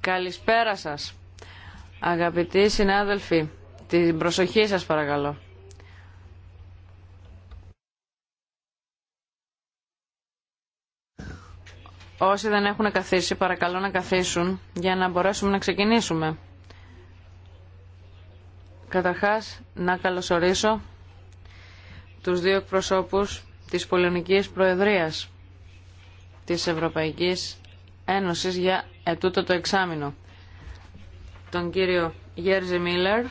Καλησπέρα σας. Αγαπητοί συνάδελφοι, την προσοχή σας παρακαλώ. Όσοι δεν έχουν καθίσει, παρακαλώ να καθίσουν για να μπορέσουμε να ξεκινήσουμε. Καταρχάς, να καλωσορίσω τους δύο εκπροσώπους της Πολωνικής Προεδρίας της Ευρωπαϊκής Ένωσης για ετούτο το εξάμεινο. Τον κύριο Γέρζι Μίλλερ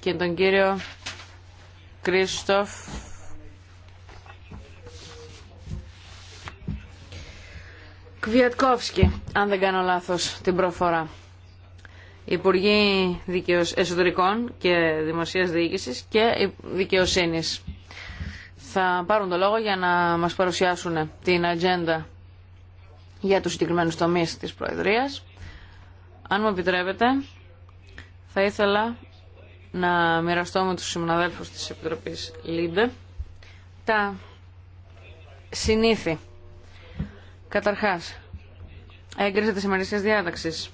και τον κύριο Κρίστοφ Κβιατκόφσκι, αν δεν κάνω λάθος την προφορά. Υπουργοί Εσωτερικών και Δημοσίας Διοίκησης και Δικαιοσύνης θα πάρουν το λόγο για να μας παρουσιάσουν την ατζέντα για τους συγκεκριμένους τομείς της Προεδρίας. Αν μου επιτρέπετε, θα ήθελα να μοιραστώ με τους συμμοναδέλφους της Επιτροπής ΛΥΜΠΕ τα συνήθη. Καταρχάς, έγκρισε τις ημερήσεις διάταξης.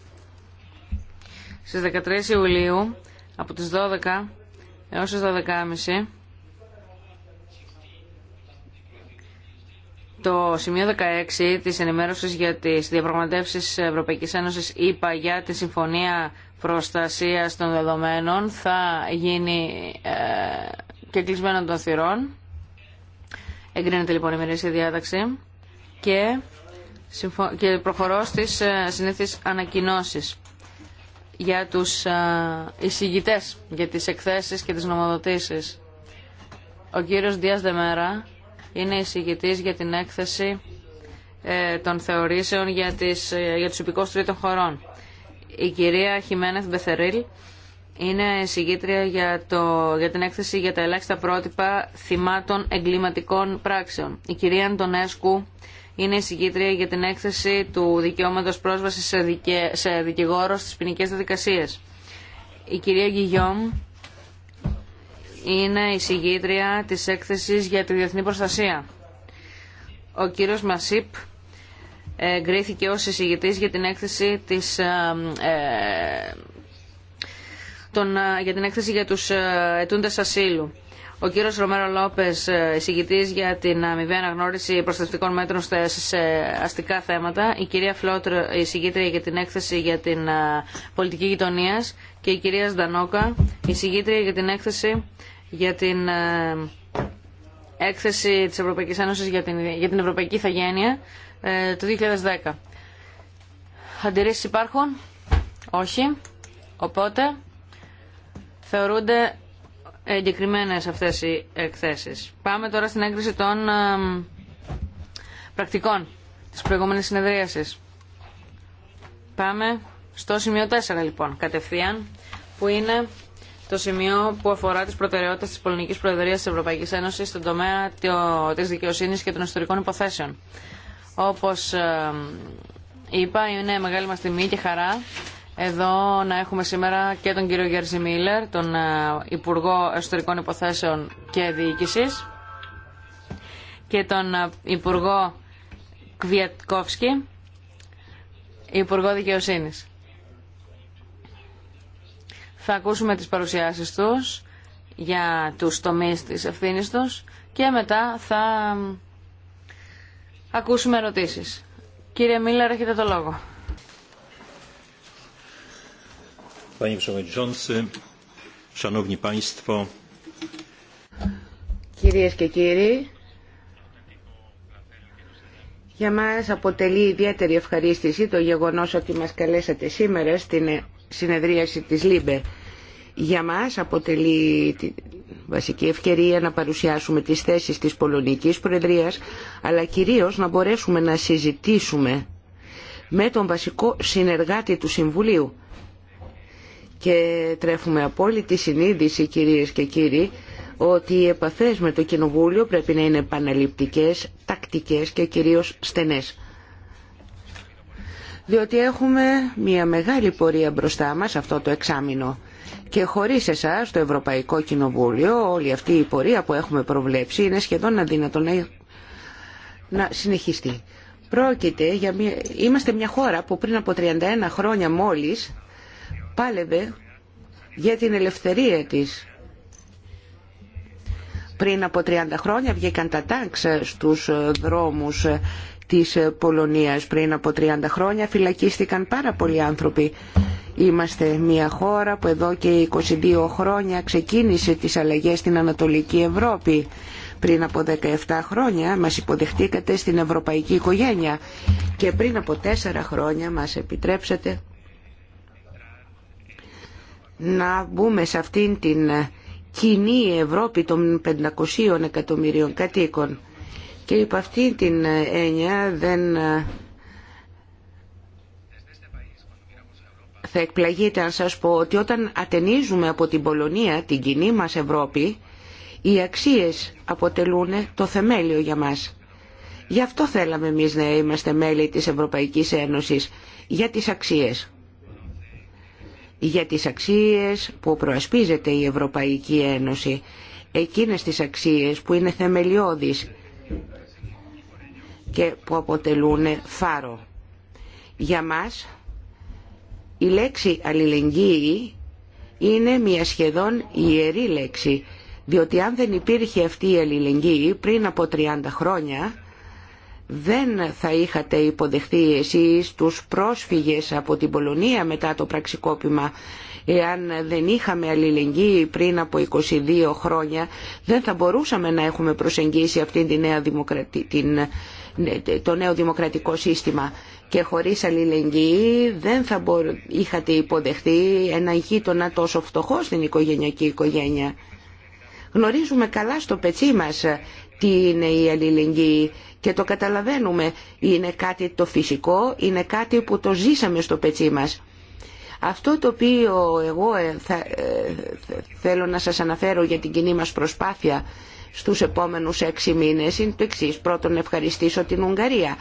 Στις 13 Ιουλίου, από τις 12 έως τις 12.30, το σημείο 16 της ενημέρωσης για τις διαπραγματεύσεις Ευρωπαϊκής Ένωσης είπα για τη Συμφωνία Προστασίας των Δεδομένων θα γίνει ε, και κλεισμένο των θυρών. Εγκρίνεται λοιπόν η μερίσια διάταξη και, και προχωρώ στις ε, συνήθεις ανακοινώσεις για τους ε, για τις εκθέσεις και τις νομοδοτήσεις. Ο κύριος Δίας Δεμέρα είναι εισηγητή για την έκθεση ε, των θεωρήσεων για, τις, ε, για τους υπηκόους τρίτων χωρών. Η κυρία Χιμένεθ Μπεθερίλ είναι εισηγήτρια για, το, για την έκθεση για τα ελάχιστα πρότυπα θυμάτων εγκληματικών πράξεων. Η κυρία Αντωνέσκου είναι εισηγήτρια για την έκθεση του δικαιώματος πρόσβασης σε, δικαι, σε δικηγόρο στις ποινικέ διαδικασίες. Η κυρία Γκυγιόμ είναι η συγγήτρια της έκθεσης για τη διεθνή προστασία. Ο κύριος Μασίπ εγκρίθηκε ως εισηγητής για την έκθεση της, ε, ε, ε για την έκθεση για τους ε, ετούντες ασύλου. Ο κύριος Ρωμέρο Λόπες, ε, εισηγητής για την αμοιβή αναγνώριση προστατευτικών μέτρων σε αστικά θέματα, η κυρία Φλότρ, εισηγήτρια για την έκθεση για την ε, πολιτική γειτονία και η κυρία Σντανόκα, εισηγήτρια για την έκθεση για την ε, έκθεση της Ευρωπαϊκής Ένωσης για την, για την Ευρωπαϊκή Ιθαγένεια το 2010. Αντιρρήσεις υπάρχουν? Όχι. Οπότε θεωρούνται εγκεκριμένε αυτές οι εκθέσεις. Πάμε τώρα στην έγκριση των πρακτικών της προηγούμενης συνεδρίασης. Πάμε στο σημείο 4 λοιπόν, κατευθείαν, που είναι το σημείο που αφορά τις προτεραιότητες της Πολωνικής Προεδρία της Ευρωπαϊκής Ένωσης στον τομέα τη δικαιοσύνης και των ιστορικών υποθέσεων. Όπως είπα, είναι μεγάλη μα τιμή και χαρά εδώ να έχουμε σήμερα και τον κύριο Γερζι Μίλλερ, τον ε, Υπουργό Εσωτερικών Υποθέσεων και Διοίκησης και τον ε, Υπουργό Κβιατκόφσκι, Υπουργό Δικαιοσύνης. Θα ακούσουμε τις παρουσιάσεις τους για τους τομείς της ευθύνης τους και μετά θα ακούσουμε ερωτήσεις. Κύριε Μίλλερ, έχετε το λόγο. Panie Κυρίες και κύριοι, για μας αποτελεί ιδιαίτερη ευχαρίστηση το γεγονός ότι μας καλέσατε σήμερα στην συνεδρίαση της ΛΥΜΠΕ. Για μας αποτελεί τη βασική ευκαιρία να παρουσιάσουμε τις θέσεις της Πολωνικής Προεδρίας, αλλά κυρίως να μπορέσουμε να συζητήσουμε με τον βασικό συνεργάτη του Συμβουλίου, και τρέφουμε απόλυτη συνείδηση κυρίες και κύριοι ότι οι επαφές με το Κοινοβούλιο πρέπει να είναι επαναληπτικές, τακτικές και κυρίως στενές. Διότι έχουμε μια μεγάλη πορεία μπροστά μας αυτό το εξάμεινο και χωρίς εσάς το Ευρωπαϊκό Κοινοβούλιο όλη αυτή η πορεία που έχουμε προβλέψει είναι σχεδόν αδύνατο να, να συνεχιστεί. Πρόκειται για μια... Είμαστε μια χώρα που πριν από 31 χρόνια μόλις πάλευε για την ελευθερία της. Πριν από 30 χρόνια βγήκαν τα τάξ στους δρόμους της Πολωνίας. Πριν από 30 χρόνια φυλακίστηκαν πάρα πολλοί άνθρωποι. Είμαστε μια χώρα που εδώ και 22 χρόνια ξεκίνησε τις αλλαγές στην Ανατολική Ευρώπη. Πριν από 17 χρόνια μας υποδεχτήκατε στην Ευρωπαϊκή Οικογένεια και πριν από 4 χρόνια μας επιτρέψατε να μπούμε σε αυτήν την κοινή Ευρώπη των 500 εκατομμυρίων κατοίκων. Και υπ' αυτήν την έννοια δεν ε, θα εκπλαγείτε αν σας πω ότι όταν ατενίζουμε από την Πολωνία την κοινή μας Ευρώπη, οι αξίες αποτελούν το θεμέλιο για μας. Γι' αυτό θέλαμε εμείς να είμαστε μέλη της Ευρωπαϊκής Ένωσης, για τις αξίες για τις αξίες που προασπίζεται η Ευρωπαϊκή Ένωση, εκείνες τις αξίες που είναι θεμελιώδεις και που αποτελούν φάρο. Για μας η λέξη αλληλεγγύη είναι μια σχεδόν ιερή λέξη, διότι αν δεν υπήρχε αυτή η αλληλεγγύη πριν από 30 χρόνια, δεν θα είχατε υποδεχθεί εσείς τους πρόσφυγες από την Πολωνία μετά το πραξικόπημα εάν δεν είχαμε αλληλεγγύη πριν από 22 χρόνια δεν θα μπορούσαμε να έχουμε προσεγγίσει αυτή τη νέα το νέο δημοκρατικό σύστημα και χωρίς αλληλεγγύη δεν θα είχατε υποδεχθεί ένα γείτονα τόσο φτωχό στην οικογενειακή οικογένεια. Γνωρίζουμε καλά στο πετσί μας τι είναι η αλληλεγγύη και το καταλαβαίνουμε. Είναι κάτι το φυσικό, είναι κάτι που το ζήσαμε στο πετσί μας. Αυτό το οποίο εγώ ε, ε, θέλω να σας αναφέρω για την κοινή μας προσπάθεια στους επόμενους έξι μήνες είναι το εξής. Πρώτον ευχαριστήσω την Ουγγαρία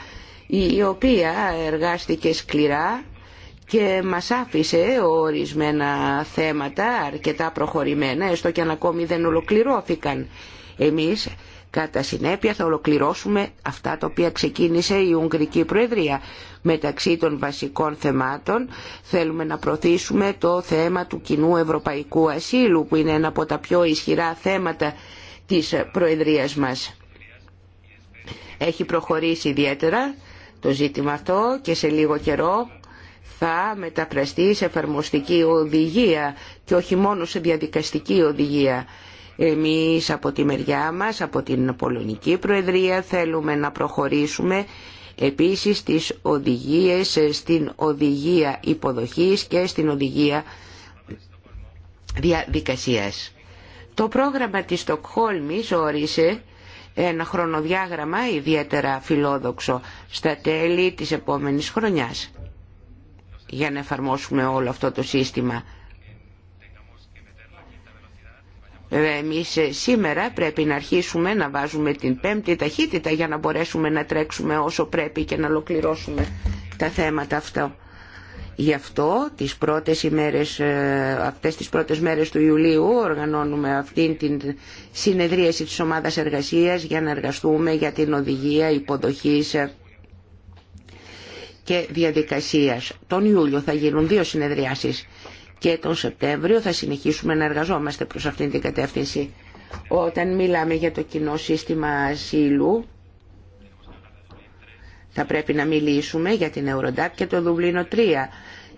η οποία εργάστηκε σκληρά και μας άφησε ορισμένα θέματα αρκετά προχωρημένα έστω και αν ακόμη δεν ολοκληρώθηκαν. Εμείς Κατά συνέπεια θα ολοκληρώσουμε αυτά τα οποία ξεκίνησε η Ουγγρική Προεδρία. Μεταξύ των βασικών θεμάτων θέλουμε να προωθήσουμε το θέμα του κοινού ευρωπαϊκού ασύλου που είναι ένα από τα πιο ισχυρά θέματα της Προεδρίας μας. Έχει προχωρήσει ιδιαίτερα το ζήτημα αυτό και σε λίγο καιρό θα μεταφραστεί σε εφαρμοστική οδηγία και όχι μόνο σε διαδικαστική οδηγία. Εμείς από τη μεριά μας, από την Πολωνική Προεδρία θέλουμε να προχωρήσουμε επίσης τις οδηγίες στην οδηγία υποδοχής και στην οδηγία διαδικασίας. Το πρόγραμμα της Στοκχόλμης όρισε ένα χρονοδιάγραμμα ιδιαίτερα φιλόδοξο στα τέλη της επόμενης χρονιάς για να εφαρμόσουμε όλο αυτό το σύστημα. Ε, εμείς ε, σήμερα πρέπει να αρχίσουμε να βάζουμε την πέμπτη ταχύτητα για να μπορέσουμε να τρέξουμε όσο πρέπει και να ολοκληρώσουμε τα θέματα αυτά. Γι' αυτό τις πρώτες ημέρες, ε, αυτές τις πρώτες μέρες του Ιουλίου οργανώνουμε αυτήν την συνεδρίαση της ομάδας εργασίας για να εργαστούμε για την οδηγία υποδοχής και διαδικασίας. Τον Ιούλιο θα γίνουν δύο συνεδριάσεις και τον Σεπτέμβριο θα συνεχίσουμε να εργαζόμαστε προς αυτήν την κατεύθυνση. Όταν μιλάμε για το κοινό σύστημα ασύλου, θα πρέπει να μιλήσουμε για την Eurodap και το Δουβλίνο 3.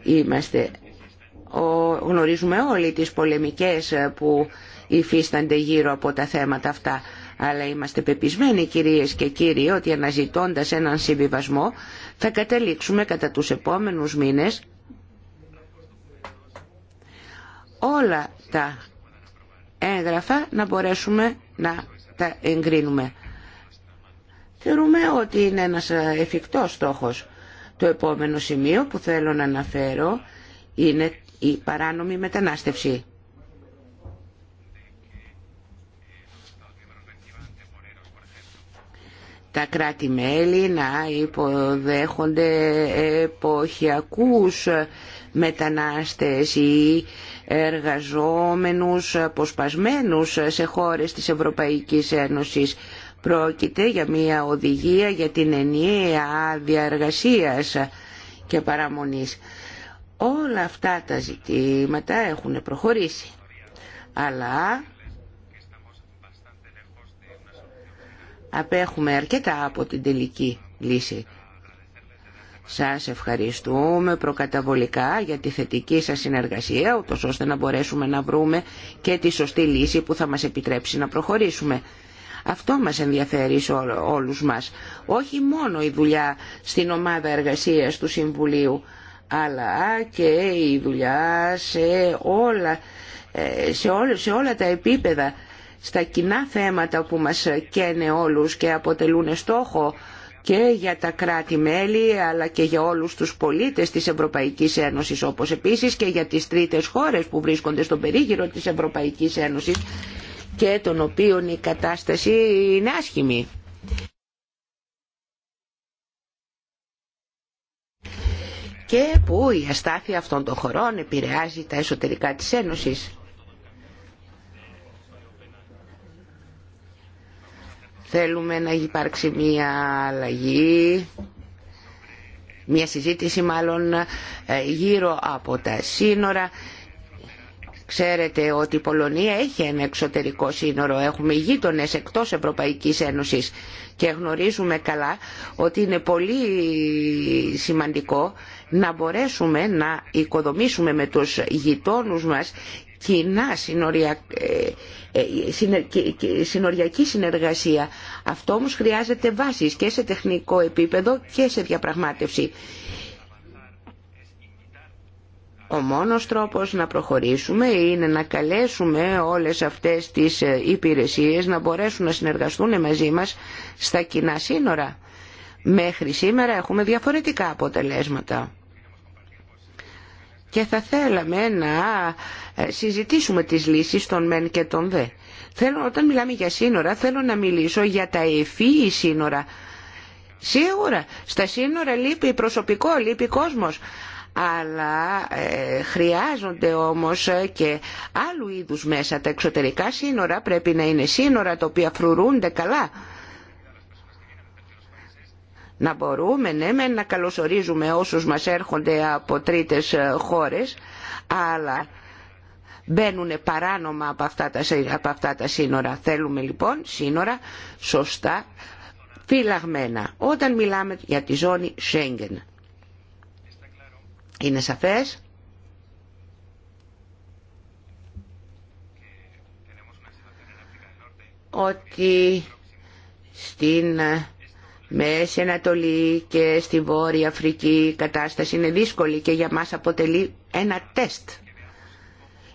Είμαστε, γνωρίζουμε όλοι τις πολεμικές που υφίστανται γύρω από τα θέματα αυτά. Αλλά είμαστε πεπισμένοι κυρίες και κύριοι ότι αναζητώντας έναν συμβιβασμό θα καταλήξουμε κατά τους επόμενους μήνες όλα τα έγγραφα να μπορέσουμε να τα εγκρίνουμε. Θεωρούμε ότι είναι ένας ε, εφικτός στόχος. Το επόμενο σημείο που θέλω να αναφέρω είναι η παράνομη μετανάστευση. τα κράτη-μέλη να υποδέχονται εποχιακούς μετανάστες ή εργαζόμενους αποσπασμένους σε χώρες της Ευρωπαϊκής Ένωσης. Πρόκειται για μια οδηγία για την ενιαία άδεια και παραμονής. Όλα αυτά τα ζητήματα έχουν προχωρήσει. Αλλά απέχουμε αρκετά από την τελική λύση. Σας ευχαριστούμε προκαταβολικά για τη θετική σας συνεργασία, ούτως ώστε να μπορέσουμε να βρούμε και τη σωστή λύση που θα μας επιτρέψει να προχωρήσουμε. Αυτό μας ενδιαφέρει σε όλους μας. Όχι μόνο η δουλειά στην ομάδα εργασίας του Συμβουλίου, αλλά και η δουλειά σε όλα, ε, σε όλα, τα επίπεδα, στα κοινά θέματα που μας καίνε όλους και αποτελούν στόχο και για τα κράτη-μέλη αλλά και για όλους τους πολίτες της Ευρωπαϊκής Ένωσης όπως επίσης και για τις τρίτες χώρες που βρίσκονται στον περίγυρο της Ευρωπαϊκής Ένωσης και των οποίων η κατάσταση είναι άσχημη. και που η αστάθεια αυτών των χωρών επηρεάζει τα εσωτερικά της Ένωσης. Θέλουμε να υπάρξει μια αλλαγή, μια συζήτηση μάλλον ε, γύρω από τα σύνορα. Ξέρετε ότι η Πολωνία έχει ένα εξωτερικό σύνορο, έχουμε γείτονε εκτός Ευρωπαϊκής Ένωσης και γνωρίζουμε καλά ότι είναι πολύ σημαντικό να μπορέσουμε να οικοδομήσουμε με τους γειτόνους μας κοινά ε, ε, συνοριακή συνεργασία. Αυτό όμως χρειάζεται βάσεις και σε τεχνικό επίπεδο και σε διαπραγμάτευση. Ο μόνος τρόπος να προχωρήσουμε είναι να καλέσουμε όλες αυτές τις ε, υπηρεσίες να μπορέσουν να συνεργαστούν μαζί μας στα κοινά σύνορα. Μέχρι σήμερα έχουμε διαφορετικά αποτελέσματα. Και θα θέλαμε να ε, συζητήσουμε τις λύσεις των μεν και των δε. Θέλω, όταν μιλάμε για σύνορα θέλω να μιλήσω για τα ευφύη σύνορα. Σίγουρα στα σύνορα λείπει προσωπικό, λείπει κόσμος. Αλλά ε, χρειάζονται όμως ε, και άλλου είδους μέσα. Τα εξωτερικά σύνορα πρέπει να είναι σύνορα τα οποία φρουρούνται καλά να μπορούμε ναι με να καλωσορίζουμε όσους μας έρχονται από τρίτες χώρες αλλά μπαίνουν παράνομα από αυτά, τα, σύνορα. Θέλουμε λοιπόν σύνορα σωστά φυλαγμένα. Όταν μιλάμε για τη ζώνη Schengen. Είναι σαφές. ότι στην Μέση Ανατολή και στη Βόρεια Αφρική η κατάσταση είναι δύσκολη και για μας αποτελεί ένα τεστ.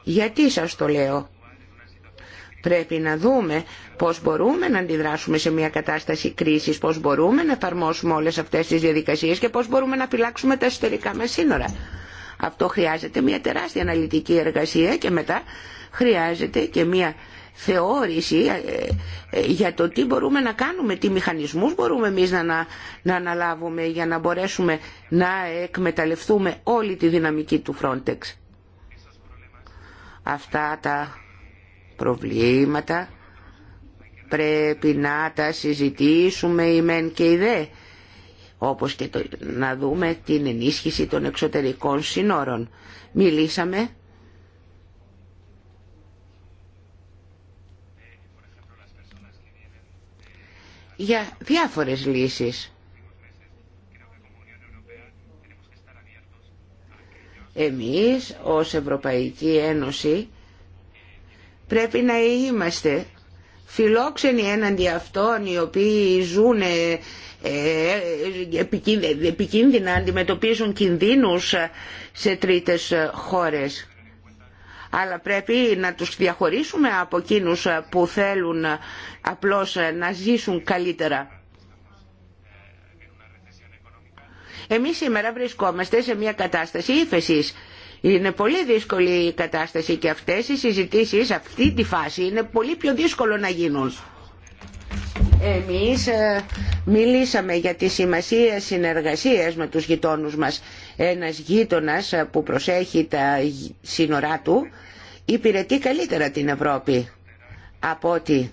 Γιατί σας το λέω. Πρέπει να δούμε πώς μπορούμε να αντιδράσουμε σε μια κατάσταση κρίσης, πώς μπορούμε να εφαρμόσουμε όλες αυτές τις διαδικασίες και πώς μπορούμε να φυλάξουμε τα εσωτερικά μας σύνορα. Αυτό χρειάζεται μια τεράστια αναλυτική εργασία και μετά χρειάζεται και μια θεώρηση ε, ε, για το τι μπορούμε να κάνουμε, τι μηχανισμούς μπορούμε εμείς να, να, να αναλάβουμε για να μπορέσουμε να εκμεταλλευτούμε όλη τη δυναμική του Frontex αυτά τα προβλήματα πρέπει να τα συζητήσουμε η μεν και η δε όπως και το, να δούμε την ενίσχυση των εξωτερικών συνόρων. Μιλήσαμε για διάφορες λύσεις. Εμείς ως Ευρωπαϊκή Ένωση πρέπει να είμαστε φιλόξενοι έναντι αυτών οι οποίοι ζουν ε, ε, επικίνδυνα, αντιμετωπίζουν κινδύνους σε τρίτες χώρες. Αλλά πρέπει να τους διαχωρίσουμε από εκείνους που θέλουν απλώς να ζήσουν καλύτερα. Εμείς σήμερα βρισκόμαστε σε μια κατάσταση ύφεση. Είναι πολύ δύσκολη η κατάσταση και αυτές οι συζητήσεις, αυτή τη φάση, είναι πολύ πιο δύσκολο να γίνουν. Εμείς ε, μιλήσαμε για τη σημασία συνεργασίας με τους γειτόνους μας. Ένας γείτονας ε, που προσέχει τα σύνορά του υπηρετεί καλύτερα την Ευρώπη από ότι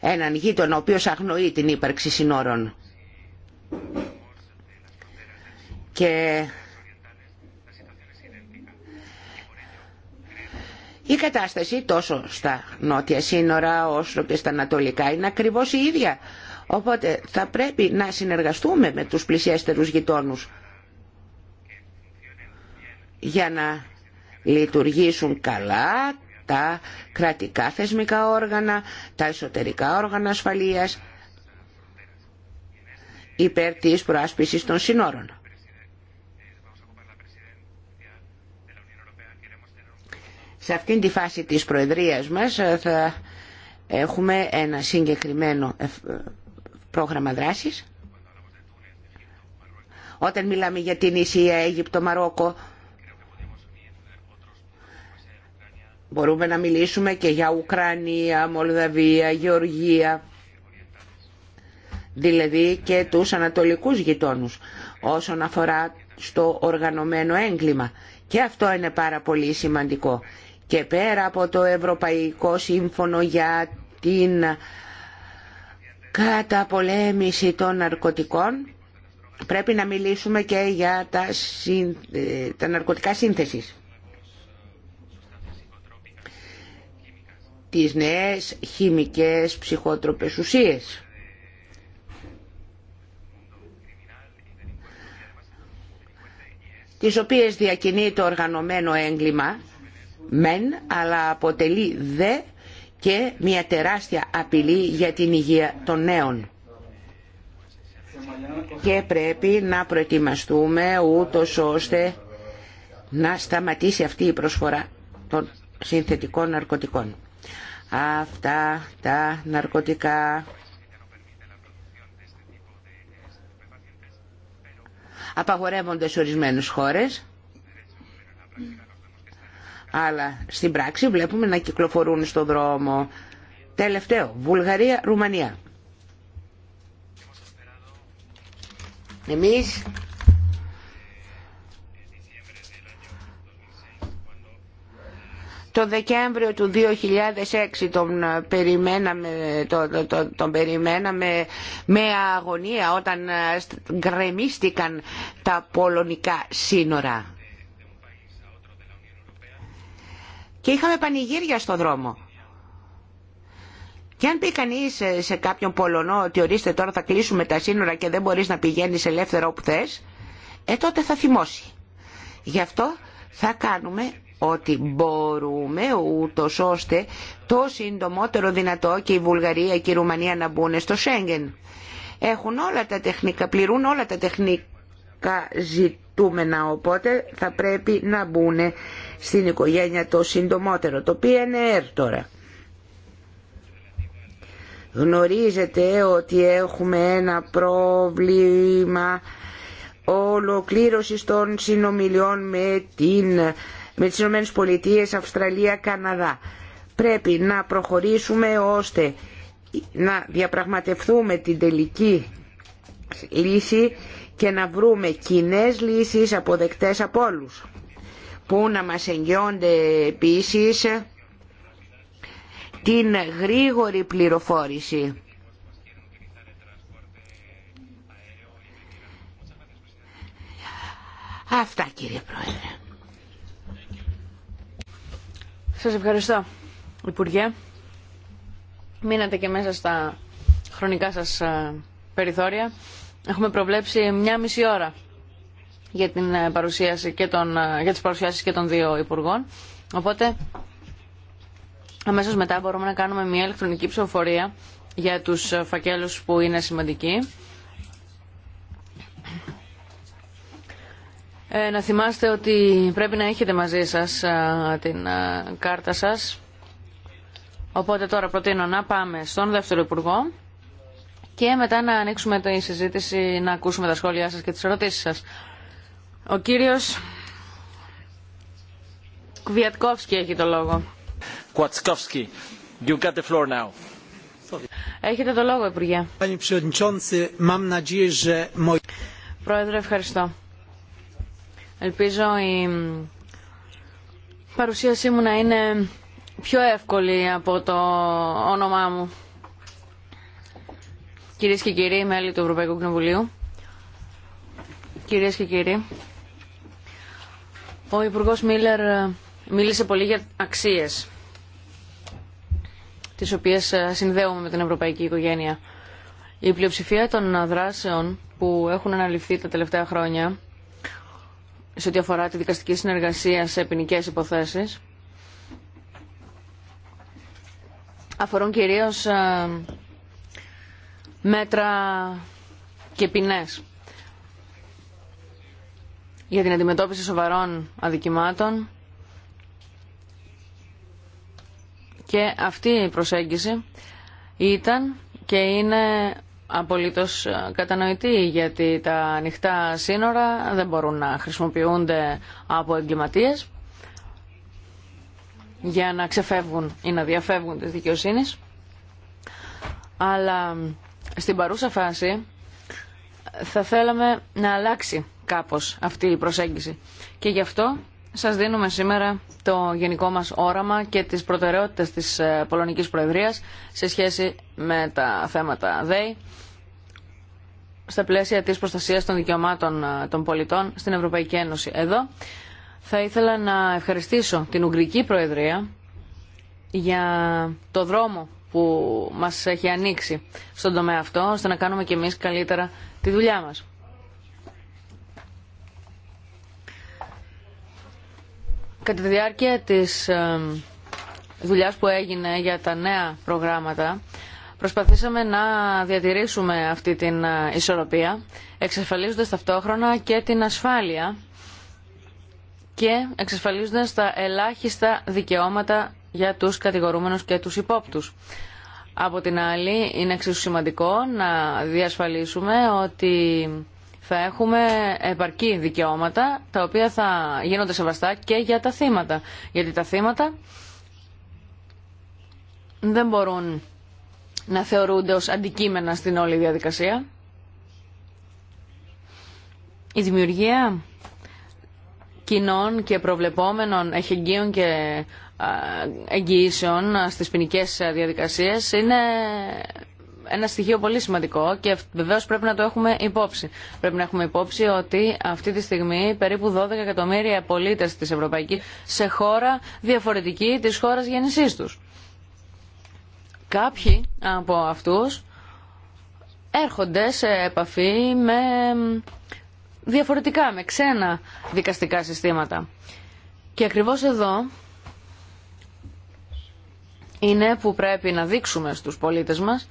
έναν γείτονα ο οποίος αγνοεί την ύπαρξη σύνορων και η κατάσταση τόσο στα νότια σύνορα όσο και στα ανατολικά είναι ακριβώς η ίδια. Οπότε θα πρέπει να συνεργαστούμε με τους πλησιέστερους γειτόνους για να λειτουργήσουν καλά τα κρατικά θεσμικά όργανα, τα εσωτερικά όργανα ασφαλείας υπέρ της προάσπισης των συνόρων. Σε αυτή τη φάση της Προεδρίας μας ε, θα έχουμε ένα συγκεκριμένο ε, πρόγραμμα δράσης. Όταν μιλάμε για την Ισία, Αίγυπτο, Μαρόκο, μπορούμε να μιλήσουμε και για Ουκρανία, Μολδαβία, Γεωργία, δηλαδή και τους ανατολικούς γειτόνους όσον αφορά στο οργανωμένο έγκλημα. Και αυτό είναι πάρα πολύ σημαντικό και πέρα από το Ευρωπαϊκό Σύμφωνο για την καταπολέμηση των ναρκωτικών πρέπει να μιλήσουμε και για τα, ε, ναρκωτικά σύνθεσης. Τις νέες χημικές ψυχότροπες ουσίες. τις οποίες διακινεί το οργανωμένο έγκλημα μεν, αλλά αποτελεί δε και μια τεράστια απειλή για την υγεία των νέων. Και πρέπει να προετοιμαστούμε ούτω ώστε να σταματήσει αυτή η προσφορά των συνθετικών ναρκωτικών. Αυτά τα ναρκωτικά απαγορεύονται σε ορισμένες χώρες αλλά στην πράξη βλέπουμε να κυκλοφορούν στο δρόμο. Τελευταίο, Βουλγαρία, Ρουμανία. Εμείς το Δεκέμβριο του 2006 τον περιμέναμε, τον, τον περιμέναμε με αγωνία όταν γκρεμίστηκαν τα πολωνικά σύνορα. Και είχαμε πανηγύρια στο δρόμο. Και αν πει κανεί σε κάποιον Πολωνό ότι ορίστε τώρα θα κλείσουμε τα σύνορα και δεν μπορεί να πηγαίνει ελεύθερα όπου θε, ε τότε θα θυμώσει. Γι' αυτό θα κάνουμε ότι μπορούμε ούτω ώστε το συντομότερο δυνατό και η Βουλγαρία και η Ρουμανία να μπουν στο Σέγγεν. Έχουν όλα τα τεχνικά, πληρούν όλα τα τεχνικά ζητούμενα, οπότε θα πρέπει να μπουν στην οικογένεια το συντομότερο, το PNR τώρα. Γνωρίζετε ότι έχουμε ένα πρόβλημα ολοκλήρωσης των συνομιλιών με, την, με τις Ηνωμένες Αυστραλία, Καναδά. Πρέπει να προχωρήσουμε ώστε να διαπραγματευτούμε την τελική λύση και να βρούμε κοινές λύσεις αποδεκτές από όλους που να μας εγγυώνται επίσης την γρήγορη πληροφόρηση. Αυτά κύριε Πρόεδρε. Σας ευχαριστώ Υπουργέ. Μείνατε και μέσα στα χρονικά σας ε, περιθώρια. Έχουμε προβλέψει μια μισή ώρα για, την ε, παρουσίαση και των, ε, για τις παρουσιάσεις και των δύο υπουργών. Οπότε, αμέσως μετά μπορούμε να κάνουμε μια ηλεκτρονική ψηφοφορία για τους ε, φακέλους που είναι σημαντικοί. να θυμάστε ότι πρέπει να έχετε μαζί σας την κάρτα σας. Οπότε τώρα προτείνω να πάμε στον δεύτερο υπουργό και μετά να ανοίξουμε τη συζήτηση, να ακούσουμε τα σχόλιά σας και τις ερωτήσεις σας. Ο κύριος Κουβιατκόφσκι έχει το λόγο. you got the floor now. Έχετε το λόγο, Υπουργέ. Πρόεδρε, ευχαριστώ. Ελπίζω η παρουσίασή μου να είναι πιο εύκολη από το όνομά μου. Κυρίες και κύριοι, μέλη του Ευρωπαϊκού Κοινοβουλίου, κυρίες και κύριοι, ο Υπουργό Μίλλερ ε, μίλησε πολύ για αξίες, τις οποίες ε, συνδέουμε με την ευρωπαϊκή οικογένεια. Η πλειοψηφία των δράσεων που έχουν αναλυφθεί τα τελευταία χρόνια σε ό,τι αφορά τη δικαστική συνεργασία σε ποινικέ υποθέσεις αφορούν κυρίως ε, μέτρα και ποινές για την αντιμετώπιση σοβαρών αδικημάτων και αυτή η προσέγγιση ήταν και είναι απολύτως κατανοητή γιατί τα ανοιχτά σύνορα δεν μπορούν να χρησιμοποιούνται από εγκληματίες για να ξεφεύγουν ή να διαφεύγουν τις δικαιοσύνης αλλά στην παρούσα φάση θα θέλαμε να αλλάξει κάπως αυτή η προσέγγιση. Και γι' αυτό σας δίνουμε σήμερα το γενικό μας όραμα και τις προτεραιότητες της ε, Πολωνικής Προεδρίας σε σχέση με τα θέματα ΔΕΗ στα πλαίσια της προστασίας των δικαιωμάτων ε, των πολιτών στην Ευρωπαϊκή Ένωση. Εδώ θα ήθελα να ευχαριστήσω την Ουγγρική Προεδρία για το δρόμο που μας έχει ανοίξει στον τομέα αυτό, ώστε να κάνουμε κι εμείς καλύτερα τη δουλειά μας. Κατά τη διάρκεια της ε, δουλειάς που έγινε για τα νέα προγράμματα, προσπαθήσαμε να διατηρήσουμε αυτή την ε, ισορροπία, εξασφαλίζοντας ταυτόχρονα και την ασφάλεια και εξασφαλίζοντας τα ελάχιστα δικαιώματα για τους κατηγορούμενους και τους υπόπτους. Από την άλλη, είναι εξίσου σημαντικό να διασφαλίσουμε ότι θα έχουμε επαρκή δικαιώματα τα οποία θα γίνονται σεβαστά και για τα θύματα. Γιατί τα θύματα δεν μπορούν να θεωρούνται ως αντικείμενα στην όλη διαδικασία. Η δημιουργία κοινών και προβλεπόμενων εχεγγύων και εγγυήσεων στις ποινικέ διαδικασίες είναι ένα στοιχείο πολύ σημαντικό και βεβαίω πρέπει να το έχουμε υπόψη. Πρέπει να έχουμε υπόψη ότι αυτή τη στιγμή περίπου 12 εκατομμύρια πολίτες της Ευρωπαϊκής σε χώρα διαφορετική της χώρας γέννησή του. Κάποιοι από αυτούς έρχονται σε επαφή με διαφορετικά, με ξένα δικαστικά συστήματα. Και ακριβώς εδώ είναι που πρέπει να δείξουμε στους πολίτες μας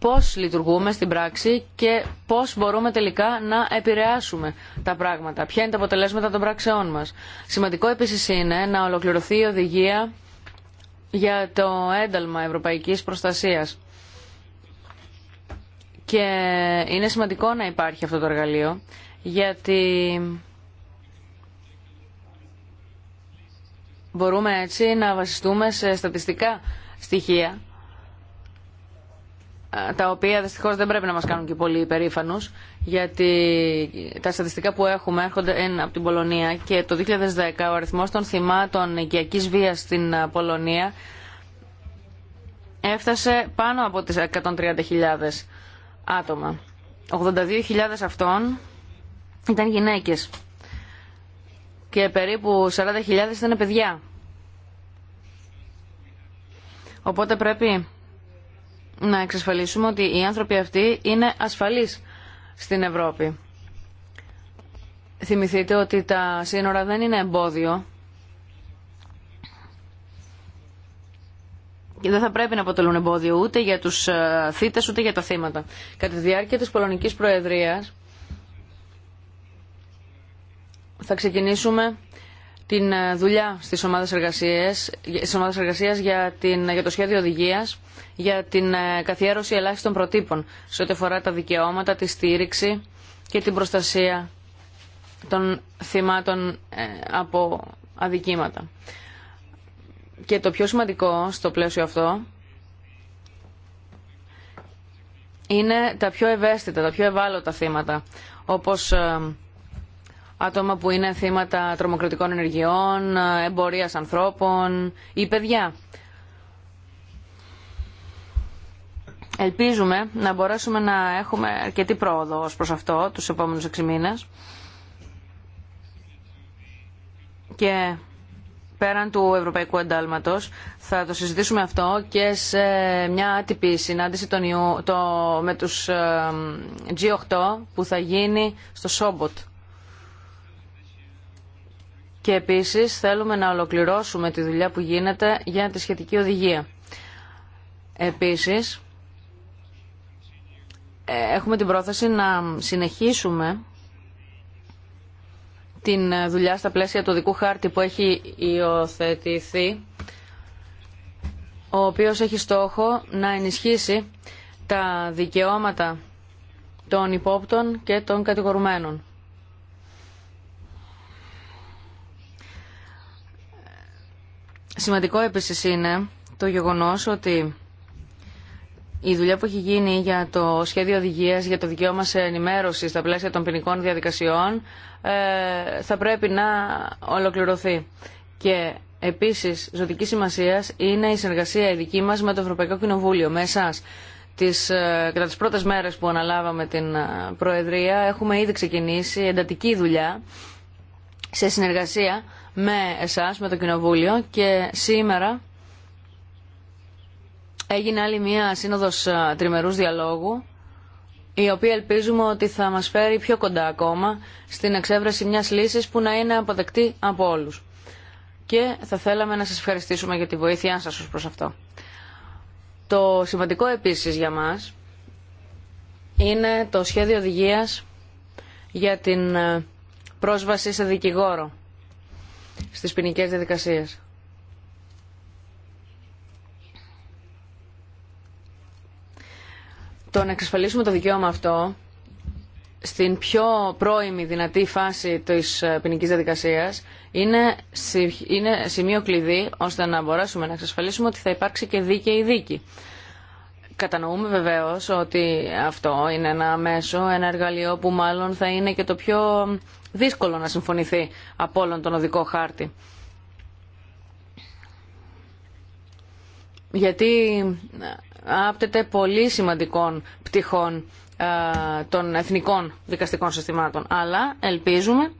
πώς λειτουργούμε στην πράξη και πώς μπορούμε τελικά να επηρεάσουμε τα πράγματα. Ποια είναι τα αποτελέσματα των πράξεών μας. Σημαντικό επίσης είναι να ολοκληρωθεί η οδηγία για το ένταλμα ευρωπαϊκής προστασίας. Και είναι σημαντικό να υπάρχει αυτό το εργαλείο, γιατί μπορούμε έτσι να βασιστούμε σε στατιστικά στοιχεία τα οποία δυστυχώ δεν πρέπει να μας κάνουν και πολύ υπερήφανου, γιατί τα στατιστικά που έχουμε έρχονται από την Πολωνία και το 2010 ο αριθμό των θυμάτων οικιακή βία στην Πολωνία έφτασε πάνω από τις 130.000 άτομα. 82.000 αυτών ήταν γυναίκες και περίπου 40.000 ήταν παιδιά. Οπότε πρέπει να εξασφαλίσουμε ότι οι άνθρωποι αυτοί είναι ασφαλείς στην Ευρώπη. Θυμηθείτε ότι τα σύνορα δεν είναι εμπόδιο και δεν θα πρέπει να αποτελούν εμπόδιο ούτε για τους ε, θύτες ούτε για τα θύματα. Κατά τη διάρκεια της Πολωνικής Προεδρίας θα ξεκινήσουμε την ε, δουλειά στις ομάδες εργασίας, στις εργασίας για, την, για το σχέδιο οδηγίας για την ε, καθιέρωση ελάχιστων προτύπων σε ό,τι αφορά τα δικαιώματα, τη στήριξη και την προστασία των θυμάτων ε, από αδικήματα. Και το πιο σημαντικό στο πλαίσιο αυτό είναι τα πιο ευαίσθητα, τα πιο ευάλωτα θύματα, όπως άτομα που είναι θύματα τρομοκρατικών ενεργειών, εμπορίας ανθρώπων ή παιδιά. Ελπίζουμε να μπορέσουμε να έχουμε αρκετή πρόοδο ως προς αυτό τους επόμενους 6 μήνες. Και πέραν του Ευρωπαϊκού Εντάλματος θα το συζητήσουμε αυτό και σε μια άτυπη συνάντηση τον το, με τους G8 που θα γίνει στο Σόμποτ και επίσης θέλουμε να ολοκληρώσουμε τη δουλειά που γίνεται για τη σχετική οδηγία. Επίσης, ε, έχουμε την πρόθεση να συνεχίσουμε την δουλειά στα πλαίσια του δικού χάρτη που έχει υιοθετηθεί, ο οποίος έχει στόχο να ενισχύσει τα δικαιώματα των υπόπτων και των κατηγορουμένων. Σημαντικό επίση είναι το γεγονό ότι η δουλειά που έχει γίνει για το σχέδιο οδηγία για το δικαίωμα σε ενημέρωση στα πλαίσια των ποινικών διαδικασιών ε, θα πρέπει να ολοκληρωθεί. Και επίση ζωτική σημασία είναι η συνεργασία η δική μα με το Ευρωπαϊκό Κοινοβούλιο, με εσά, ε, κατά τι πρώτε μέρε που αναλάβαμε την ε, Προεδρία έχουμε ήδη ξεκινήσει εντατική δουλειά σε συνεργασία με εσάς, με το Κοινοβούλιο και σήμερα έγινε άλλη μία σύνοδος τριμερούς διαλόγου η οποία ελπίζουμε ότι θα μας φέρει πιο κοντά ακόμα στην εξέβρεση μιας λύσης που να είναι αποδεκτή από όλους. Και θα θέλαμε να σας ευχαριστήσουμε για τη βοήθειά σας ως προς αυτό. Το σημαντικό επίσης για μας είναι το σχέδιο οδηγίας για την ε, πρόσβαση σε δικηγόρο στις ποινικέ διαδικασίες. Το να εξασφαλίσουμε το δικαίωμα αυτό στην πιο πρώιμη δυνατή φάση της ε, ποινική διαδικασίας είναι, είναι σημείο κλειδί ώστε να μπορέσουμε να εξασφαλίσουμε ότι θα υπάρξει και δίκαιη δίκη. Κατανοούμε βεβαίως ότι αυτό είναι ένα μέσο, ένα εργαλείο που μάλλον θα είναι και το πιο δύσκολο να συμφωνηθεί από όλον τον οδικό χάρτη. Γιατί ε, άπτεται πολύ σημαντικών πτυχών ε, των εθνικών δικαστικών συστημάτων. Αλλά ελπίζουμε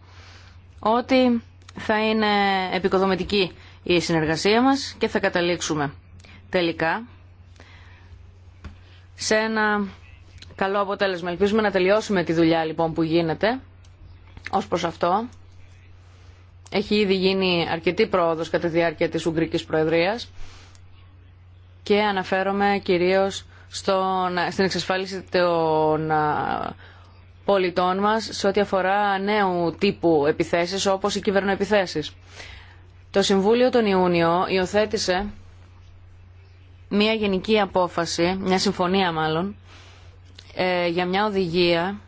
ότι θα είναι επικοδομητική η συνεργασία μας και θα καταλήξουμε τελικά σε ένα καλό αποτέλεσμα. Ελπίζουμε να τελειώσουμε τη δουλειά λοιπόν που γίνεται ως προς αυτό, έχει ήδη γίνει αρκετή πρόοδος κατά τη διάρκεια της Ουγγρικής Προεδρίας και αναφέρομαι κυρίως στον, στην εξασφάλιση των πολιτών μας σε ό,τι αφορά νέου τύπου επιθέσεις όπως οι κυβερνοεπιθέσεις. Το Συμβούλιο τον Ιούνιο υιοθέτησε μια γενική απόφαση, μια συμφωνία μάλλον, ε, για μια οδηγία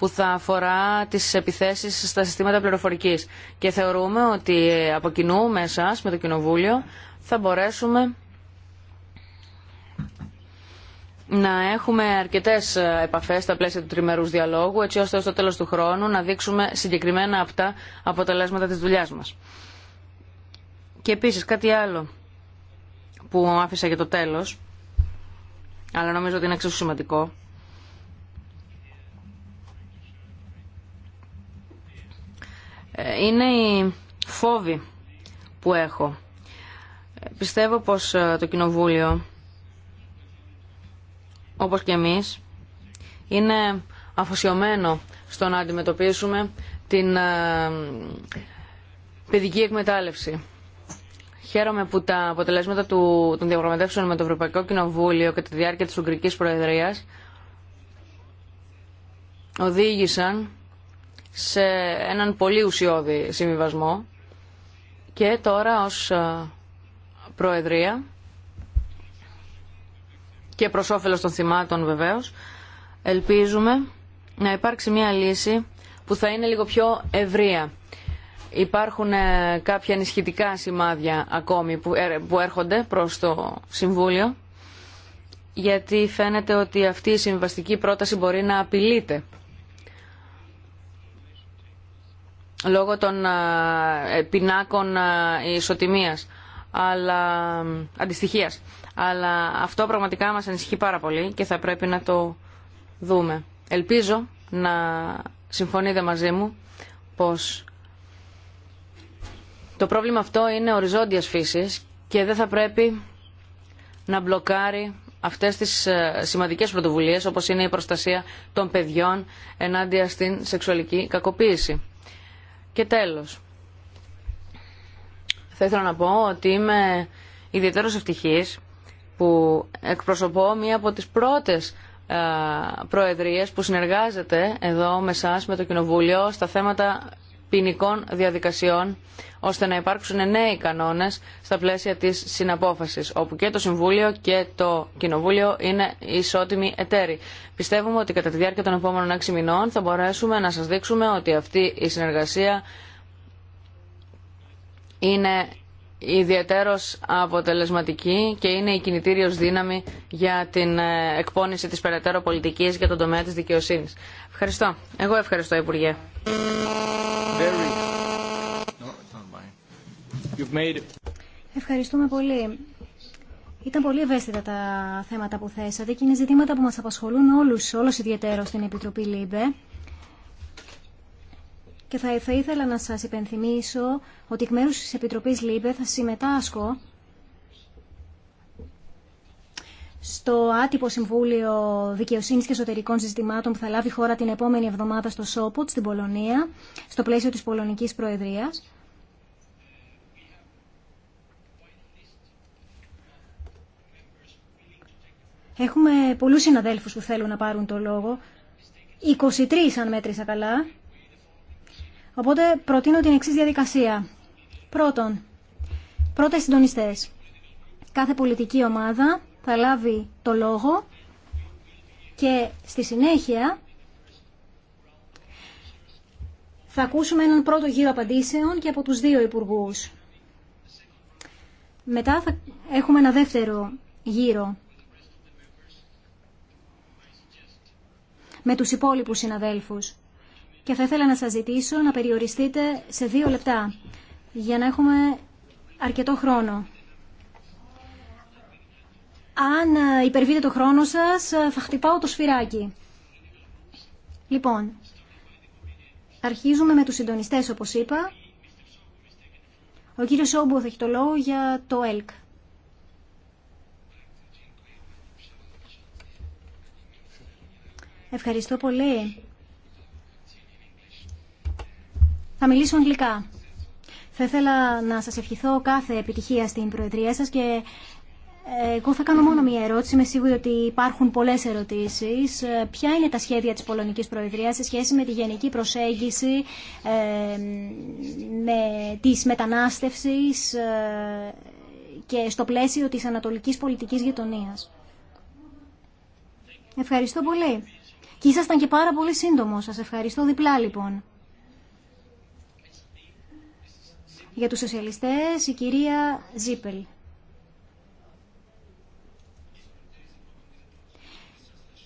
που θα αφορά τις επιθέσεις στα συστήματα πληροφορικής. Και θεωρούμε ότι ε, από κοινού μέσα με το Κοινοβούλιο θα μπορέσουμε να έχουμε αρκετέ ε, επαφέ στα πλαίσια του τριμερού διαλόγου, έτσι ώστε στο τέλο του χρόνου να δείξουμε συγκεκριμένα αυτά αποτελέσματα τη δουλειά μα. Και επίση κάτι άλλο που άφησα για το τέλος, αλλά νομίζω ότι είναι εξίσου σημαντικό. είναι η φόβη που έχω. Πιστεύω πως ε, το Κοινοβούλιο, όπως και εμείς, είναι αφοσιωμένο στο να αντιμετωπίσουμε την ε, παιδική εκμετάλλευση. Χαίρομαι που τα αποτελέσματα του, των διαπραγματεύσεων με το Ευρωπαϊκό Κοινοβούλιο και τη διάρκεια της Ουγγρικής Προεδρίας οδήγησαν σε έναν πολύ ουσιώδη συμβιβασμό και τώρα ως ε, Προεδρία και προς όφελος των θυμάτων βεβαίως ελπίζουμε να υπάρξει μια λύση που θα είναι λίγο πιο ευρεία. Υπάρχουν ε, κάποια ενισχυτικά σημάδια ακόμη ε, που έρχονται προς το Συμβούλιο γιατί φαίνεται ότι αυτή η συμβαστική πρόταση μπορεί να απειλείται. λόγω των πινάκων ισοτιμίας, αλλά, αντιστοιχίας. Αλλά αυτό πραγματικά μας ανησυχεί πάρα πολύ και θα πρέπει να το δούμε. Ελπίζω να συμφωνείτε μαζί μου πως το πρόβλημα αυτό είναι οριζόντιας φύσης και δεν θα πρέπει να μπλοκάρει αυτές τις σημαντικές πρωτοβουλίες όπως είναι η προστασία των παιδιών ενάντια στην σεξουαλική κακοποίηση. Και τέλος, θα ήθελα να πω ότι είμαι ιδιαίτερος ευτυχής που εκπροσωπώ μία από τις πρώτες ε, προεδρίες που συνεργάζεται εδώ με εσάς, με το Κοινοβούλιο, στα θέματα ποινικών διαδικασιών ώστε να υπάρξουν νέοι κανόνες στα πλαίσια της συναπόφασης, όπου και το Συμβούλιο και το Κοινοβούλιο είναι ισότιμοι εταίροι. Πιστεύουμε ότι κατά τη διάρκεια των επόμενων έξι μηνών θα μπορέσουμε να σας δείξουμε ότι αυτή η συνεργασία είναι ιδιαίτερος αποτελεσματική και είναι η κινητήριος δύναμη για την ε, εκπόνηση της περαιτέρω πολιτικής για τον τομέα της δικαιοσύνης. Ευχαριστώ. Εγώ ευχαριστώ, Υπουργέ. Ευχαριστούμε πολύ. Ήταν πολύ ευαίσθητα τα θέματα που θέσατε και είναι ζητήματα που μας απασχολούν όλους, όλος ιδιαίτερο στην Επιτροπή ΛΥΜΠΕ και θα ήθελα να σας υπενθυμίσω ότι εκ μέρους της Επιτροπής ΛΥΠΕ θα συμμετάσχω στο άτυπο Συμβούλιο Δικαιοσύνης και Εσωτερικών Συστημάτων που θα λάβει χώρα την επόμενη εβδομάδα στο Σόποτ, στην Πολωνία, στο πλαίσιο της Πολωνικής Προεδρίας. Έχουμε πολλούς συναδέλφους που θέλουν να πάρουν το λόγο. 23 αν μέτρησα καλά. Οπότε προτείνω την εξή διαδικασία. Πρώτον, πρώτα συντονιστέ. Κάθε πολιτική ομάδα θα λάβει το λόγο και στη συνέχεια θα ακούσουμε έναν πρώτο γύρο απαντήσεων και από τους δύο υπουργούς. Μετά θα έχουμε ένα δεύτερο γύρο με τους υπόλοιπους συναδέλφους και θα ήθελα να σας ζητήσω να περιοριστείτε σε δύο λεπτά για να έχουμε αρκετό χρόνο. Αν υπερβείτε το χρόνο σας, θα χτυπάω το σφυράκι. Λοιπόν, αρχίζουμε με τους συντονιστές, όπως είπα. Ο κύριος Σόμπου θα έχει το λόγο για το ΕΛΚ. Ευχαριστώ πολύ. Θα μιλήσω αγγλικά. Θα ήθελα να σας ευχηθώ κάθε επιτυχία στην Προεδρία σας και ε, εγώ θα κάνω μόνο μία ερώτηση. Είμαι σίγουρη ότι υπάρχουν πολλές ερωτήσεις. Ε, ποια είναι τα σχέδια της Πολωνικής Προεδρίας σε σχέση με τη γενική προσέγγιση ε, με, τη μετανάστευση και στο πλαίσιο της ανατολικής πολιτικής γειτονία. Ευχαριστώ πολύ. Και ήσασταν και πάρα πολύ σύντομο. Σας ευχαριστώ διπλά λοιπόν. Για τους σοσιαλιστές, η κυρία Ζίπελ.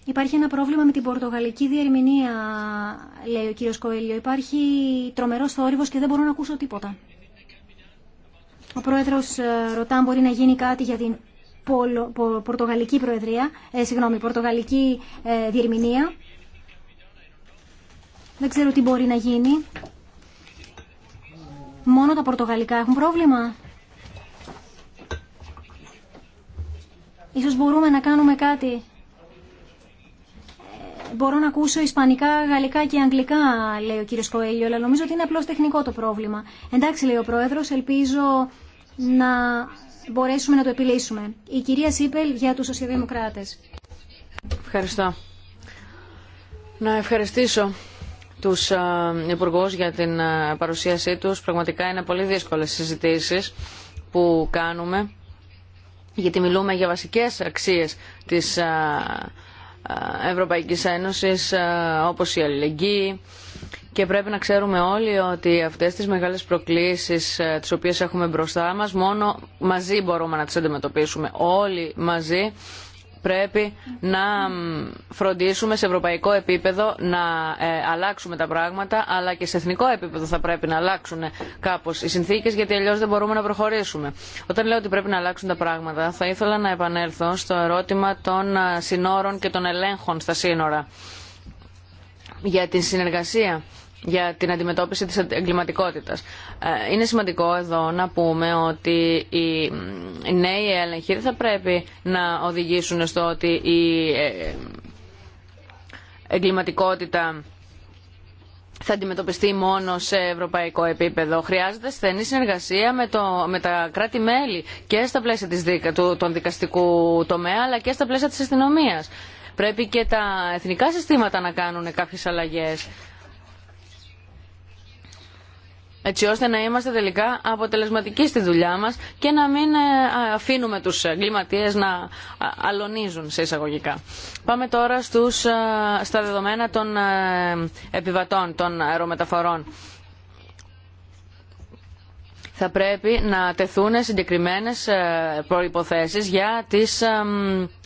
Υπάρχει ένα πρόβλημα με την πορτογαλική διερμηνία, λέει ο κύριος Κοέλιο. Υπάρχει τρομερός θόρυβος και δεν μπορώ να ακούσω τίποτα. Ο πρόεδρος ε, ρωτά αν μπορεί να γίνει κάτι για την πορτογαλική προεδρία, ε, πορτογαλική ε, διερμηνία. Δεν ξέρω τι μπορεί να γίνει. Μόνο τα πορτογαλικά έχουν πρόβλημα. Ίσως μπορούμε να κάνουμε κάτι. Ε, μπορώ να ακούσω ισπανικά, γαλλικά και αγγλικά, λέει ο κύριος Κοέλιο, αλλά νομίζω ότι είναι απλώς τεχνικό το πρόβλημα. Εντάξει, λέει ο πρόεδρος, ελπίζω να μπορέσουμε να το επιλύσουμε. Η κυρία Σίπελ για τους σοσιαδημοκράτες. Ευχαριστώ. Να ευχαριστήσω τους υπουργού για την παρουσίασή τους. Πραγματικά είναι πολύ δύσκολες συζητήσει που κάνουμε, γιατί μιλούμε για βασικές αξίε της Ευρωπαϊκής Ένωσης, όπως η αλληλεγγύη, και πρέπει να ξέρουμε όλοι ότι αυτές τις μεγάλες προκλήσεις τις οποίες έχουμε μπροστά μας μόνο μαζί μπορούμε να τις αντιμετωπίσουμε όλοι μαζί πρέπει να φροντίσουμε σε ευρωπαϊκό επίπεδο να ε, αλλάξουμε τα πράγματα αλλά και σε εθνικό επίπεδο θα πρέπει να αλλάξουν κάπως οι συνθήκε, γιατί αλλιώ δεν μπορούμε να προχωρήσουμε. Όταν λέω ότι πρέπει να αλλάξουν τα πράγματα θα ήθελα να επανέλθω στο ερώτημα των ε, συνόρων και των ελέγχων στα σύνορα για την συνεργασία για την αντιμετώπιση της εγκληματικότητας. Ε, είναι σημαντικό εδώ να πούμε ότι οι νέοι έλεγχοι δεν θα πρέπει να οδηγήσουν στο ότι η ε, εγκληματικότητα θα αντιμετωπιστεί μόνο σε ευρωπαϊκό επίπεδο. Χρειάζεται στενή συνεργασία με, το, με τα κράτη-μέλη και στα πλαίσια της, του, των δικαστικού τομέα αλλά και στα πλαίσια της αστυνομία. Πρέπει και τα εθνικά συστήματα να κάνουν κάποιες αλλαγές έτσι ώστε να είμαστε τελικά αποτελεσματικοί στη δουλειά μας και να μην ε, αφήνουμε τους εγκληματίες να αλωνίζουν σε εισαγωγικά. Πάμε τώρα στους, ε, στα δεδομένα των ε, επιβατών των αερομεταφορών. Θα πρέπει να τεθούν συγκεκριμένες προϋποθέσεις για τις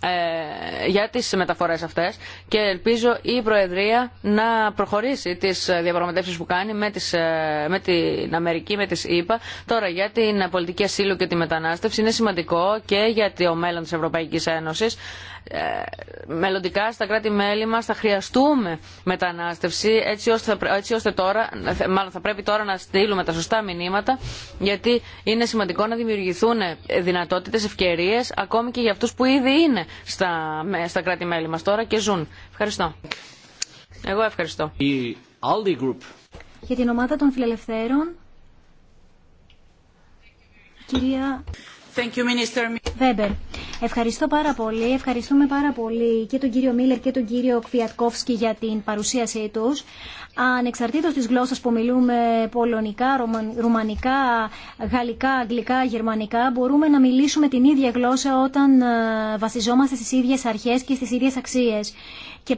ε, για τι μεταφορέ αυτέ. και ελπίζω η Προεδρία να προχωρήσει τι διαπραγματεύσει που κάνει με, τις, ε, με την Αμερική, με τις ΗΠΑ. Τώρα για την πολιτική ασύλου και τη μετανάστευση είναι σημαντικό και για το μέλλον της Ευρωπαϊκής Ένωσης. Ε, μελλοντικά στα κράτη-μέλη μα θα χρειαστούμε μετανάστευση έτσι ώστε, έτσι ώστε τώρα, μάλλον θα πρέπει τώρα να στείλουμε τα σωστά μηνύματα γιατί είναι σημαντικό να δημιουργηθούν δυνατότητε, ευκαιρίε, ακόμη και για αυτού που ήδη είναι στα, στα κράτη-μέλη μας τώρα και ζουν. Ευχαριστώ. Εγώ ευχαριστώ. Η Aldi Group. Για την ομάδα των φιλελευθέρων, κυρία... Thank you, Minister. Βέμπερ. Ευχαριστώ πάρα πολύ. Ευχαριστούμε πάρα πολύ και τον κύριο Μίλλερ και τον κύριο Κφιατκόφσκι για την παρουσίασή τους ανεξαρτήτως της γλώσσας που μιλούμε πολωνικά, ρουμανικά, γαλλικά, αγγλικά, γερμανικά, μπορούμε να μιλήσουμε την ίδια γλώσσα όταν ε, βασιζόμαστε στις ίδιες αρχές και στις ίδιες αξίες. Και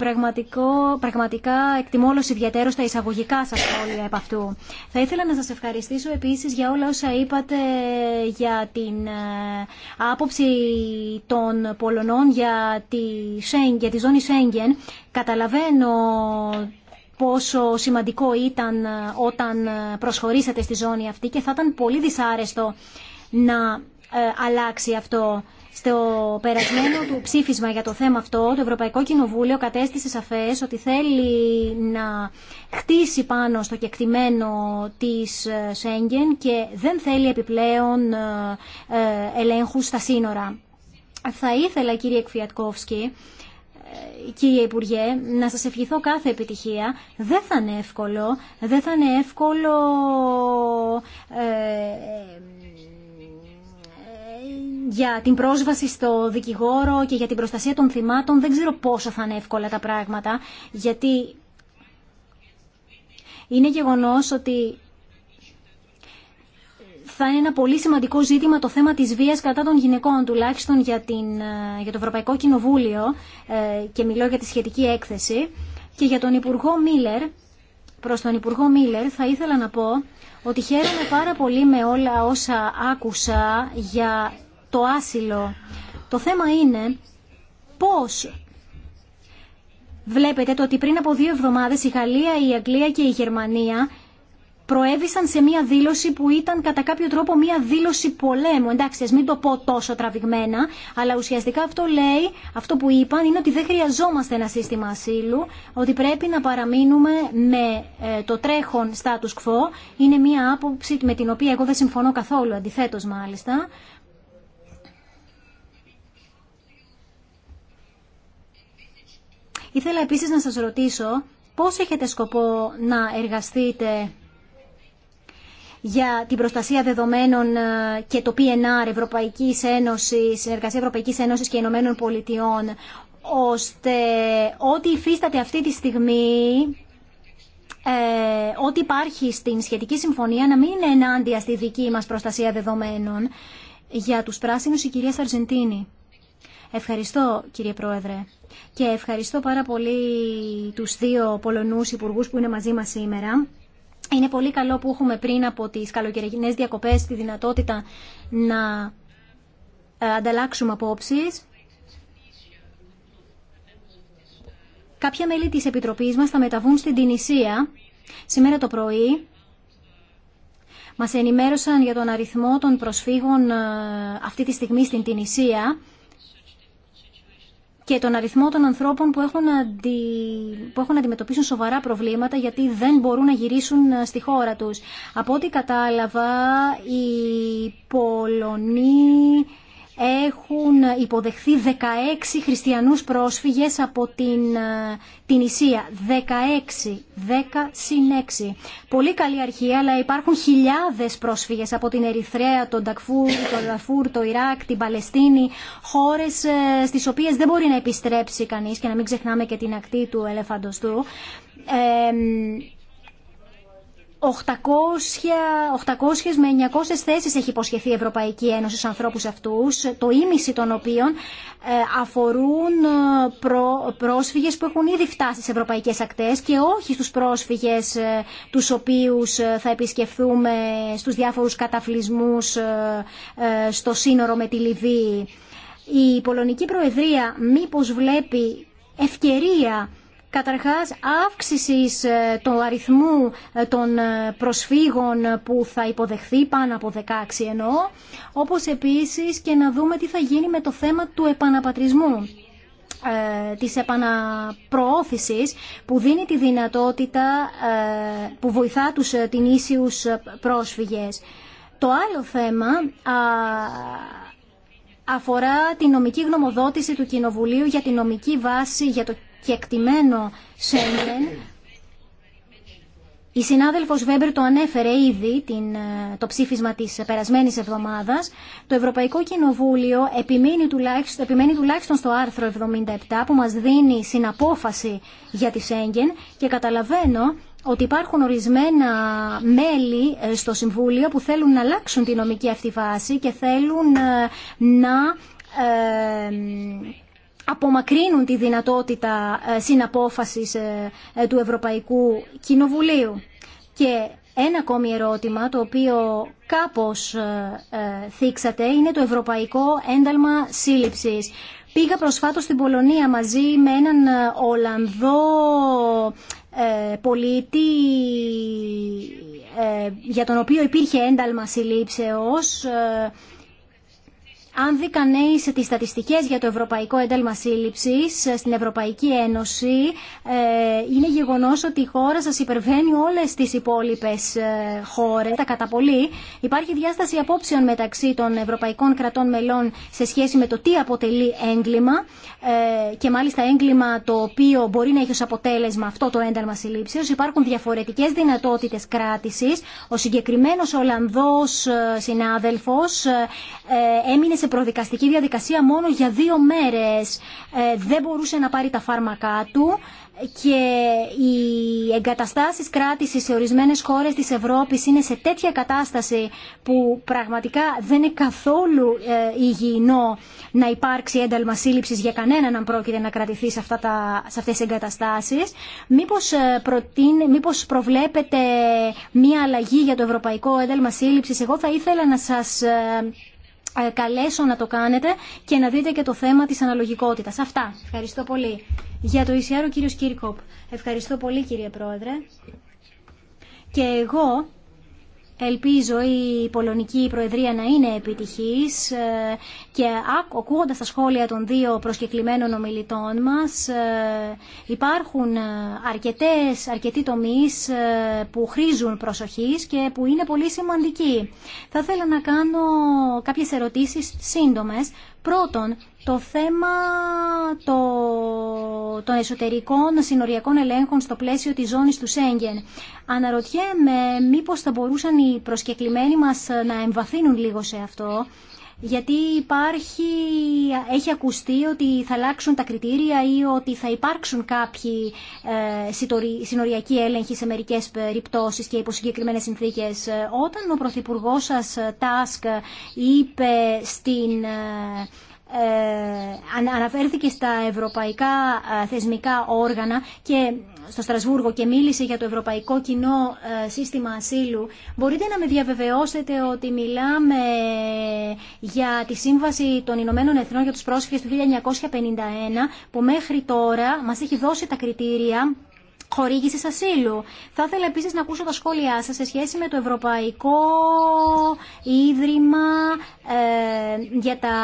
πραγματικά εκτιμώ όλος ιδιαίτερος τα εισαγωγικά σας σχόλια επ' αυτού. Θα ήθελα να σας ευχαριστήσω επίσης για όλα όσα είπατε για την ε, άποψη των Πολωνών για τη, για τη ζώνη Σέγγεν. Καταλαβαίνω πόσο σημαντικό ήταν ε, όταν ε, προσχωρήσατε στη ζώνη αυτή και θα ήταν πολύ δυσάρεστο να ε, αλλάξει αυτό. Στο περασμένο του ψήφισμα για το θέμα αυτό, το Ευρωπαϊκό Κοινοβούλιο κατέστησε σαφές ότι θέλει να χτίσει πάνω στο κεκτημένο της Σέγγεν και δεν θέλει επιπλέον ελέγχους στα σύνορα. Θα ήθελα, κύριε Κφιατκόφσκι, ε, κύριε Υπουργέ, να σας ευχηθώ κάθε επιτυχία. Δεν θα είναι εύκολο, δεν θα είναι εύκολο ε, ε, για την πρόσβαση στο δικηγόρο και για την προστασία των θυμάτων. Δεν ξέρω πόσο θα είναι εύκολα τα πράγματα, γιατί είναι γεγονός ότι θα είναι ένα πολύ σημαντικό ζήτημα το θέμα της βίας κατά των γυναικών, τουλάχιστον για, την, ε, για το Ευρωπαϊκό Κοινοβούλιο ε, και μιλώ για τη σχετική έκθεση. Και για τον Υπουργό Μίλλερ, προς τον Υπουργό Μίλλερ θα ήθελα να πω ότι χαίρομαι πάρα πολύ με όλα όσα άκουσα για το άσυλο. Το θέμα είναι πώς βλέπετε το ότι πριν από δύο εβδομάδες η Γαλλία, η Αγγλία και η Γερμανία προέβησαν σε μία δήλωση που ήταν κατά κάποιο τρόπο μία δήλωση πολέμου. Εντάξει, ας μην το πω τόσο τραβηγμένα, αλλά ουσιαστικά αυτό λέει, αυτό που είπαν είναι ότι δεν χρειαζόμαστε ένα σύστημα ασύλου, ότι πρέπει να παραμείνουμε με ε, το τρέχον status quo. Είναι μία άποψη με την οποία εγώ δεν συμφωνώ καθόλου, Αντιθέτω μάλιστα, Ήθελα επίσης να σας ρωτήσω πώς έχετε σκοπό να εργαστείτε για την προστασία δεδομένων ε, και το PNR Ευρωπαϊκή Ένωση, Συνεργασία Ευρωπαϊκής Ένωσης και Ηνωμένων Πολιτειών, ώστε ό,τι υφίσταται αυτή τη στιγμή ε, ό,τι υπάρχει στην σχετική συμφωνία να μην είναι ενάντια στη δική μας προστασία δεδομένων. Για τους πράσινους η κυρία Σαρζεντίνη. Ευχαριστώ κύριε Πρόεδρε και ευχαριστώ πάρα πολύ τους δύο Πολωνούς Υπουργούς που είναι μαζί μας σήμερα. Είναι πολύ καλό που έχουμε πριν από τις καλοκαιρινές διακοπές τη δυνατότητα να ε, ανταλλάξουμε απόψεις. Κάποια μέλη της Επιτροπής μας θα μεταβούν στην Τινησία σήμερα το πρωί. Μας ενημέρωσαν για τον αριθμό των προσφύγων ε, αυτή τη στιγμή στην Τινησία και τον αριθμό των ανθρώπων που έχουν, αντι... που έχουν να αντιμετωπίσουν σοβαρά προβλήματα γιατί δεν μπορούν να γυρίσουν ε, στη χώρα τους. Από ό,τι κατάλαβα, οι Πολωνοί έχουν υποδεχθεί 16 χριστιανούς πρόσφυγες από την, ε, την Ισία. 16, 10 συν 6. Πολύ καλή αρχή, αλλά υπάρχουν χιλιάδες πρόσφυγες από την Ερυθρέα, τον Τακφούρ, τον Λαφούρ, το Ιράκ, την Παλαιστίνη, χώρες ε, στις οποίες δεν μπορεί να επιστρέψει κανείς και να μην ξεχνάμε και την ακτή του ελεφαντοστού. 800, 800 με 900 θέσεις έχει υποσχεθεί η Ευρωπαϊκή Ένωση στους ανθρώπους αυτούς, το ίμιση των οποίων ε, αφορούν ε, προ, πρόσφυγες που έχουν ήδη φτάσει σε ευρωπαϊκές ακτές και όχι στους πρόσφυγες ε, τους οποίους θα επισκεφθούμε στους διάφορους καταφλισμούς στο σύνορο με τη Λιβύη. Η Πολωνική Προεδρία μήπως βλέπει ευκαιρία καταρχάς αύξησης ε, του αριθμού ε, των ε, προσφύγων που θα υποδεχθεί πάνω από 16 εννοώ, όπως επίσης και να δούμε τι θα γίνει με το θέμα του επαναπατρισμού της επαναπροώθησης που δίνει τη δυνατότητα που βοηθά τους την ίσιους πρόσφυγες. Το άλλο θέμα αφορά την νομική γνωμοδότηση του Κοινοβουλίου για τη νομική βάση για το και εκτιμένο Σέγγεν. Η συνάδελφος Βέμπερ το ανέφερε ήδη την, ε, το ψήφισμα της περασμένης εβδομάδας. Το Ευρωπαϊκό Κοινοβούλιο επιμένει τουλάχιστον, επιμένει τουλάχιστον στο άρθρο 77 που μας δίνει συναπόφαση για τη Σέγγεν και καταλαβαίνω ότι υπάρχουν ορισμένα μέλη ε, στο Συμβούλιο που θέλουν να αλλάξουν τη νομική αυτή βάση και θέλουν ε, να απομακρύνουν τη δυνατότητα ε, συναπόφασης ε, ε, του Ευρωπαϊκού Κοινοβουλίου. Και ένα ακόμη ερώτημα το οποίο κάπως θίξατε είναι το Ευρωπαϊκό Ένταλμα Σύλληψης. Πήγα προσφάτως στην Πολωνία μαζί με έναν Ολλανδό πολίτη για τον οποίο υπήρχε ένταλμα συλλήψεως αν δει κανεί τι στατιστικές για το Ευρωπαϊκό Ένταλμα Σύλληψη ε, στην Ευρωπαϊκή Ένωση, ε, είναι γεγονό ότι η χώρα σα υπερβαίνει όλες τις υπόλοιπες ε, χώρε τα κατά πολύ. Υπάρχει διάσταση απόψεων μεταξύ των ευρωπαϊκών κρατών μελών σε σχέση με το τι αποτελεί έγκλημα και μάλιστα έγκλημα το οποίο μπορεί να έχει ω αποτέλεσμα αυτό το ένταλμα Συλλήψη. Υπάρχουν διαφορετικέ δυνατότητε κράτηση. Ο Ολλανδό συνάδελφο συνάδελφος έμεινε σε προδικαστική διαδικασία μόνο για δύο μέρες. Ε, δεν μπορούσε να πάρει τα φάρμακά του και οι εγκαταστάσεις κράτησης σε ορισμένες χώρες της Ευρώπης είναι σε τέτοια κατάσταση που πραγματικά δεν είναι καθόλου ε, υγιεινό να υπάρξει ένταλμα σύλληψης για κανέναν αν πρόκειται να κρατηθεί σε, αυτά τα, σε αυτές τις εγκαταστάσεις. Μήπως, ε, μήπως προβλέπετε μία αλλαγή για το ευρωπαϊκό ένταλμα σύλληψης. Εγώ θα ήθελα να σας ε, καλέσω να το κάνετε και να δείτε και το θέμα της αναλογικότητας. Αυτά. Ευχαριστώ πολύ. Για το ΙΣΙΑΡΟ, ο κύριος Κύρκοπ. Ευχαριστώ πολύ κύριε Πρόεδρε. Και εγώ Ελπίζω η Πολωνική Προεδρία να είναι επιτυχής ε, και ακούγοντας τα σχόλια των δύο προσκεκλημένων ομιλητών μας ε, υπάρχουν ε, αρκετές, αρκετοί τομείς που χρήζουν προσοχής και που είναι πολύ σημαντικοί. Θα ήθελα να κάνω κάποιες ερωτήσεις σύντομες. Πρώτον, το θέμα το, των εσωτερικών συνοριακών ελέγχων στο πλαίσιο της ζώνης του Σέγγεν. Αναρωτιέμαι μήπως θα μπορούσαν οι προσκεκλημένοι μας να εμβαθύνουν λίγο σε αυτό, γιατί υπάρχει, έχει ακουστεί ότι θα αλλάξουν τα κριτήρια ή ότι θα υπάρξουν κάποιοι ε, συνοριακοί έλεγχοι σε μερικές περιπτώσεις και υπό συγκεκριμένες συνθήκες. Ε, όταν ο Πρωθυπουργός σας ε, Τάσκ είπε στην... Ε, ε, αναφέρθηκε στα ευρωπαϊκά ε, θεσμικά όργανα και στο Στρασβούργο και μίλησε για το Ευρωπαϊκό Κοινό ε, Σύστημα Ασύλου. Μπορείτε να με διαβεβαιώσετε ότι μιλάμε για τη Σύμβαση των Ηνωμένων Εθνών για τους πρόσφυγες του 1951 που μέχρι τώρα μας έχει δώσει τα κριτήρια χορήγηση ασύλου. Θα ήθελα επίση να ακούσω τα σχόλιά σα σε σχέση με το Ευρωπαϊκό Ίδρυμα ε, για τα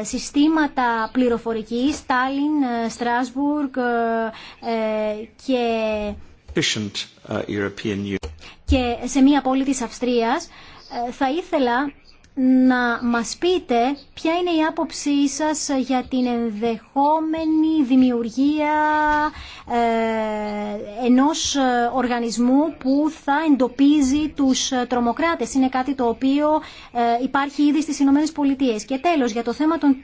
ε, συστήματα πληροφορικής Στάλιν, Στράσβουργκ ε, και uh, και σε μία πόλη της Αυστρίας θα ήθελα να μας πείτε ποια είναι η άποψή σας για την ενδεχόμενη δημιουργία ε, ενός ε, οργανισμού που θα εντοπίζει τους ε, τρομοκράτες. Είναι κάτι το οποίο υπάρχει ήδη στις Ηνωμένες Πολιτείες. Και τέλος, για το θέμα των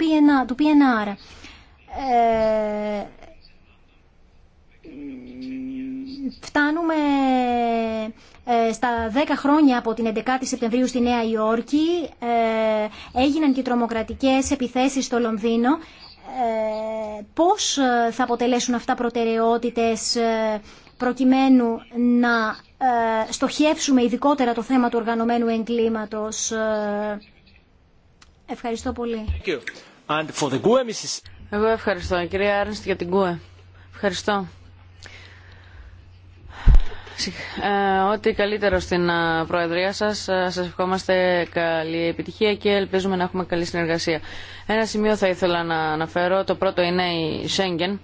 του PNR. Φτάνουμε ε, στα 10 χρόνια από την 11η Σεπτεμβρίου στη Νέα Υόρκη ε, έγιναν και τρομοκρατικές επιθέσεις στο Λονδίνο. Ε, πώς θα αποτελέσουν αυτά προτεραιότητες προκειμένου να στοχεύσουμε ειδικότερα το θέμα του οργανωμένου εγκλήματος. Ευχαριστώ πολύ. E, Εγώ ευχαριστώ. Κυρία Άρνστ για την ΚΟΕ. E. Ευχαριστώ. Ε, ό,τι καλύτερο στην ε, Προεδρία σας. Ε, σας ευχόμαστε καλή επιτυχία και ελπίζουμε να έχουμε καλή συνεργασία. Ένα σημείο θα ήθελα να αναφέρω. Το πρώτο είναι η Schengen.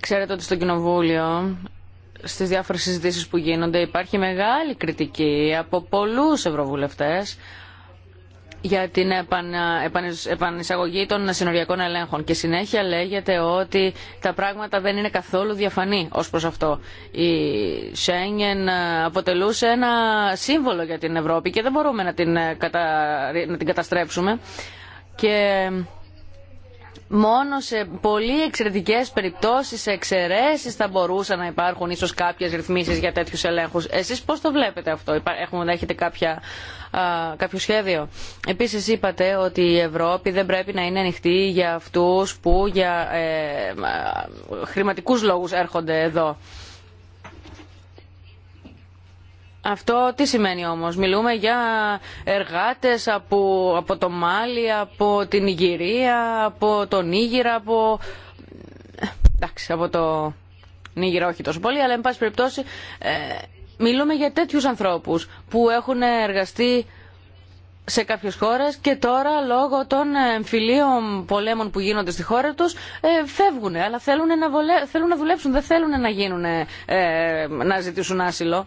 Ξέρετε ότι στο Κοινοβούλιο στις διάφορες συζητήσεις που γίνονται υπάρχει μεγάλη κριτική από πολλούς ευρωβουλευτές για την επανεισαγωγή των συνοριακών ελέγχων και συνέχεια λέγεται ότι τα πράγματα δεν είναι καθόλου διαφανή ως προς αυτό. Η Σέγγεν αποτελούσε ένα σύμβολο για την Ευρώπη και δεν μπορούμε να την, κατα... να την καταστρέψουμε και μόνο σε πολύ εξαιρετικές περιπτώσεις, σε εξαιρέσεις θα μπορούσαν να υπάρχουν ίσως κάποιες ρυθμίσεις για τέτοιους ελέγχους. Εσείς πώς το βλέπετε αυτό, Έχουμε Έχετε κάποια κάποιο σχέδιο. Επίσης είπατε ότι η Ευρώπη δεν πρέπει να είναι ανοιχτή για αυτούς που για ε, χρηματικούς λόγους έρχονται εδώ. Αυτό τι σημαίνει όμως. Μιλούμε για εργάτες από, το Μάλι, από την Ιγυρία, από τον Νίγηρα, από... Εντάξει, από το Νίγηρα όχι τόσο πολύ, αλλά εν πάση περιπτώσει... Ε, Μιλούμε για τέτοιους ανθρώπους που έχουν εργαστεί σε κάποιες χώρες και τώρα λόγω των εμφυλίων πολέμων που γίνονται στη χώρα τους ε, φεύγουν. Αλλά θέλουν να, βολε... θέλουν να δουλέψουν, δεν θέλουν να, γίνουν, ε, να ζητήσουν άσυλο.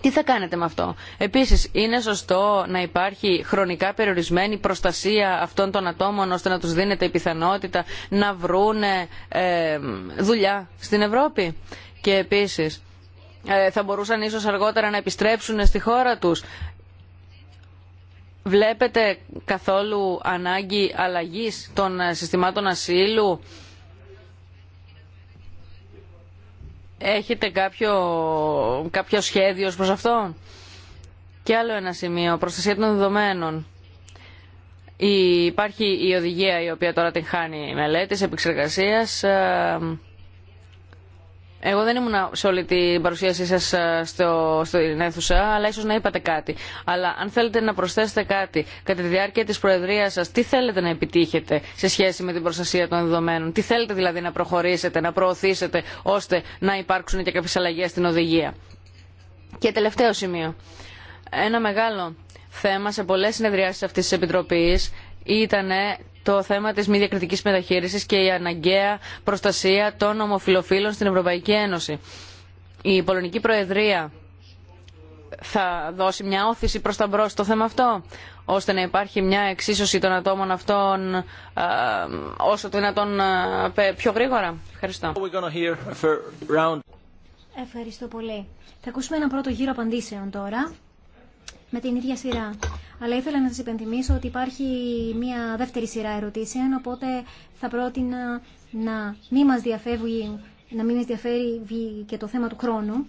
Τι θα κάνετε με αυτό. Επίσης, είναι σωστό να υπάρχει χρονικά περιορισμένη προστασία αυτών των ατόμων ώστε να τους δίνεται η πιθανότητα να βρούνε ε, δουλειά στην Ευρώπη. Και επίσης, ε, θα μπορούσαν ίσως αργότερα να επιστρέψουν στη χώρα τους. Βλέπετε καθόλου ανάγκη αλλαγής των ε, συστημάτων ασύλου. Έχετε κάποιο, κάποιο σχέδιο προς αυτό. Και άλλο ένα σημείο, προστασία των δεδομένων. Υπάρχει η οδηγία η οποία τώρα την χάνει μελέτη επεξεργασίας ε, εγώ δεν ήμουν σε όλη την παρουσίασή σας ε, στο, στην αίθουσα, αλλά ίσως να είπατε κάτι. Αλλά αν θέλετε να προσθέσετε κάτι κατά τη διάρκεια της προεδρία σας, τι θέλετε να επιτύχετε σε σχέση με την προστασία των δεδομένων, τι θέλετε δηλαδή να προχωρήσετε, να προωθήσετε, ώστε να υπάρξουν και κάποιε αλλαγέ στην οδηγία. Και τελευταίο σημείο. Ένα μεγάλο θέμα σε πολλέ συνεδριάσει αυτή τη επιτροπή ήταν το θέμα της μη διακριτικής μεταχείρισης και η αναγκαία προστασία των ομοφιλοφίλων στην Ευρωπαϊκή Ένωση. Η Πολωνική Προεδρία θα δώσει μια όθηση προς τα μπρος στο θέμα αυτό, ώστε να υπάρχει μια εξίσωση των ατόμων αυτών όσο το δυνατόν πιο γρήγορα. Ευχαριστώ. Ευχαριστώ πολύ. Θα ακούσουμε ένα πρώτο γύρο απαντήσεων τώρα με την ίδια σειρά. Αλλά ήθελα να σας υπενθυμίσω ότι υπάρχει μια δεύτερη σειρά ερωτήσεων, οπότε θα πρότεινα να μην μας διαφεύγει, να μην μας διαφέρει και το θέμα του χρόνου.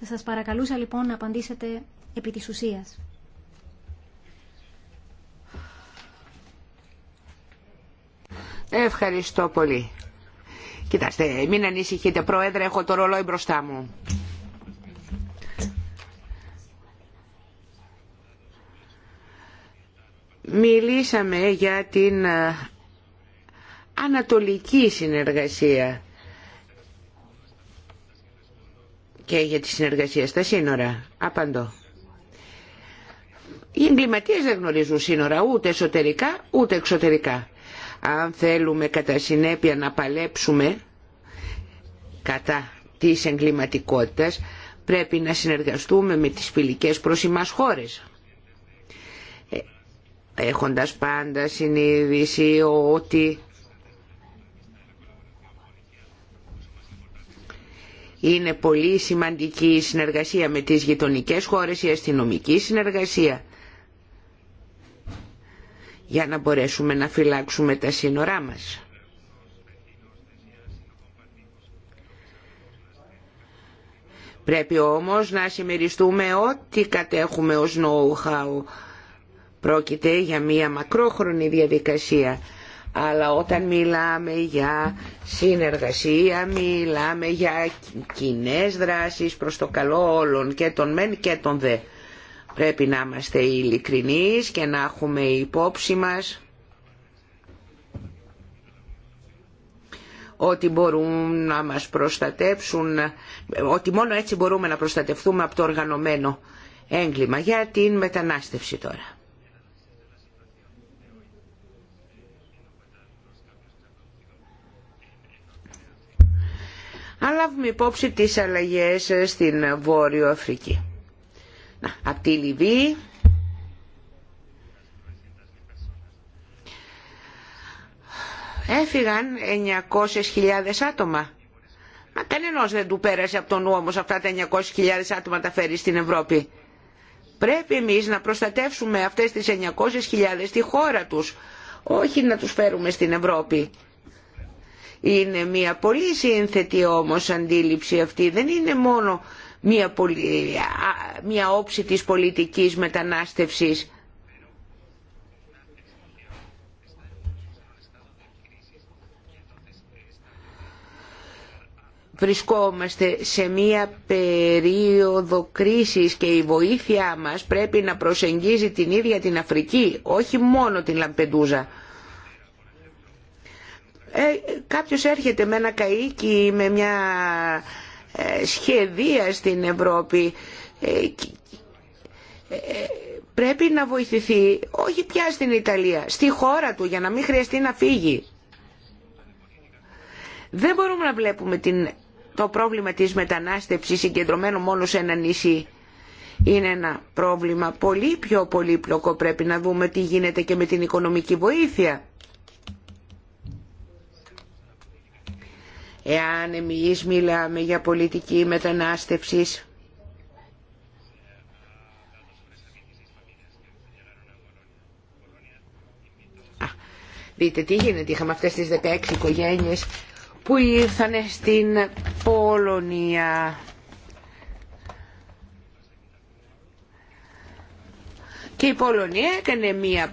Θα σας παρακαλούσα λοιπόν να απαντήσετε επί της ουσίας. Ευχαριστώ πολύ. Κοιτάξτε, μην ανησυχείτε, Πρόεδρε, έχω το ρολόι μπροστά μου. Μιλήσαμε για την ε, ανατολική συνεργασία και για τη συνεργασία στα σύνορα. Απαντώ. Οι εγκληματίες δεν γνωρίζουν σύνορα ούτε εσωτερικά ούτε εξωτερικά. Αν θέλουμε κατά συνέπεια να παλέψουμε κατά της εγκληματικότητας πρέπει να συνεργαστούμε με τις φιλικές προς χώρες έχοντας πάντα συνείδηση ότι είναι πολύ σημαντική η συνεργασία με τις γειτονικές χώρες, η αστυνομική συνεργασία για να μπορέσουμε να φυλάξουμε τα σύνορά μας. Πρέπει όμως να συμμεριστούμε ό,τι κατέχουμε ως know-how Πρόκειται για μία μακρόχρονη διαδικασία. Αλλά όταν μιλάμε για συνεργασία, μιλάμε για κοινέ δράσεις προς το καλό όλων και των μεν και των δε. Πρέπει να είμαστε ειλικρινεί και να έχουμε υπόψη μας ότι μπορούν να μας προστατεύσουν, ότι μόνο έτσι μπορούμε να προστατευτούμε από το οργανωμένο έγκλημα για την μετανάστευση τώρα. Αλλά λάβουμε υπόψη τις αλλαγές στην Βόρειο Αφρική. Να, από τη Λιβύη έφυγαν 900.000 άτομα. Μα κανένας δεν του πέρασε από τον νου όμως αυτά τα 900.000 άτομα τα φέρει στην Ευρώπη. Πρέπει εμείς να προστατεύσουμε αυτές τις 900.000 στη χώρα τους, όχι να τους φέρουμε στην Ευρώπη. Είναι μια πολύ σύνθετη όμως αντίληψη αυτή. Δεν είναι μόνο μια, μια όψη της πολιτικής μετανάστευσης. βρισκόμαστε σε μία περίοδο κρίσης και η βοήθειά μας πρέπει να προσεγγίζει την ίδια την Αφρική, όχι μόνο την Λαμπεντούζα. Ε, κάποιος έρχεται με ένα καΐκι, με μια ε, σχεδία στην Ευρώπη ε, πρέπει να βοηθηθεί όχι πια στην Ιταλία, στη χώρα του για να μην χρειαστεί να φύγει. Δεν μπορούμε να βλέπουμε την, το πρόβλημα της μετανάστευσης συγκεντρωμένο μόνο σε ένα νησί. Είναι ένα πρόβλημα πολύ πιο πολύπλοκο πρέπει να δούμε τι γίνεται και με την οικονομική βοήθεια. Εάν εμείς μιλάμε για πολιτική μετανάστευσης, Δείτε τι γίνεται, είχαμε αυτές τις 16 οικογένειες που ήρθαν στην Πολωνία. Και η Πολωνία έκανε μία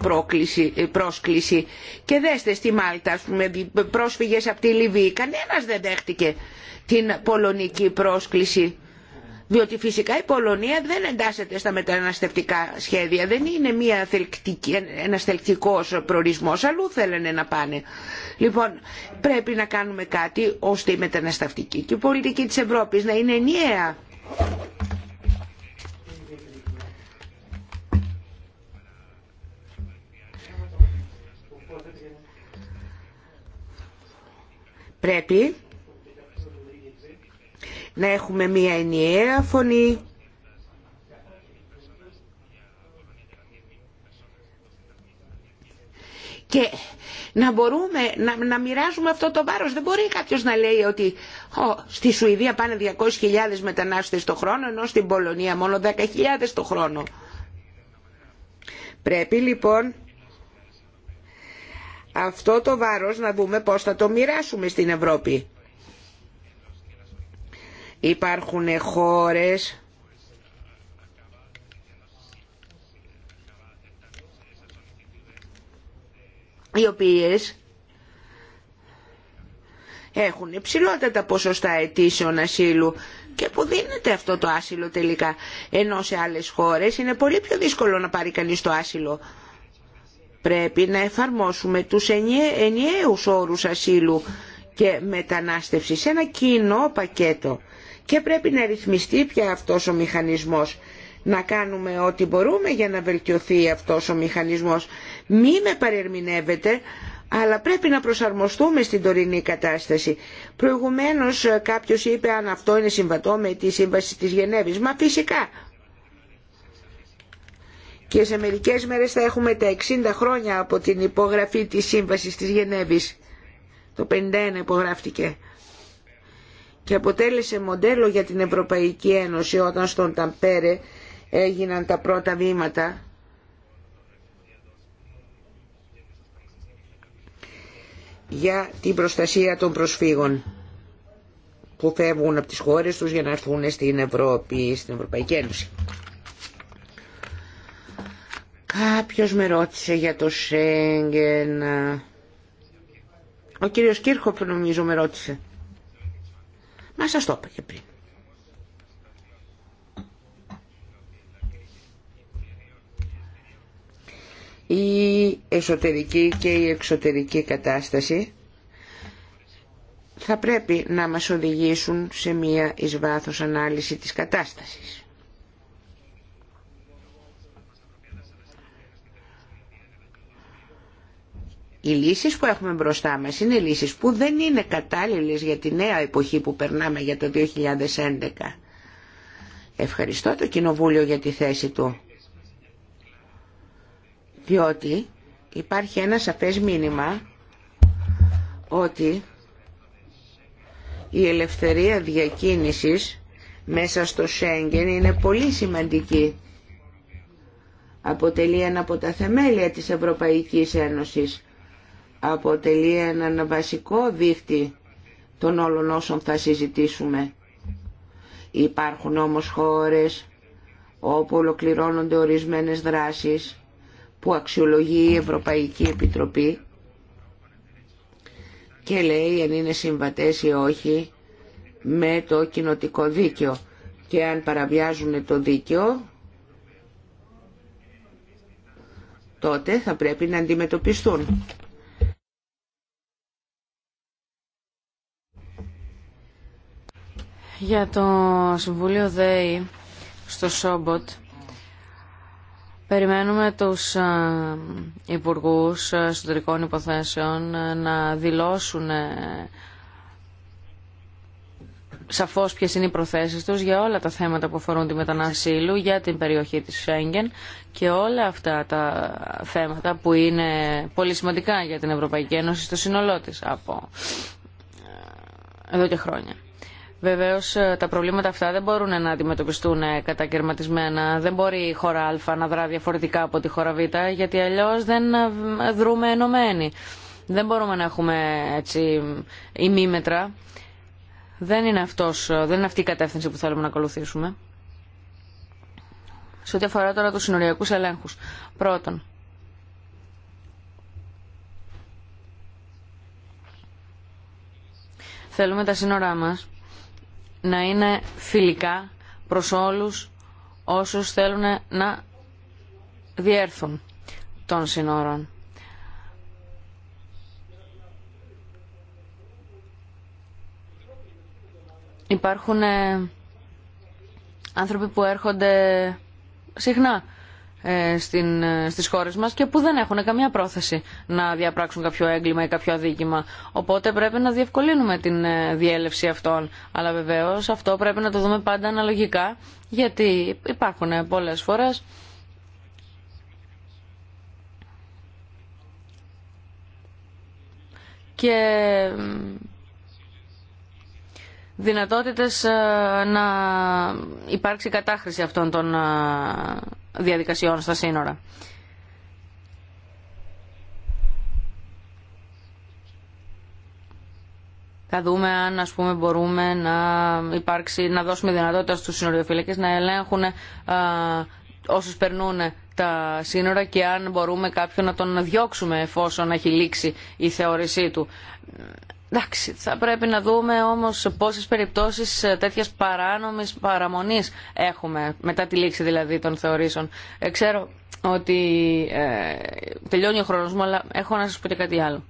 ε, πρόσκληση και δέστε στη Μάλτα, ας πούμε, πρόσφυγες από τη Λιβύη. Κανένας δεν δέχτηκε την πολωνική πρόσκληση. Διότι φυσικά η Πολωνία δεν εντάσσεται στα μεταναστευτικά σχέδια, δεν είναι μία ένας θελκτικός προορισμός, αλλού θέλανε να πάνε. Λοιπόν, πρέπει να κάνουμε κάτι ώστε η μεταναστευτική και η πολιτική της Ευρώπης να είναι ενιαία Πρέπει να έχουμε μία ενιαία φωνή και να μπορούμε να, μοιράζουμε αυτό το βάρος. Δεν μπορεί κάποιος να λέει ότι στη Σουηδία πάνε 200.000 μετανάστες το χρόνο ενώ στην Πολωνία μόνο 10.000 το χρόνο. Πρέπει λοιπόν αυτό το βάρος να δούμε πώς θα το μοιράσουμε στην Ευρώπη. Υπάρχουν χώρες οι οποίες έχουν υψηλότερα ποσοστά αιτήσεων ασύλου και που δίνεται αυτό το άσυλο τελικά. Ενώ σε άλλες χώρες είναι πολύ πιο δύσκολο να πάρει κανείς το άσυλο. Πρέπει να εφαρμόσουμε τους ενιαίους όρους ασύλου και μετανάστευση σε ένα κοινό πακέτο. Και πρέπει να ρυθμιστεί πια αυτός ο μηχανισμός. Να κάνουμε ό,τι μπορούμε για να βελτιωθεί αυτός ο μηχανισμός. Μη με παρερμηνεύετε, αλλά πρέπει να προσαρμοστούμε στην τωρινή κατάσταση. Προηγουμένως ε, κάποιος είπε αν αυτό είναι συμβατό με τη σύμβαση της Γενέβης. Μα φυσικά και σε μερικές μέρες θα έχουμε τα 60 χρόνια από την υπογραφή της σύμβασης της Γενέβης. Το 51 υπογράφτηκε και αποτέλεσε μοντέλο για την Ευρωπαϊκή Ένωση όταν στον Ταμπέρε έγιναν τα πρώτα βήματα για την προστασία των προσφύγων που φεύγουν από τις χώρες τους για να έρθουν στην Ευρώπη, στην Ευρωπαϊκή Ένωση. Κάποιος με ρώτησε για το Σέγγεν. Ο κύριος Κύρχοπ νομίζω με ρώτησε. Μα σας το είπα και πριν. Η εσωτερική και η εξωτερική κατάσταση θα πρέπει να μας οδηγήσουν σε μία εις ανάλυση της κατάστασης. οι λύσει που έχουμε μπροστά μας είναι λύσει που δεν είναι κατάλληλε για τη νέα εποχή που περνάμε για το 2011. Ευχαριστώ το Κοινοβούλιο για τη θέση του. Διότι υπάρχει ένα σαφές μήνυμα ότι η ελευθερία διακίνησης μέσα στο Σέγγεν είναι πολύ σημαντική. Αποτελεί ένα από τα θεμέλια της Ευρωπαϊκής Ένωσης αποτελεί έναν βασικό δίχτυ των όλων όσων θα συζητήσουμε. Υπάρχουν όμως χώρες όπου ολοκληρώνονται ορισμένες δράσεις που αξιολογεί η Ευρωπαϊκή Επιτροπή και λέει αν είναι συμβατές ή όχι με το κοινοτικό δίκαιο και αν παραβιάζουν το δίκαιο τότε θα πρέπει να αντιμετωπιστούν. Για το Συμβούλιο ΔΕΗ στο Σόμποτ περιμένουμε τους υπουργούς εσωτερικών υποθέσεων να δηλώσουν ε, σαφώς ποιες είναι οι προθέσεις τους για όλα τα θέματα που αφορούν τη μετανασύλου για την περιοχή της Σέγγεν και όλα αυτά τα θέματα που είναι πολύ σημαντικά για την Ευρωπαϊκή Ένωση στο σύνολό της από ε, εδώ και χρόνια. Βεβαίω ε, τα προβλήματα αυτά δεν μπορούν να αντιμετωπιστούν ε, κατακαιρματισμένα. Δεν μπορεί η χώρα Α να δρά διαφορετικά από τη χώρα Β, γιατί αλλιώ δεν ε, δρούμε ενωμένοι. Δεν μπορούμε να έχουμε έτσι ημίμετρα. Δεν είναι, αυτός, δεν είναι αυτή η κατεύθυνση που θέλουμε να ακολουθήσουμε. Σε ό,τι αφορά τώρα τους συνοριακούς ελέγχους. Πρώτον, θέλουμε τα σύνορά μας να είναι φιλικά προς όλους όσους θέλουν να διέρθουν των συνόρων. Υπάρχουν ε, άνθρωποι που έρχονται συχνά ε, στην, ε, στις χώρες μας και που δεν έχουν καμία πρόθεση να διαπράξουν κάποιο έγκλημα ή κάποιο αδίκημα. Οπότε πρέπει να διευκολύνουμε την ε, διέλευση αυτών. Αλλά βεβαίως αυτό πρέπει να το δούμε πάντα αναλογικά γιατί υπάρχουν πολλές φορές και δυνατότητες ε, να υπάρξει κατάχρηση αυτών των ε, διαδικασιών στα σύνορα. Θα δούμε αν ας πούμε, μπορούμε να, υπάρξει, να δώσουμε δυνατότητα στους συνοριοφύλακες να ελέγχουν ε, όσους περνούν τα σύνορα και αν μπορούμε κάποιον να τον διώξουμε εφόσον έχει λήξει η θεώρησή του. Εντάξει, θα πρέπει να δούμε όμως πόσες περιπτώσεις ε, τέτοιας παράνομης παραμονής έχουμε, μετά τη λήξη δηλαδή των θεωρήσεων. Ε, ξέρω ότι ε, τελειώνει ο χρόνος μου, αλλά έχω να σας πω και κάτι άλλο.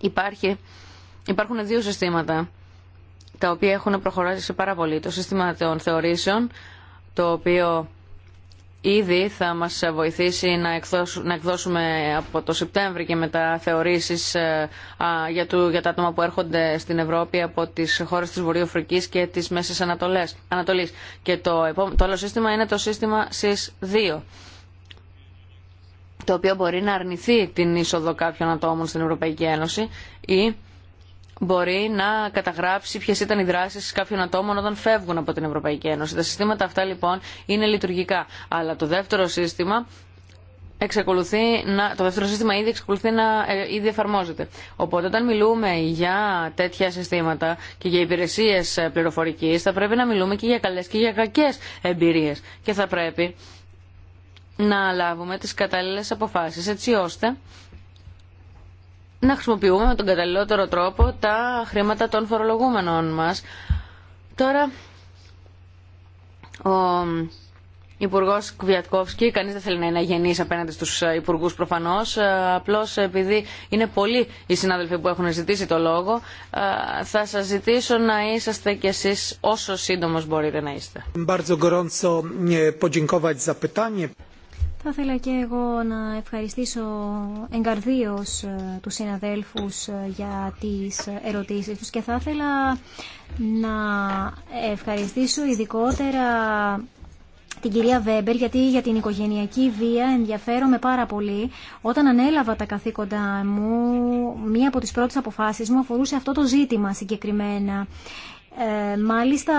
Υπάρχει, υπάρχουν δύο συστήματα τα οποία έχουν προχωράσει σε πάρα πολύ. Το σύστημα των θεωρήσεων, το οποίο ήδη θα μας βοηθήσει να εκδώσουμε από το Σεπτέμβρη και μετά θεωρήσεις ε, για τα άτομα που έρχονται στην Ευρώπη από τις χώρες της Βορειοφρικής και της Μέσης Ανατολής. Και το άλλο σύστημα είναι το σύστημα ΣΥΣ2 το οποίο μπορεί να αρνηθεί την είσοδο κάποιων ατόμων στην Ευρωπαϊκή Ένωση ή μπορεί να καταγράψει ποιε ήταν οι δράσει κάποιων ατόμων όταν φεύγουν από την Ευρωπαϊκή Ένωση. Τα συστήματα αυτά λοιπόν είναι λειτουργικά. Αλλά το δεύτερο σύστημα εξακολουθεί να, το δεύτερο σύστημα ήδη εξακολουθεί να ε, ήδη εφαρμόζεται. Οπότε όταν μιλούμε για τέτοια συστήματα και για υπηρεσίε πληροφορική, θα πρέπει να μιλούμε και για καλέ και για κακέ εμπειρίε. και θα πρέπει να λάβουμε τις κατάλληλες αποφάσεις έτσι ώστε να χρησιμοποιούμε με τον καταλληλότερο τρόπο τα χρήματα των φορολογούμενων μας. Τώρα, ο Υπουργό Κβιατκόφσκι, κανεί δεν θέλει να είναι γενή απέναντι στου υπουργού προφανώ. Ε, Απλώ επειδή είναι πολλοί οι συνάδελφοι που έχουν ζητήσει το λόγο, ε, θα σα ζητήσω να είσαστε κι εσεί όσο σύντομο μπορείτε να είστε. Θα ήθελα και εγώ να ευχαριστήσω εγκαρδίως ε, τους συναδέλφους ε, για τις ερωτήσεις τους και θα ήθελα να ευχαριστήσω ειδικότερα την κυρία Βέμπερ, γιατί για την οικογενειακή βία ενδιαφέρομαι πάρα πολύ. Όταν ανέλαβα τα καθήκοντά μου, μία από τις πρώτες αποφάσεις μου αφορούσε αυτό το ζήτημα συγκεκριμένα. Ε, μάλιστα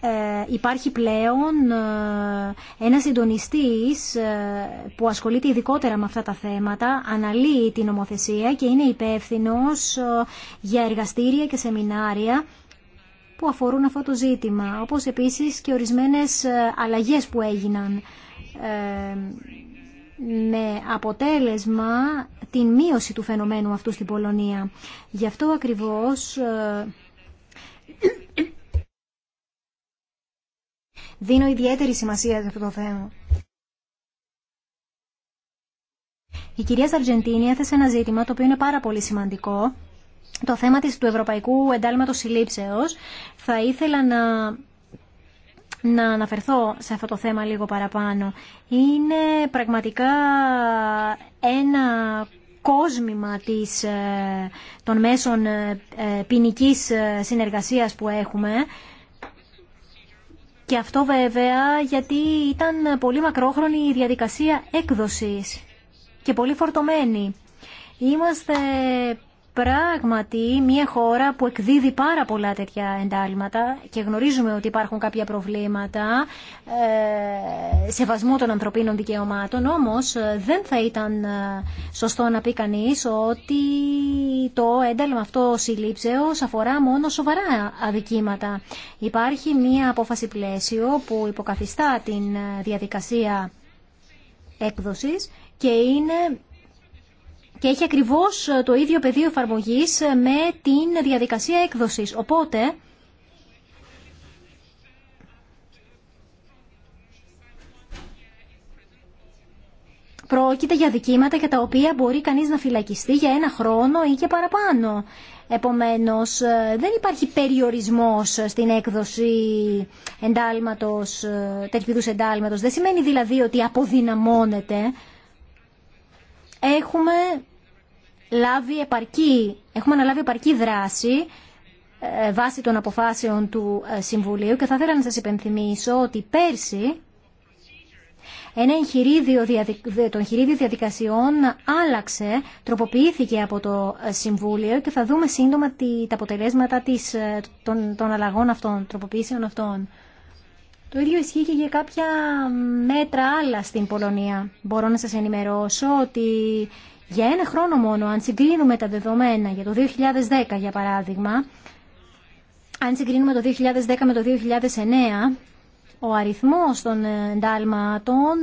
ε, υπάρχει πλέον ε, ένας συντονιστής ε, που ασχολείται ειδικότερα με αυτά τα θέματα, αναλύει την νομοθεσία και είναι υπεύθυνος για εργαστήρια και σεμινάρια που αφορούν αυτό το ζήτημα, όπως επίσης και ορισμένες αλλαγές που έγιναν με αποτέλεσμα την μείωση του φαινομένου αυτού στην Πολωνία. Γι' αυτό ακριβώς Δίνω ιδιαίτερη σημασία σε αυτό το θέμα. Η κυρία Σαρτζεντίνη έθεσε ένα ζήτημα το οποίο είναι πάρα πολύ σημαντικό. Το θέμα της, του Ευρωπαϊκού Εντάλματος Συλλήψεως. Θα ήθελα να να αναφερθώ σε αυτό το θέμα λίγο παραπάνω. Είναι πραγματικά ένα κόσμημα της, ε, των μέσων ε, ε, ποινική συνεργασίας που έχουμε και αυτό βέβαια γιατί ήταν πολύ μακρόχρονη η διαδικασία έκδοσης και πολύ φορτωμένη. Είμαστε πράγματι μια χώρα που εκδίδει πάρα πολλά τέτοια εντάλματα και γνωρίζουμε ότι υπάρχουν κάποια προβλήματα ε, σεβασμού των ανθρωπίνων δικαιωμάτων, όμως ε, δεν θα ήταν ε, σωστό να πει κανείς ότι το ένταλμα αυτό συλλήψεως αφορά μόνο σοβαρά αδικήματα. Υπάρχει μια απόφαση πλαίσιο που υποκαθιστά την ε, διαδικασία έκδοσης και είναι και έχει ακριβώ ε, το ίδιο πεδίο εφαρμογή ε, με την διαδικασία έκδοση. Οπότε, πρόκειται για δικήματα για τα οποία μπορεί κανείς να φυλακιστεί για ένα χρόνο ή και παραπάνω. Επομένως, ε, δεν υπάρχει περιορισμός στην έκδοση εντάλματος, τέτοιου εντάλματος. Δεν σημαίνει δηλαδή ότι αποδυναμώνεται έχουμε λάβει επαρκή, έχουμε αναλάβει επαρκή δράση ε, βάσει των αποφάσεων του ε, Συμβουλίου και θα ήθελα να σας υπενθυμίσω ότι πέρσι ένα εγχειρίδιο, το εγχειρίδιο διαδικασιών άλλαξε, τροποποιήθηκε από το ε, Συμβούλιο και θα δούμε σύντομα τα αποτελέσματα της, των, των αλλαγών αυτών, τροποποιήσεων αυτών. Το ίδιο ισχύει και για κάποια μέτρα άλλα στην Πολωνία. Μπορώ να σας ενημερώσω ότι για ένα χρόνο μόνο, αν συγκρίνουμε τα δεδομένα για το 2010 για παράδειγμα, αν συγκρίνουμε το 2010 με το 2009, ο αριθμός των ε, εντάλματων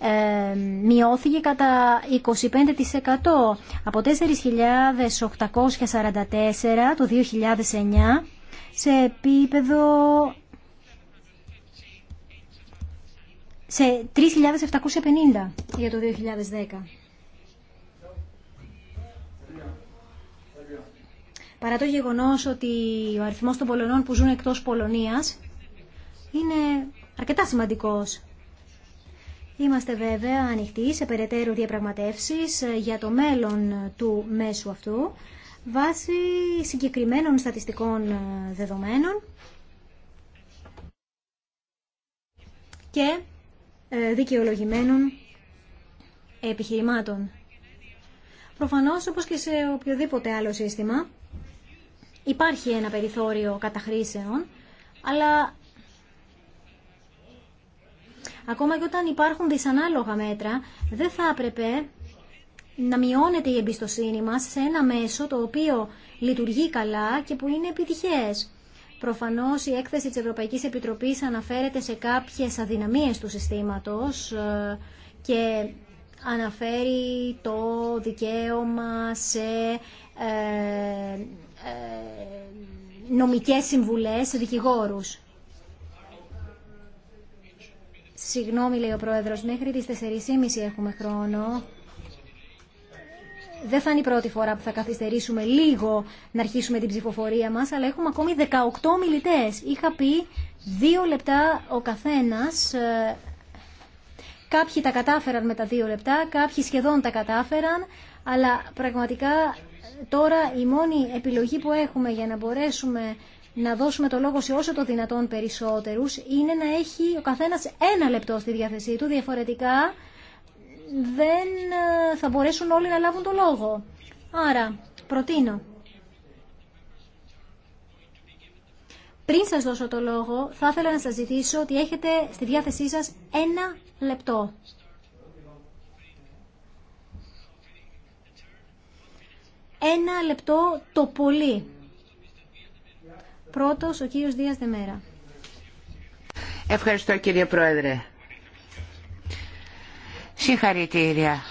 ε, ε, μειώθηκε κατά 25% από 4.844 το 2009 σε επίπεδο σε 3.750 για το 2010. Παρά το γεγονός ότι ο αριθμός των Πολωνών που ζουν εκτός Πολωνίας είναι αρκετά σημαντικός. Είμαστε βέβαια ανοιχτοί σε περαιτέρω διαπραγματεύσεις για το μέλλον του μέσου αυτού βάσει συγκεκριμένων στατιστικών δεδομένων και ε, δικαιολογημένων επιχειρημάτων. Προφανώς, όπως και σε οποιοδήποτε άλλο σύστημα, υπάρχει ένα περιθώριο καταχρήσεων, αλλά ακόμα και όταν υπάρχουν δυσανάλογα μέτρα, δεν θα έπρεπε να μειώνεται η εμπιστοσύνη μας σε ένα μέσο το οποίο λειτουργεί καλά και που είναι επιτυχές. Προφανώς η έκθεση της Ευρωπαϊκής Επιτροπής αναφέρεται σε κάποιες αδυναμίες του συστήματος ε, και αναφέρει το δικαίωμα σε ε, ε, νομικές συμβουλές σε δικηγόρους. Συγγνώμη, λέει ο Πρόεδρος, μέχρι τις 4.30 έχουμε χρόνο δεν θα είναι η πρώτη φορά που θα καθυστερήσουμε λίγο να αρχίσουμε την ψηφοφορία μας, αλλά έχουμε ακόμη 18 μιλητές. Είχα πει δύο λεπτά ο καθένας. Ε, κάποιοι τα κατάφεραν με τα δύο λεπτά, κάποιοι σχεδόν τα κατάφεραν, αλλά πραγματικά ε, τώρα η μόνη επιλογή που έχουμε για να μπορέσουμε να δώσουμε το λόγο σε όσο το δυνατόν περισσότερους είναι να έχει ο καθένας ένα λεπτό στη διάθεσή του, διαφορετικά δεν ε, θα μπορέσουν όλοι να λάβουν το λόγο. Άρα, προτείνω. Πριν σας δώσω το λόγο, θα ήθελα να σας ζητήσω ότι έχετε στη διάθεσή σας ένα λεπτό. Ένα λεπτό το πολύ. Πρώτος, ο κύριος Δίας Δεμέρα. Ευχαριστώ κύριε Πρόεδρε. Συγχαρητήρια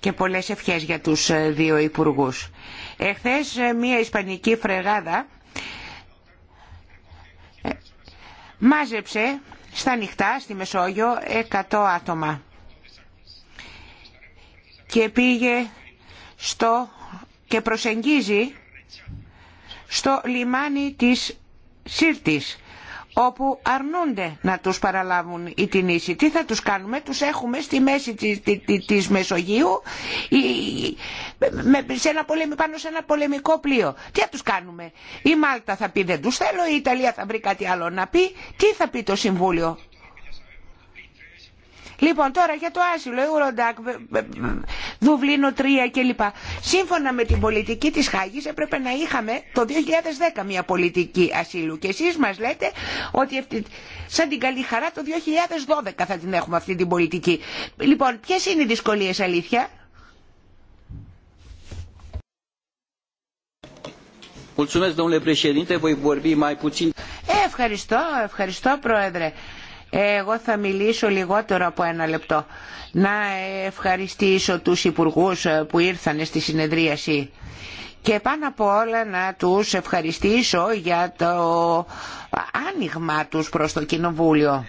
και πολλές ευχές για τους ε, δύο υπουργούς. Εχθές ε, μια ισπανική φρεγάδα ε, μάζεψε στα νυχτά στη Μεσόγειο 100 άτομα και πήγε στο και προσεγγίζει στο λιμάνι της Σύρτης όπου αρνούνται να τους παραλάβουν οι Τινήσοι. Τι θα τους κάνουμε, τους έχουμε στη μέση της Μεσογείου σε ένα πάνω σε ένα πολεμικό πλοίο. Τι θα τους κάνουμε, η Μάλτα θα πει δεν τους θέλω, η Ιταλία θα βρει κάτι άλλο να πει, τι θα πει το Συμβούλιο. Λοιπόν, τώρα για το άσυλο, Eurodac, Δουβλίνο 3 κλπ. Σύμφωνα με την πολιτική της Χάγης έπρεπε να είχαμε το 2010 μια πολιτική ασύλου. Και εσείς μας λέτε ότι σαν την καλή χαρά το 2012 θα την έχουμε αυτή την πολιτική. Λοιπόν, ποιες είναι οι δυσκολίες αλήθεια. Ε, ευχαριστώ, ευχαριστώ πρόεδρε. Εγώ θα μιλήσω λιγότερο από ένα λεπτό. Να ευχαριστήσω τους υπουργούς που ήρθαν στη συνεδρίαση και πάνω από όλα να τους ευχαριστήσω για το άνοιγμα τους προς το Κοινοβούλιο.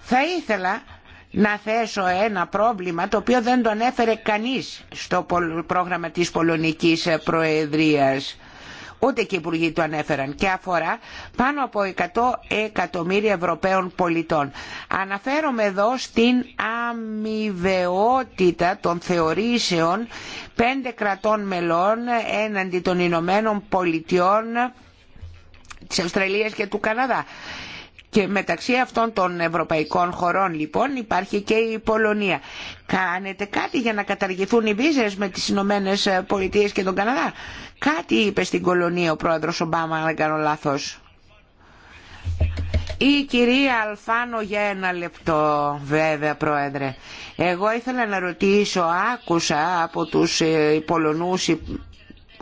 Θα ήθελα να θέσω ένα πρόβλημα το οποίο δεν τον έφερε κανείς στο πρόγραμμα της Πολωνικής Προεδρίας ούτε και οι υπουργοί το ανέφεραν και αφορά πάνω από 100 εκατομμύρια Ευρωπαίων πολιτών. Αναφέρομαι εδώ στην αμοιβαιότητα των θεωρήσεων πέντε κρατών μελών έναντι των Ηνωμένων Πολιτειών της Αυστραλίας και του Καναδά και μεταξύ αυτών των ευρωπαϊκών χωρών λοιπόν υπάρχει και η Πολωνία. Κάνετε κάτι για να καταργηθούν οι βίζες με τις Ηνωμένε Πολιτείε και τον Καναδά. Κάτι είπε στην Κολωνία ο πρόεδρος Ομπάμα, αν δεν κάνω λάθος. Η κυρία Αλφάνο για ένα λεπτό βέβαια πρόεδρε. Εγώ ήθελα να ρωτήσω, άκουσα από τους ε, Πολωνούς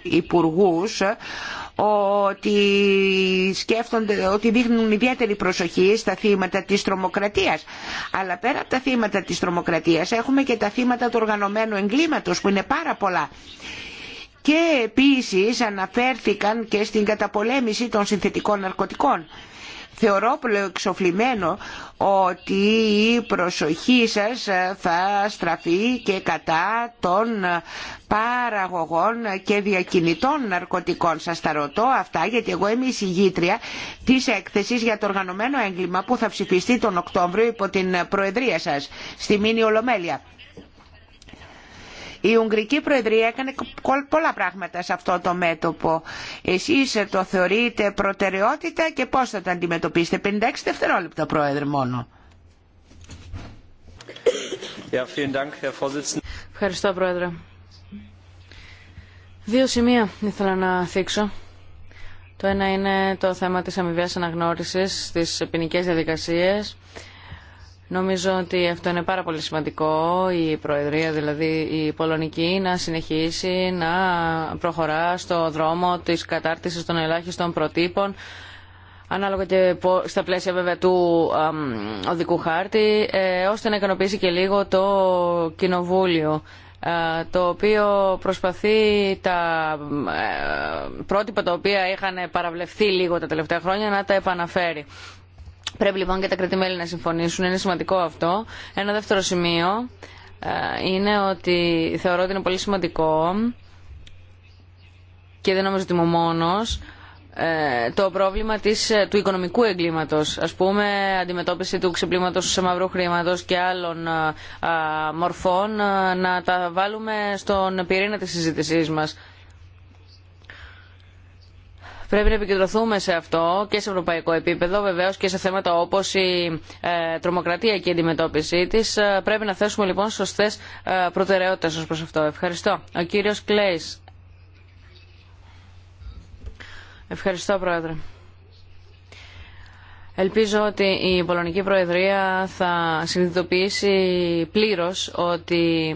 υπουργούς ότι σκέφτονται ότι δείχνουν ιδιαίτερη προσοχή στα θύματα της τρομοκρατίας. Αλλά πέρα από τα θύματα της τρομοκρατίας έχουμε και τα θύματα του οργανωμένου εγκλήματος που είναι πάρα πολλά. Και επίσης αναφέρθηκαν και στην καταπολέμηση των συνθετικών ναρκωτικών Θεωρώ εξοφλημένο ότι η προσοχή σας θα στραφεί και κατά των παραγωγών και διακινητών ναρκωτικών. Σας τα ρωτώ αυτά γιατί εγώ είμαι συγγήτρια της έκθεσης για το οργανωμένο έγκλημα που θα ψηφιστεί τον Οκτώβριο υπό την Προεδρία σας στη Μήνη Ολομέλεια. Η Ουγγρική Προεδρία έκανε πολλά πράγματα σε αυτό το μέτωπο. Εσείς το θεωρείτε προτεραιότητα και πώς θα το αντιμετωπίσετε. 56 δευτερόλεπτα, Πρόεδρε, μόνο. Ευχαριστώ, Πρόεδρε. Δύο σημεία ήθελα να θίξω. Το ένα είναι το θέμα της αμοιβαίας αναγνώρισης στις ποινικέ διαδικασίες Νομίζω ότι αυτό είναι πάρα πολύ σημαντικό, η Προεδρία, δηλαδή η Πολωνική, να συνεχίσει να προχωρά στο δρόμο της κατάρτισης των ελάχιστων προτύπων, ανάλογα και στα πλαίσια βέβαια του οδικού χάρτη, ε, ώστε να ικανοποιήσει και λίγο το Κοινοβούλιο ε, το οποίο προσπαθεί τα ε, πρότυπα τα οποία είχαν παραβλεφθεί λίγο τα τελευταία χρόνια να τα επαναφέρει. Πρέπει λοιπόν και τα κρατημέλη να συμφωνήσουν, είναι σημαντικό αυτό. Ένα δεύτερο σημείο ε, είναι ότι θεωρώ ότι είναι πολύ σημαντικό και δεν νομίζω ότι είμαι μόνος, ε, το πρόβλημα της, ε, του οικονομικού εγκλήματος, ας πούμε αντιμετώπιση του ξεπλήματος σε μαύρου χρήματος και άλλων μορφών, να τα βάλουμε στον πυρήνα της συζήτησής μας. Πρέπει να επικεντρωθούμε σε αυτό και σε ευρωπαϊκό επίπεδο, βεβαίω και σε θέματα όπω η ε, τρομοκρατία και η αντιμετώπιση τη. Ε, πρέπει να θέσουμε λοιπόν σωστέ ε, προτεραιότητε ω προ αυτό. Ευχαριστώ. Ο κύριο Κλέη. Ευχαριστώ, Πρόεδρε. Ελπίζω ότι η Πολωνική Προεδρία θα συνειδητοποιήσει πλήρως ότι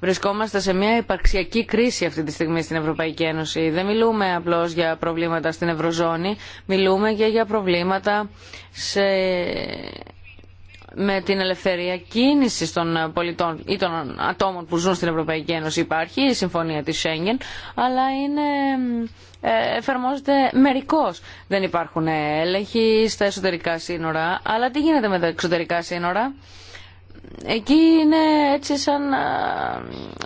βρισκόμαστε σε μια υπαρξιακή κρίση αυτή τη στιγμή στην Ευρωπαϊκή Ένωση. Δεν μιλούμε απλώς για προβλήματα στην Ευρωζώνη, μιλούμε και για προβλήματα σε με την ελευθερία κίνηση των πολιτών ή των ατόμων που ζουν στην Ευρωπαϊκή Ένωση υπάρχει η συμφωνία της Σέγγεν, αλλά είναι, ε, εφαρμόζεται μερικώς. Δεν υπάρχουν έλεγχοι στα εσωτερικά σύνορα, αλλά τι γίνεται με τα εξωτερικά σύνορα. Εκεί είναι έτσι σαν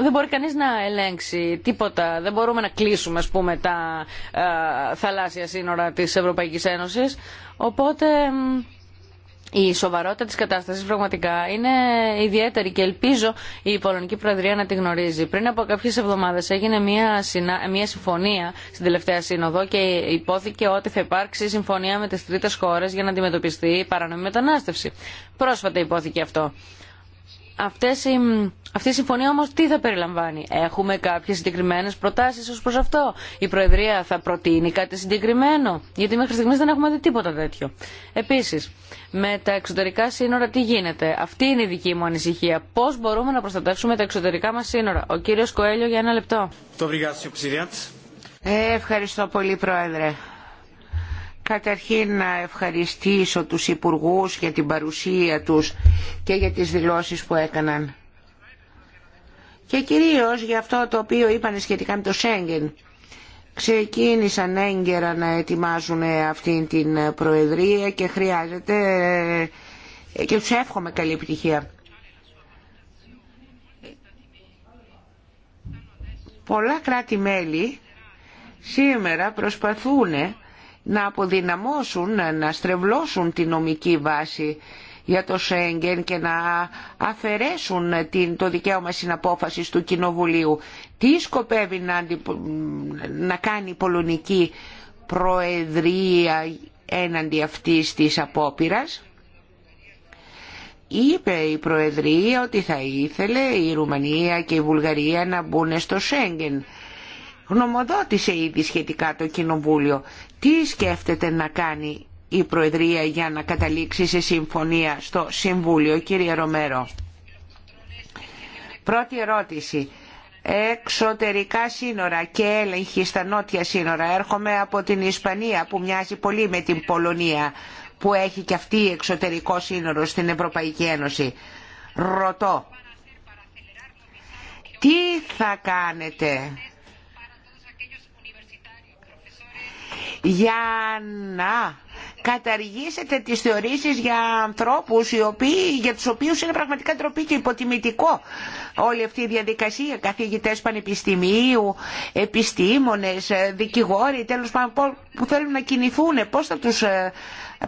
δεν μπορεί κανείς να ελέγξει τίποτα. Δεν μπορούμε να κλείσουμε ας πούμε τα θαλάσσια σύνορα της Ευρωπαϊκής Ένωσης. Οπότε η σοβαρότητα της κατάστασης πραγματικά είναι ιδιαίτερη και ελπίζω η Πολωνική Προεδρία να τη γνωρίζει. Πριν από κάποιες εβδομάδες έγινε μια, συμφωνία στην τελευταία σύνοδο και υπόθηκε ότι θα υπάρξει συμφωνία με τις τρίτες χώρες για να αντιμετωπιστεί η παρανομή μετανάστευση. Πρόσφατα υπόθηκε αυτό αυτή η συμφωνία όμως τι θα περιλαμβάνει. Έχουμε κάποιες συγκεκριμένες προτάσεις ως προς αυτό. Η Προεδρία θα προτείνει κάτι συγκεκριμένο. Γιατί μέχρι στιγμής δεν έχουμε δει τίποτα τέτοιο. Επίσης, με τα εξωτερικά σύνορα τι γίνεται. Αυτή είναι η δική μου ανησυχία. Πώς μπορούμε να προστατεύσουμε τα εξωτερικά μας σύνορα. Ο κύριος Κοέλιο για ένα λεπτό. Ε, ευχαριστώ πολύ Πρόεδρε. Καταρχήν να ευχαριστήσω τους Υπουργούς για την παρουσία τους και για τις δηλώσεις που έκαναν. Και κυρίως για αυτό το οποίο είπαν σχετικά με το Σέγγεν. Ξεκίνησαν έγκαιρα να ετοιμάζουν αυτή την Προεδρία και χρειάζεται και τους εύχομαι καλή επιτυχία. Πολλά κράτη-μέλη σήμερα προσπαθούν να αποδυναμώσουν, να στρεβλώσουν τη νομική βάση για το Σέγγεν και να αφαιρέσουν το δικαίωμα συναπόφασης του Κοινοβουλίου. Τι σκοπεύει να, κάνει η Πολωνική Προεδρία έναντι αυτής της απόπειρας. Είπε η Προεδρία ότι θα ήθελε η Ρουμανία και η Βουλγαρία να μπουν στο Σέγγεν Γνωμοδότησε ήδη σχετικά το Κοινοβούλιο. Τι σκέφτεται να κάνει η Προεδρία για να καταλήξει σε συμφωνία στο Συμβούλιο, κύριε Ρομέρο. Πρώτη ερώτηση. Εξωτερικά σύνορα και έλεγχη στα νότια σύνορα. Έρχομαι από την Ισπανία που μοιάζει πολύ με την Πολωνία που έχει και αυτή εξωτερικό σύνορο στην Ευρωπαϊκή Ένωση. Ρωτώ. Τι θα κάνετε για να καταργήσετε τις θεωρήσεις για ανθρώπους οι οποίοι, για τους οποίους είναι πραγματικά ντροπή και υποτιμητικό όλη αυτή η διαδικασία, καθηγητές πανεπιστημίου, επιστήμονες, ε, δικηγόροι, τέλος πάντων που θέλουν να κινηθούν, πώς θα, τους, ε,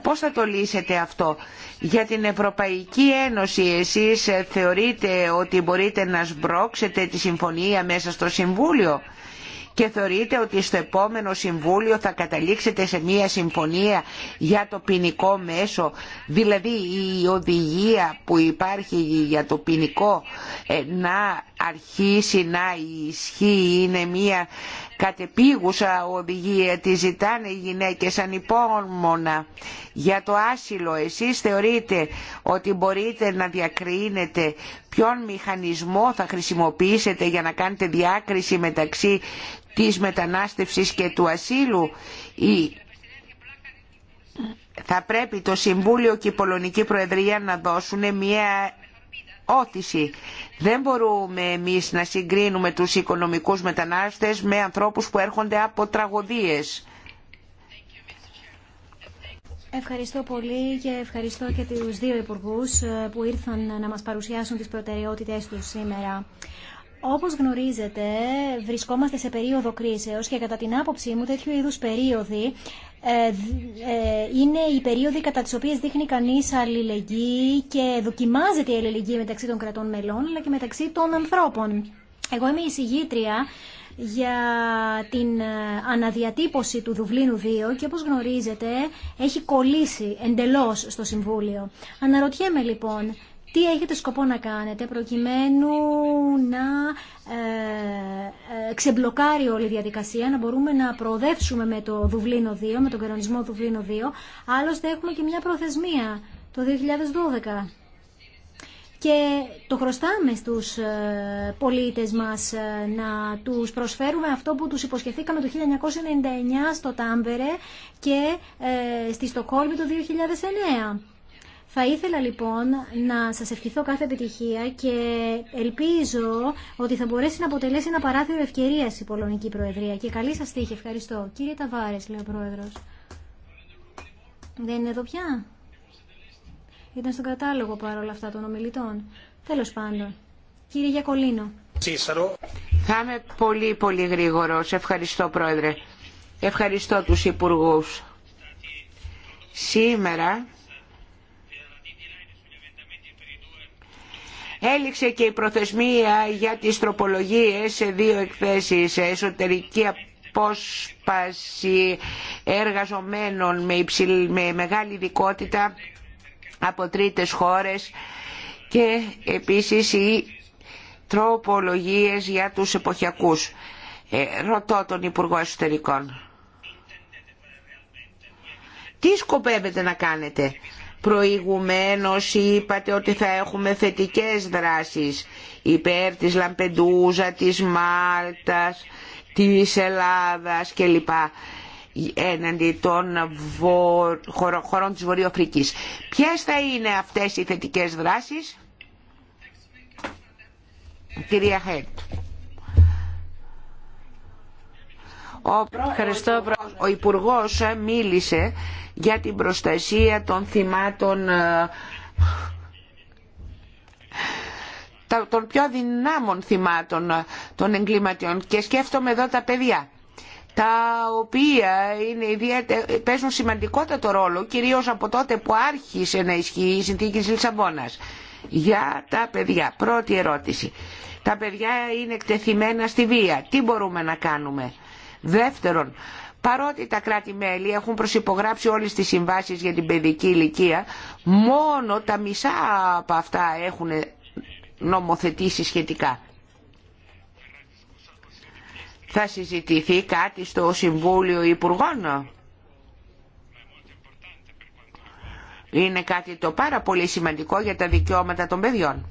πώς θα το λύσετε αυτό. Για την Ευρωπαϊκή Ένωση εσείς ε, θεωρείτε ότι μπορείτε να σμπρώξετε τη συμφωνία μέσα στο Συμβούλιο και θεωρείτε ότι στο επόμενο Συμβούλιο θα καταλήξετε σε μια συμφωνία για το ποινικό μέσο, δηλαδή η οδηγία που υπάρχει για το ποινικό ε, να αρχίσει να ισχύει είναι μια κατεπίγουσα οδηγία τη ζητάνε οι γυναίκες ανυπόμονα για το άσυλο. Εσείς θεωρείτε ότι μπορείτε να διακρίνετε ποιον μηχανισμό θα χρησιμοποιήσετε για να κάνετε διάκριση μεταξύ της μετανάστευσης και του ασύλου ή θα πρέπει το Συμβούλιο και η Πολωνική Προεδρία να δώσουν μια Ό,τι, Δεν μπορούμε εμείς να συγκρίνουμε τους οικονομικούς μετανάστες με ανθρώπους που έρχονται από τραγωδίες. Ευχαριστώ πολύ και ευχαριστώ και τους δύο υπουργούς ε, που ήρθαν να μας παρουσιάσουν τις προτεραιότητες του σήμερα. Όπως γνωρίζετε, βρισκόμαστε σε περίοδο κρίσεως και κατά την άποψή μου τέτοιου είδους περίοδοι ε, ε, είναι η περίοδοι κατά τις οποίες δείχνει κανείς αλληλεγγύη και δοκιμάζεται η αλληλεγγύη μεταξύ των κρατών μελών αλλά και μεταξύ των ανθρώπων. Εγώ είμαι η συγγήτρια για την ε, αναδιατύπωση του Δουβλίνου 2 και όπως γνωρίζετε έχει κολλήσει εντελώς στο Συμβούλιο. Αναρωτιέμαι λοιπόν τι έχετε σκοπό να κάνετε προκειμένου να ε, ε, ξεμπλοκάρει όλη η διαδικασία, να μπορούμε να προοδεύσουμε με το Δουβλίνο 2, με τον κανονισμό Δουβλίνο 2. Άλλωστε έχουμε και μια προθεσμία το 2012 και το χρωστάμε στους ε, πολίτες μας να τους προσφέρουμε αυτό που τους υποσχεθήκαμε το 1999 στο Τάμπερε και στη Στοκόλμη το 2009. Θα ήθελα λοιπόν να σας ευχηθώ κάθε επιτυχία και ελπίζω ότι θα μπορέσει να αποτελέσει ένα παράθυρο ευκαιρία η Πολωνική Προεδρία. Και καλή σας τύχη. Ευχαριστώ. Κύριε Ταβάρες, λέει ο Πρόεδρος. Δεν είναι εδώ πια. Ήταν στον κατάλογο παρόλα αυτά των ομιλητών. Τέλος πάντων. Κύριε Γιακολίνο. Θα είμαι πολύ πολύ γρήγορος. Ευχαριστώ Πρόεδρε. Ευχαριστώ τους Υπουργούς. Σήμερα Έληξε και η προθεσμία για τις τροπολογίες σε δύο εκθέσεις εσωτερική απόσπαση εργαζομένων με, μεγάλη ειδικότητα από τρίτες χώρες και επίσης οι τροπολογίες για τους εποχιακούς. Ε, ρωτώ τον Υπουργό Εσωτερικών. Τι σκοπεύετε να κάνετε Προηγουμένως είπατε ότι θα έχουμε θετικές δράσεις υπέρ της Λαμπεντούζα, της Μάλτας, της Ελλάδας κλπ. Έναντι των βο... χωρών της Βορειοαφρικής. Ποιες θα είναι αυτές οι θετικές δράσεις? Κυρία Χέντ. Ο Υπουργός μίλησε για την προστασία των θυμάτων ε, των πιο δυνάμων θυμάτων ε, των εγκληματιών και σκέφτομαι εδώ τα παιδιά τα οποία είναι ιδιαίτε, παίζουν σημαντικότατο ρόλο κυρίως από τότε που άρχισε να ισχύει η συνθήκη της Λισαβόνας. Για τα παιδιά, πρώτη ερώτηση. Τα παιδιά είναι εκτεθειμένα στη βία. Τι μπορούμε να κάνουμε. Δεύτερον, παρότι τα κράτη-μέλη έχουν προσυπογράψει όλες τις συμβάσεις για την παιδική ηλικία, μόνο τα μισά από αυτά έχουν νομοθετήσει σχετικά. Θα συζητηθεί κάτι στο Συμβούλιο Υπουργών. Είναι κάτι το πάρα πολύ σημαντικό για τα δικαιώματα των παιδιών.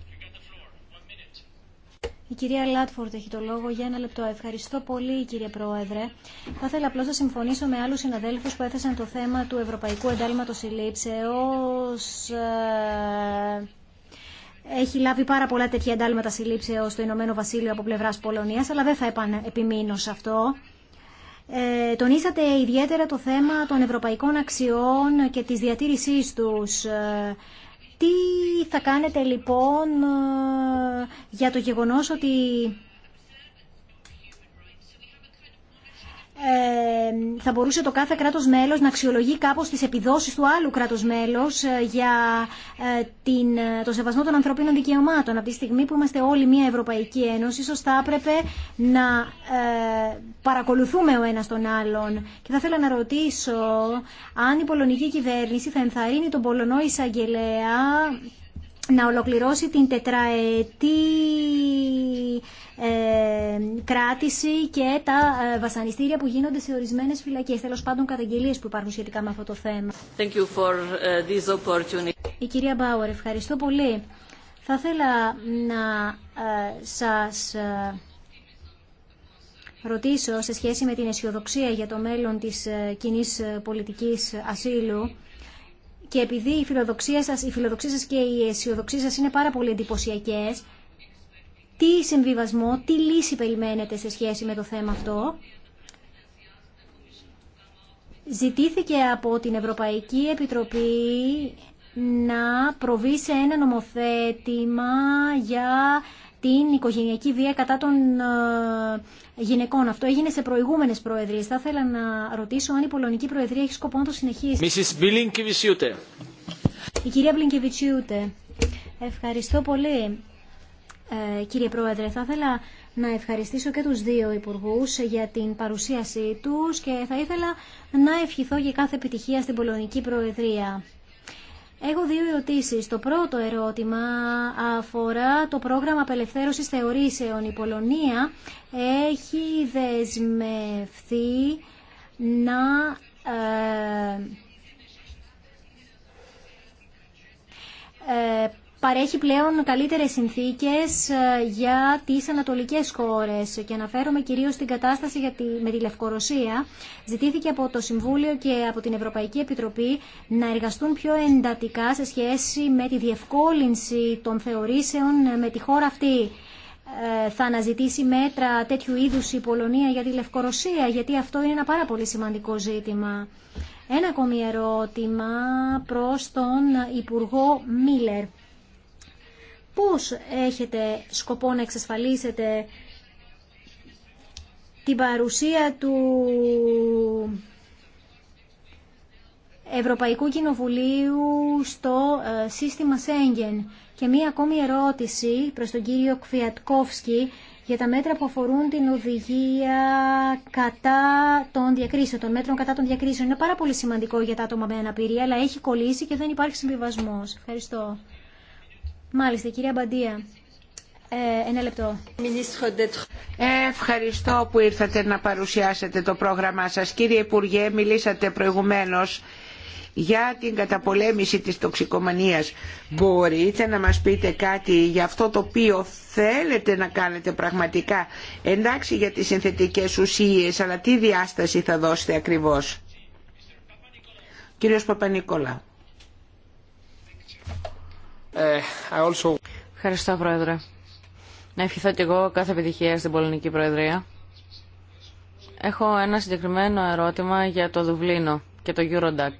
Η κυρία Λάτφορντ έχει το λόγο για ένα λεπτό. Ευχαριστώ πολύ κύριε Πρόεδρε. Θα ήθελα απλώ να συμφωνήσω με άλλου συναδέλφου που έθεσαν το θέμα του Ευρωπαϊκού Εντάλματο Συλλήψεω. Ε, έχει λάβει πάρα πολλά τέτοια εντάλματα συλλήψεω στο Ηνωμένο Βασίλειο από πλευρά Πολωνία, αλλά δεν θα επιμείνω σε αυτό. Ε, τονίσατε ιδιαίτερα το θέμα των ευρωπαϊκών αξιών και τη διατήρησή του. Ε, τι θα κάνετε λοιπόν ε, για το γεγονός ότι ε, θα μπορούσε το κάθε κράτος μέλος να αξιολογεί κάπως τις επιδόσεις του άλλου κράτος μέλος ε, για την, το σεβασμό των ανθρωπίνων δικαιωμάτων. Από τη στιγμή που είμαστε όλοι μια Ευρωπαϊκή Ένωση, ίσως θα έπρεπε να παρακολουθούμε ο ένας τον άλλον. Και θα ήθελα να ρωτήσω αν η πολωνική κυβέρνηση θα ενθαρρύνει τον Πολωνό εισαγγελέα να ολοκληρώσει την τετραετή ε, κράτηση και τα ε, βασανιστήρια που γίνονται σε ορισμένες φυλακές. Τέλος πάντων καταγγελίες που υπάρχουν σχετικά με αυτό το θέμα. Thank you for ε, this Η κυρία Μπάουερ, ευχαριστώ πολύ. Θα ήθελα να ε, σας... Ε, ρωτήσω σε σχέση με την αισιοδοξία για το μέλλον της ε, κοινή ε, πολιτικής ασύλου και επειδή η φιλοδοξία σας, η και η αισιοδοξία σας είναι πάρα πολύ εντυπωσιακέ, τι συμβιβασμό, τι λύση περιμένετε σε σχέση με το θέμα αυτό. Ζητήθηκε από την Ευρωπαϊκή Επιτροπή να προβεί σε ένα νομοθέτημα για την οικογενειακή βία κατά των ε, γυναικών. Αυτό έγινε σε προηγούμενες προεδρίες. Θα ήθελα να ρωτήσω αν η Πολωνική Προεδρία έχει σκοπό να το συνεχίσει. Η κυρία Μπλινκεβιτσιούτε. Ευχαριστώ πολύ. Ε, κύριε Πρόεδρε, θα ήθελα να ευχαριστήσω και τους δύο υπουργούς για την παρουσίασή τους και θα ήθελα να ευχηθώ για κάθε επιτυχία στην Πολωνική Προεδρία. Έχω δύο ερωτήσει. Το πρώτο ερώτημα αφορά το πρόγραμμα απελευθέρωσης θεωρήσεων. Η Πολωνία έχει δεσμευθεί να ε, ε, παρέχει πλέον καλύτερες συνθήκες ε, για τις ανατολικές χώρες και αναφέρομαι κυρίως στην κατάσταση για τη, με τη Λευκορωσία. Ζητήθηκε από το Συμβούλιο και από την Ευρωπαϊκή Επιτροπή να εργαστούν πιο εντατικά σε σχέση με τη διευκόλυνση των θεωρήσεων με τη χώρα αυτή ε, θα αναζητήσει μέτρα τέτοιου είδους η Πολωνία για τη Λευκορωσία, γιατί αυτό είναι ένα πάρα πολύ σημαντικό ζήτημα. Ένα ακόμη ερώτημα προς τον Υπουργό Μίλλερ πώς έχετε σκοπό να εξασφαλίσετε την παρουσία του Ευρωπαϊκού Κοινοβουλίου στο ε, σύστημα Σέγγεν. Και μία ακόμη ερώτηση προς τον κύριο Κφιατκόφσκι για τα μέτρα που αφορούν την οδηγία κατά των διακρίσεων, των μέτρων κατά των διακρίσεων. Είναι πάρα πολύ σημαντικό για τα άτομα με αναπηρία, αλλά έχει κολλήσει και δεν υπάρχει συμβιβασμός. Ευχαριστώ. Μάλιστα, κυρία Μπαντία. Ε, ένα λεπτό. Ευχαριστώ που ήρθατε να παρουσιάσετε το πρόγραμμά σας. Κύριε Υπουργέ, μιλήσατε προηγουμένως για την καταπολέμηση της τοξικομανίας. Μπορείτε να μας πείτε κάτι για αυτό το οποίο θέλετε να κάνετε πραγματικά. Εντάξει για τις συνθετικές ουσίες, αλλά τι διάσταση θα δώσετε ακριβώς. Κύριος Παπανικολά. Ε, Ευχαριστώ, Πρόεδρε. Να ευχηθώ και εγώ κάθε επιτυχία στην Πολωνική Προεδρία. Έχω ένα συγκεκριμένο ερώτημα για το Δουβλίνο και το Eurodac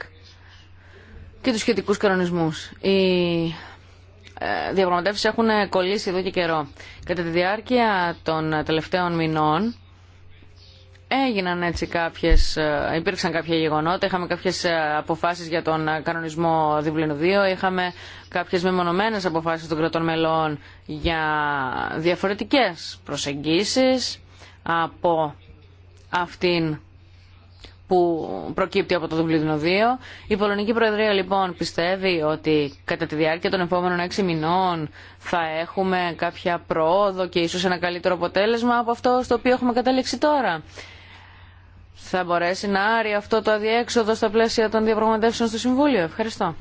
και τους σχετικούς κανονισμούς. Οι ε, διαπραγματεύσεις έχουν κολλήσει εδώ και καιρό. Κατά τη διάρκεια των τελευταίων μηνών έγιναν έτσι κάποιες, ε, υπήρξαν κάποια γεγονότα, είχαμε κάποιες ε, αποφάσεις για τον ε, κανονισμό Διβλίνου 2, είχαμε κάποιες μεμονωμένες αποφάσεις των κρατών μελών για διαφορετικές προσεγγίσεις από αυτήν που προκύπτει από το Δουβλίνο 2. Η Πολωνική Προεδρία λοιπόν πιστεύει ότι κατά τη διάρκεια των επόμενων έξι μηνών θα έχουμε κάποια πρόοδο και ίσως ένα καλύτερο αποτέλεσμα από αυτό στο οποίο έχουμε καταλήξει τώρα θα μπορέσει να άρει αυτό το αδιέξοδο στα πλαίσια των διαπραγματεύσεων στο Συμβούλιο. Ευχαριστώ.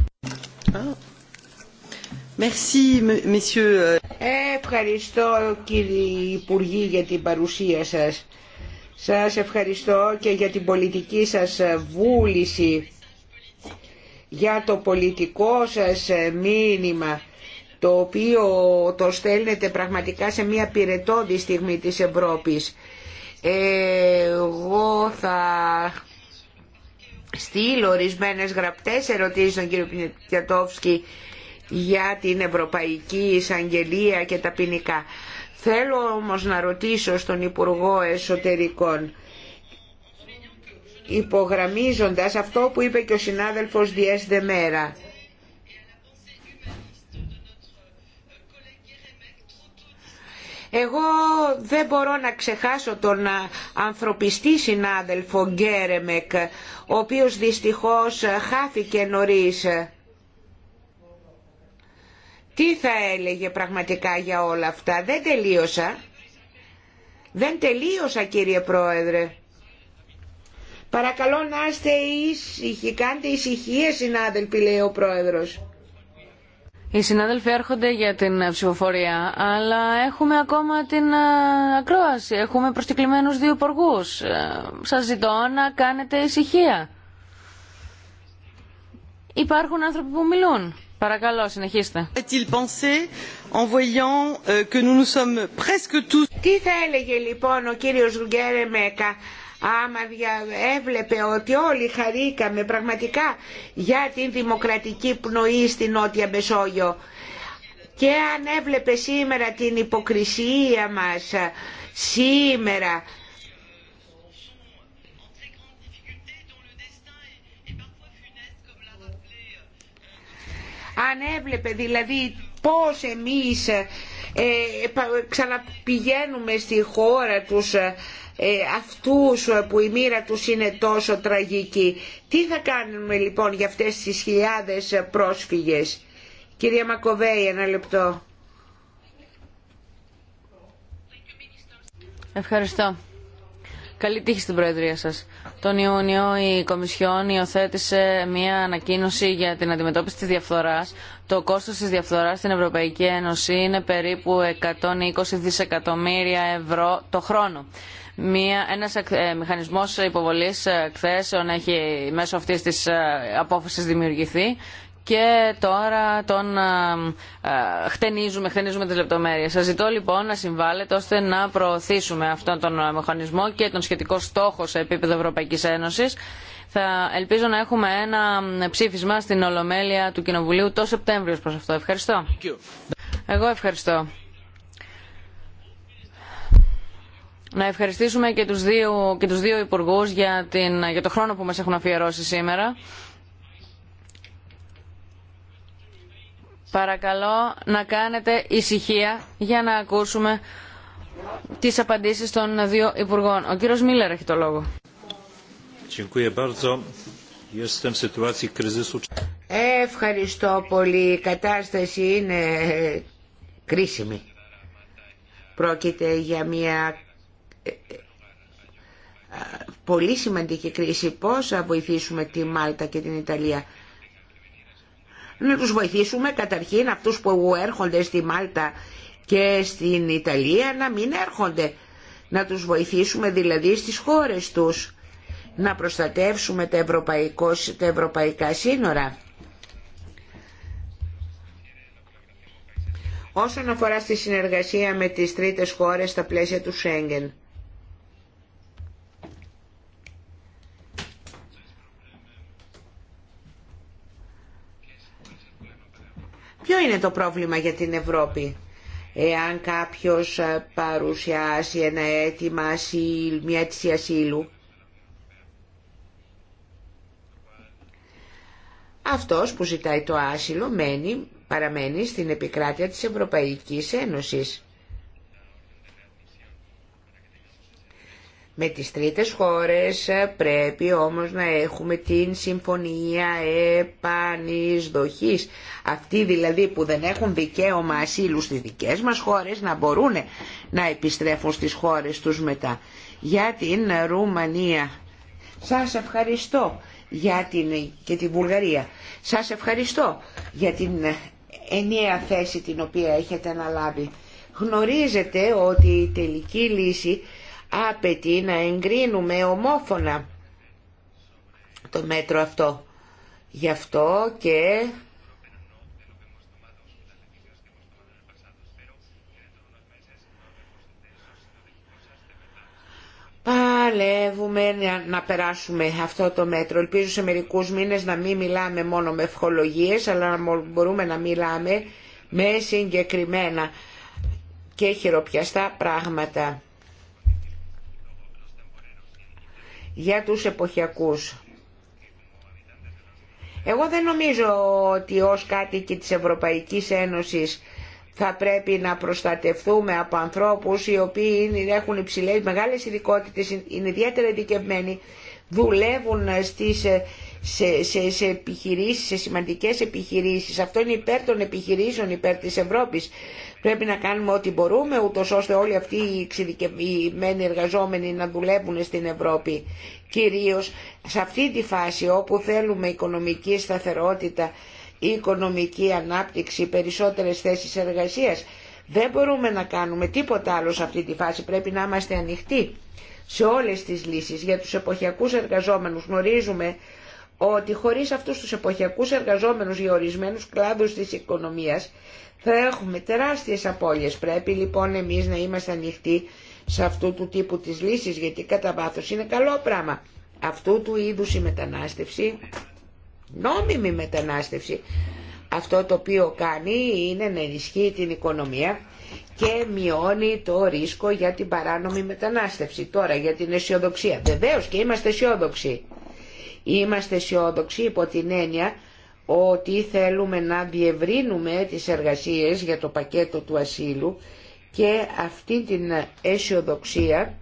Ευχαριστώ κύριε Υπουργή για την παρουσία σας. Σας ευχαριστώ και για την πολιτική σας βούληση, για το πολιτικό σας μήνυμα το οποίο το στέλνετε πραγματικά σε μια πυρετόδη στιγμή της Ευρώπης εγώ θα στείλω ορισμένε γραπτές ερωτήσει στον κύριο Πινιατόφσκι για την Ευρωπαϊκή Εισαγγελία και τα ποινικά. Θέλω όμως να ρωτήσω στον Υπουργό Εσωτερικών υπογραμμίζοντας αυτό που είπε και ο συνάδελφος Διέσδε Μέρα. Εγώ δεν μπορώ να ξεχάσω τον ανθρωπιστή συνάδελφο Γκέρεμεκ, ο οποίος δυστυχώς χάθηκε νωρίς. Τι θα έλεγε πραγματικά για όλα αυτά. Δεν τελείωσα. Δεν τελείωσα κύριε Πρόεδρε. Παρακαλώ να είστε ήσυχοι, κάντε ησυχία συνάδελφοι λέει ο Πρόεδρος. Οι συνάδελφοι έρχονται για την ε, ψηφοφορία, αλλά έχουμε ακόμα την ε, ακρόαση. Έχουμε προσκεκλημένους δύο υπουργού. Ε, σας ζητώ να κάνετε ησυχία. Υπάρχουν άνθρωποι που μιλούν. Παρακαλώ, συνεχίστε. Τι θα έλεγε λοιπόν ο κύριος Μέκα άμα έβλεπε ότι όλοι χαρήκαμε πραγματικά για την δημοκρατική πνοή στην Νότια Μεσόγειο και αν έβλεπε σήμερα την υποκρισία μας σήμερα αν έβλεπε δηλαδή πώς εμείς ε, ξαναπηγαίνουμε στη χώρα τους ε, ε, αυτούς που η μοίρα τους είναι τόσο τραγική. Τι θα κάνουμε λοιπόν για αυτές τις χιλιάδες πρόσφυγες. Κυρία Μακοβέη ένα λεπτό. Ευχαριστώ. Καλή τύχη στην Προεδρία σας. Τον Ιούνιο η Κομισιόν υιοθέτησε μία ανακοίνωση για την αντιμετώπιση της διαφθοράς. Το κόστος της διαφθοράς στην Ευρωπαϊκή Ένωση είναι περίπου 120 δισεκατομμύρια ευρώ το χρόνο. Μία, ένας ε, μηχανισμός υποβολής ε, εκθέσεων έχει μέσω αυτής της ε, απόφασης δημιουργηθεί και τώρα τον χτενίζουμε, χτενίζουμε τις λεπτομέρειες. Σας ζητώ λοιπόν να συμβάλλετε ώστε να προωθήσουμε αυτόν τον μηχανισμό και τον σχετικό στόχο σε επίπεδο Ευρωπαϊκής Ένωσης. Θα ελπίζω να έχουμε ένα ψήφισμα στην Ολομέλεια του Κοινοβουλίου το Σεπτέμβριο προς αυτό. Ευχαριστώ. Εγώ ευχαριστώ. Να ευχαριστήσουμε και τους δύο, και τους δύο υπουργούς για, την, για το χρόνο που μας έχουν αφιερώσει σήμερα. Παρακαλώ να κάνετε ησυχία για να ακούσουμε τις απαντήσεις των δύο Υπουργών. Ο κύριος Μίλλερ έχει το λόγο. Ευχαριστώ πολύ. Η κατάσταση είναι ε, κρίσιμη. Πρόκειται για μια ε, ε, πολύ σημαντική κρίση. Πώς θα βοηθήσουμε τη Μάλτα και την Ιταλία να τους βοηθήσουμε καταρχήν αυτούς που έρχονται στη Μάλτα και στην Ιταλία να μην έρχονται. Να τους βοηθήσουμε δηλαδή στις χώρες τους. Να προστατεύσουμε τα, τα ευρωπαϊκά σύνορα. Όσον αφορά στη συνεργασία με τις τρίτες χώρες στα πλαίσια του Σέγγεν. ποιο είναι το πρόβλημα για την Ευρώπη. Εάν κάποιος ε, παρουσιάσει ένα αίτημα, μια αίτηση ασύλου, αυτός που ζητάει το άσυλο μένει, παραμένει στην επικράτεια της Ευρωπαϊκής Ένωσης. Με τις τρίτες χώρες πρέπει όμως να έχουμε την συμφωνία επανεισδοχής. Αυτοί δηλαδή που δεν έχουν δικαίωμα ασύλου στις δικές μας χώρες να μπορούν να επιστρέφουν στις χώρες τους μετά. Για την Ρουμανία. Σας ευχαριστώ για την... και την Βουλγαρία. Σας ευχαριστώ για την ενιαία θέση την οποία έχετε αναλάβει. Γνωρίζετε ότι η τελική λύση άπετη να εγκρίνουμε ομόφωνα το μέτρο αυτό. Γι' αυτό και παλεύουμε να περάσουμε αυτό το μέτρο. Ελπίζω σε μερικούς μήνες να μην μιλάμε μόνο με ευχολογίες, αλλά να μπορούμε να μιλάμε με συγκεκριμένα και χειροπιαστά πράγματα. για τους εποχιακούς. Εγώ δεν νομίζω ότι ως κάτοικοι της Ευρωπαϊκής Ένωσης θα πρέπει να προστατευτούμε από ανθρώπους οι οποίοι έχουν υψηλές μεγάλες ειδικότητες, είναι ιδιαίτερα ειδικευμένοι, δουλεύουν στις, σε, σε, σε επιχειρήσεις, σε σημαντικές επιχειρήσεις. Αυτό είναι υπέρ των επιχειρήσεων, υπέρ της Ευρώπης. Πρέπει να κάνουμε ό,τι μπορούμε ούτως ώστε όλοι αυτοί οι εξειδικευμένοι εργαζόμενοι να δουλεύουν στην Ευρώπη. Κυρίως σε αυτή τη φάση όπου θέλουμε οικονομική σταθερότητα, οικονομική ανάπτυξη, περισσότερες θέσεις εργασίας, δεν μπορούμε να κάνουμε τίποτα άλλο σε αυτή τη φάση. Πρέπει να είμαστε ανοιχτοί σε όλες τις λύσεις. Για τους εποχιακούς εργαζόμενους γνωρίζουμε ότι χωρίς αυτούς τους εποχιακούς εργαζόμενους για ορισμένους κλάδους της οικονομίας θα έχουμε τεράστιες απώλειες. Πρέπει λοιπόν εμείς να είμαστε ανοιχτοί σε αυτού του τύπου της λύσης, γιατί κατά βάθος είναι καλό πράγμα. Αυτού του είδους η μετανάστευση, νόμιμη μετανάστευση, αυτό το οποίο κάνει είναι να ενισχύει την οικονομία και μειώνει το ρίσκο για την παράνομη μετανάστευση. Τώρα για την αισιοδοξία. Βεβαίω και είμαστε αισιόδοξοι. Είμαστε αισιόδοξοι υπό την έννοια ότι θέλουμε να διευρύνουμε τις εργασίες για το πακέτο του ασύλου και αυτή την αισιοδοξία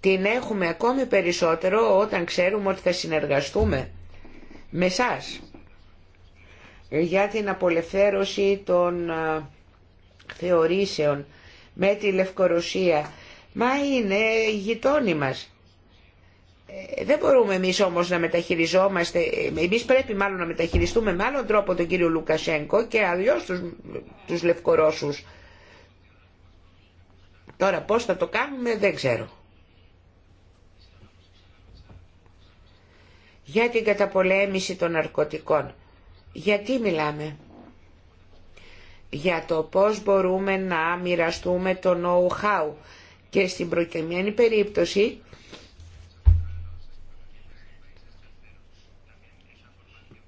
την έχουμε ακόμη περισσότερο όταν ξέρουμε ότι θα συνεργαστούμε με σας για την απολευθέρωση των ε, θεωρήσεων με τη Λευκορωσία. Μα είναι γειτόνι μας. Ε, δεν μπορούμε εμείς όμως να μεταχειριζόμαστε, ε, εμείς πρέπει μάλλον να μεταχειριστούμε με άλλον τρόπο τον κύριο Λουκασέγκο και αλλιώς τους, τους Λευκορώσους. Τώρα πώς θα το κάνουμε δεν ξέρω. Για την καταπολέμηση των ναρκωτικών. Γιατί μιλάμε. Για το πώς μπορούμε να μοιραστούμε το know-how. Και στην προκειμένη περίπτωση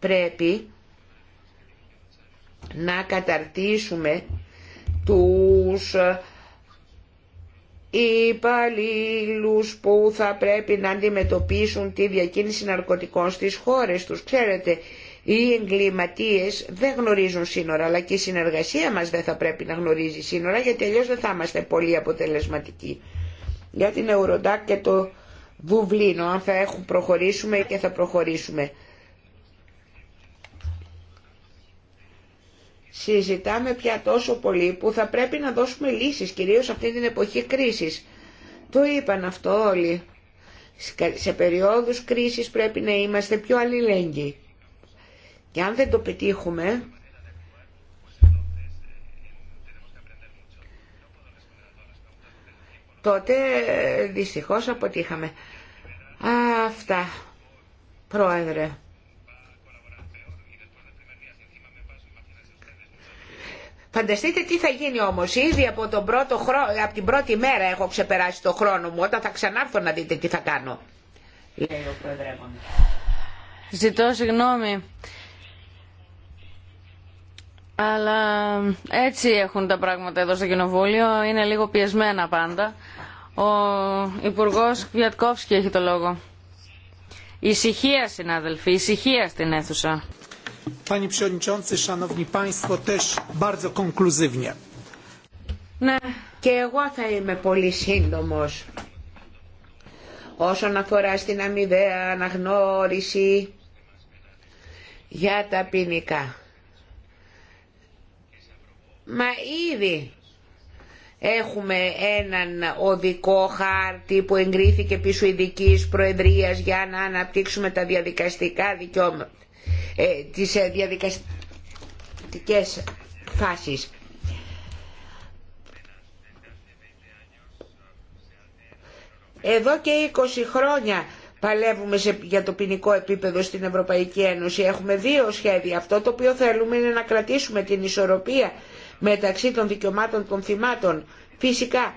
πρέπει να καταρτήσουμε τους υπαλλήλου που θα πρέπει να αντιμετωπίσουν τη διακίνηση ναρκωτικών στις χώρες τους. Ξέρετε, οι εγκληματίες δεν γνωρίζουν σύνορα, αλλά και η συνεργασία μας δεν θα πρέπει να γνωρίζει σύνορα, γιατί αλλιώς δεν θα είμαστε πολύ αποτελεσματικοί. Για την Eurodac και το Δουβλίνο, αν θα έχουν προχωρήσουμε και θα προχωρήσουμε. συζητάμε πια τόσο πολύ που θα πρέπει να δώσουμε λύσεις, κυρίως αυτή την εποχή κρίσης. Το είπαν αυτό όλοι. Σε περιόδους κρίσης πρέπει να είμαστε πιο αλληλέγγυοι. Και αν δεν το πετύχουμε, τότε δυστυχώς αποτύχαμε. Αυτά, πρόεδρε. Φανταστείτε τι θα γίνει όμω, ήδη από, τον πρώτο από την πρώτη μέρα έχω ξεπεράσει το χρόνο μου, όταν θα ξανάρθω να δείτε τι θα κάνω. Λέει ο Ζητώ συγγνώμη. Αλλά έτσι έχουν τα πράγματα εδώ στο Κοινοβούλιο, είναι λίγο πιεσμένα πάντα. Ο Υπουργό Βιατκόφσκι έχει το λόγο. Ησυχία συνάδελφοι, ησυχία στην αίθουσα. Panie ναι, και εγώ θα είμαι πολύ σύντομος. Όσον αφορά στην αμοιβαία αναγνώριση για τα ποινικά. Μα ήδη έχουμε έναν οδικό χάρτη που εγκρίθηκε πίσω ειδική Προεδρίας για να αναπτύξουμε τα διαδικαστικά δικαιώματα ε, τις ε, διαδικαστικές φάσεις. Εδώ και 20 χρόνια παλεύουμε για το ποινικό επίπεδο στην Ευρωπαϊκή Ένωση. Έχουμε δύο σχέδια. Αυτό το οποίο θέλουμε είναι να κρατήσουμε την ισορροπία μεταξύ των δικαιωμάτων των θυμάτων. Φυσικά,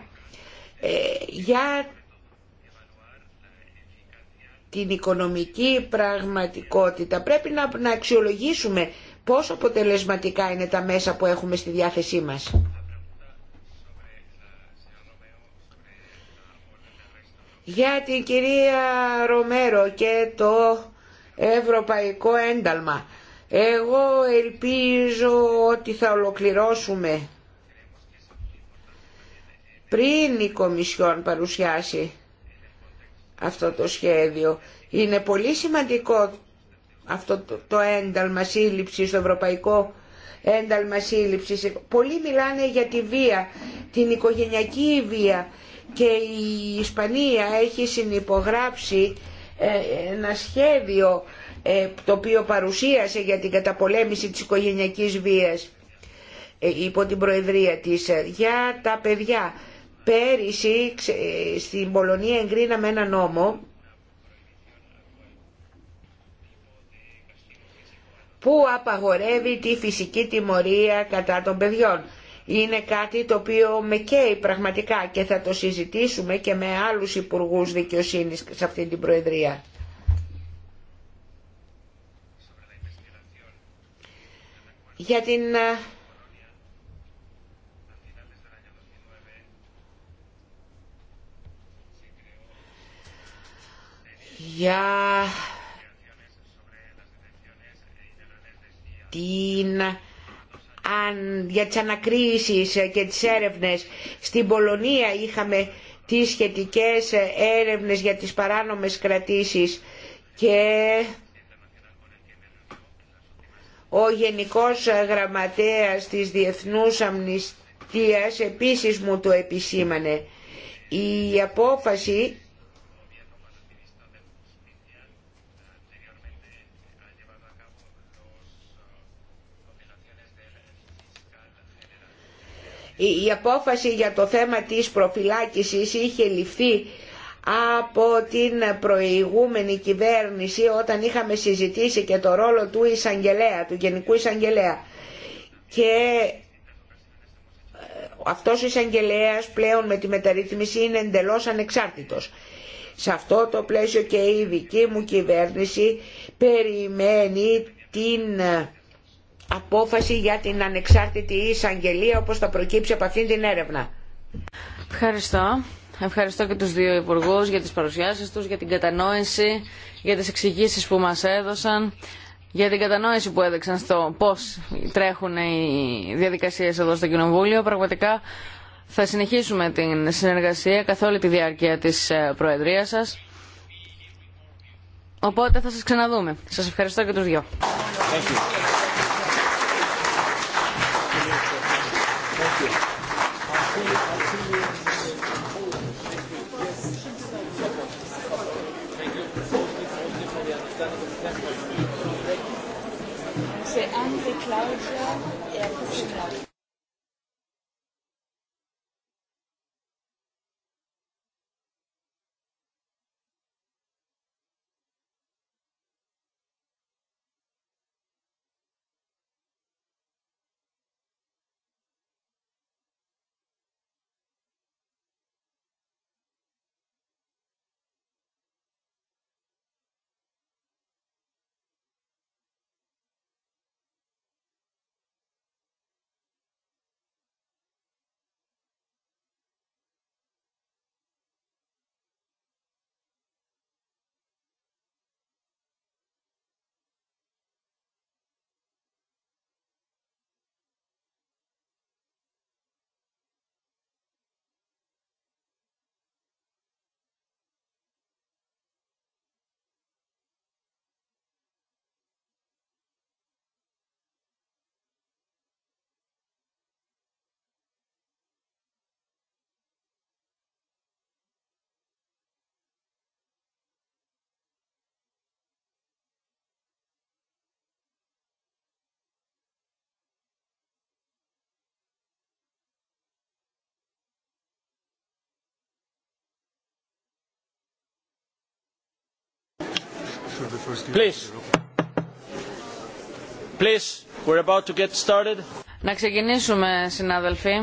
ε, για την οικονομική πραγματικότητα. Πρέπει να, να αξιολογήσουμε πόσο αποτελεσματικά είναι τα μέσα που έχουμε στη διάθεσή μας. Για την κυρία Ρομέρο και το ευρωπαϊκό ένταλμα. Εγώ ελπίζω ότι θα ολοκληρώσουμε πριν η Κομισιόν παρουσιάσει αυτό το σχέδιο. Είναι πολύ σημαντικό αυτό το ένταλμα σύλληψη, το ευρωπαϊκό ένταλμα σύλληψη. Πολλοί μιλάνε για τη βία, την οικογενειακή βία και η Ισπανία έχει συνυπογράψει ε, ένα σχέδιο ε, το οποίο παρουσίασε για την καταπολέμηση της οικογενειακής βίας ε, υπό την Προεδρία της για τα παιδιά Πέρυσι στην Πολωνία εγκρίναμε ένα νόμο που απαγορεύει τη φυσική τιμωρία κατά των παιδιών. Είναι κάτι το οποίο με καίει πραγματικά και θα το συζητήσουμε και με άλλους υπουργούς δικαιοσύνης σε αυτή την Προεδρία. Για την για την για τις ανακρίσεις και τις έρευνες. Στην Πολωνία είχαμε τις σχετικές έρευνες για τις παράνομες κρατήσεις και ο Γενικός Γραμματέας της Διεθνούς Αμνηστίας επίσης μου το επισήμανε. Η απόφαση η απόφαση για το θέμα της προφυλάκησης είχε ληφθεί από την προηγούμενη κυβέρνηση όταν είχαμε συζητήσει και το ρόλο του εισαγγελέα, του Γενικού Εισαγγελέα. Και ε, αυτός ο εισαγγελέα πλέον με τη μεταρρύθμιση είναι εντελώς ανεξάρτητος. Σε αυτό το πλαίσιο και η δική μου κυβέρνηση περιμένει την απόφαση για την ανεξάρτητη εισαγγελία όπως θα προκύψει από αυτήν την έρευνα. Ευχαριστώ. Ευχαριστώ και τους δύο υπουργούς για τις παρουσιάσεις τους, για την κατανόηση, για τις εξηγήσεις που μας έδωσαν, για την κατανόηση που έδειξαν στο πώς τρέχουν οι διαδικασίες εδώ στο Κοινοβούλιο. Πραγματικά θα συνεχίσουμε την συνεργασία καθ' όλη τη διάρκεια της ε, Προεδρίας σας. Οπότε θα σας ξαναδούμε. Σας ευχαριστώ και τους δυο. cloud Please. Please. We're about to get started. Να ξεκινήσουμε, συνάδελφοι.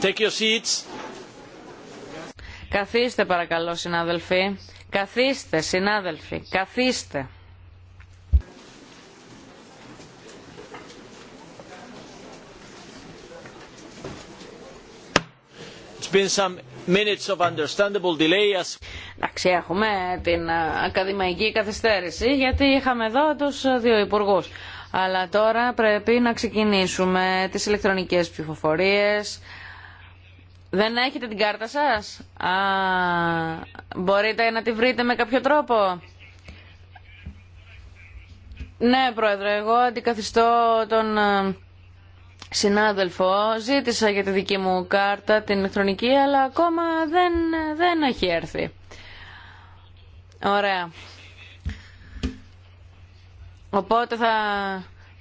Take your seats. Καθίστε παρακαλώ, συνάδελφοι. Καθίστε, συνάδελφοι. Καθίστε. It's been some minutes of understandable delay as Εντάξει, έχουμε την ε, ακαδημαϊκή καθυστέρηση γιατί είχαμε εδώ τους ε, δύο υπουργού. Αλλά τώρα πρέπει να ξεκινήσουμε τις ηλεκτρονικές ψηφοφορίες. Δεν έχετε την κάρτα σας? Α, μπορείτε να τη βρείτε με κάποιο τρόπο. Ναι, Πρόεδρε, εγώ αντικαθιστώ τον ε, συνάδελφο. Ζήτησα για τη δική μου κάρτα την ηλεκτρονική, αλλά ακόμα δεν, δεν έχει έρθει. Ωραία. Οπότε θα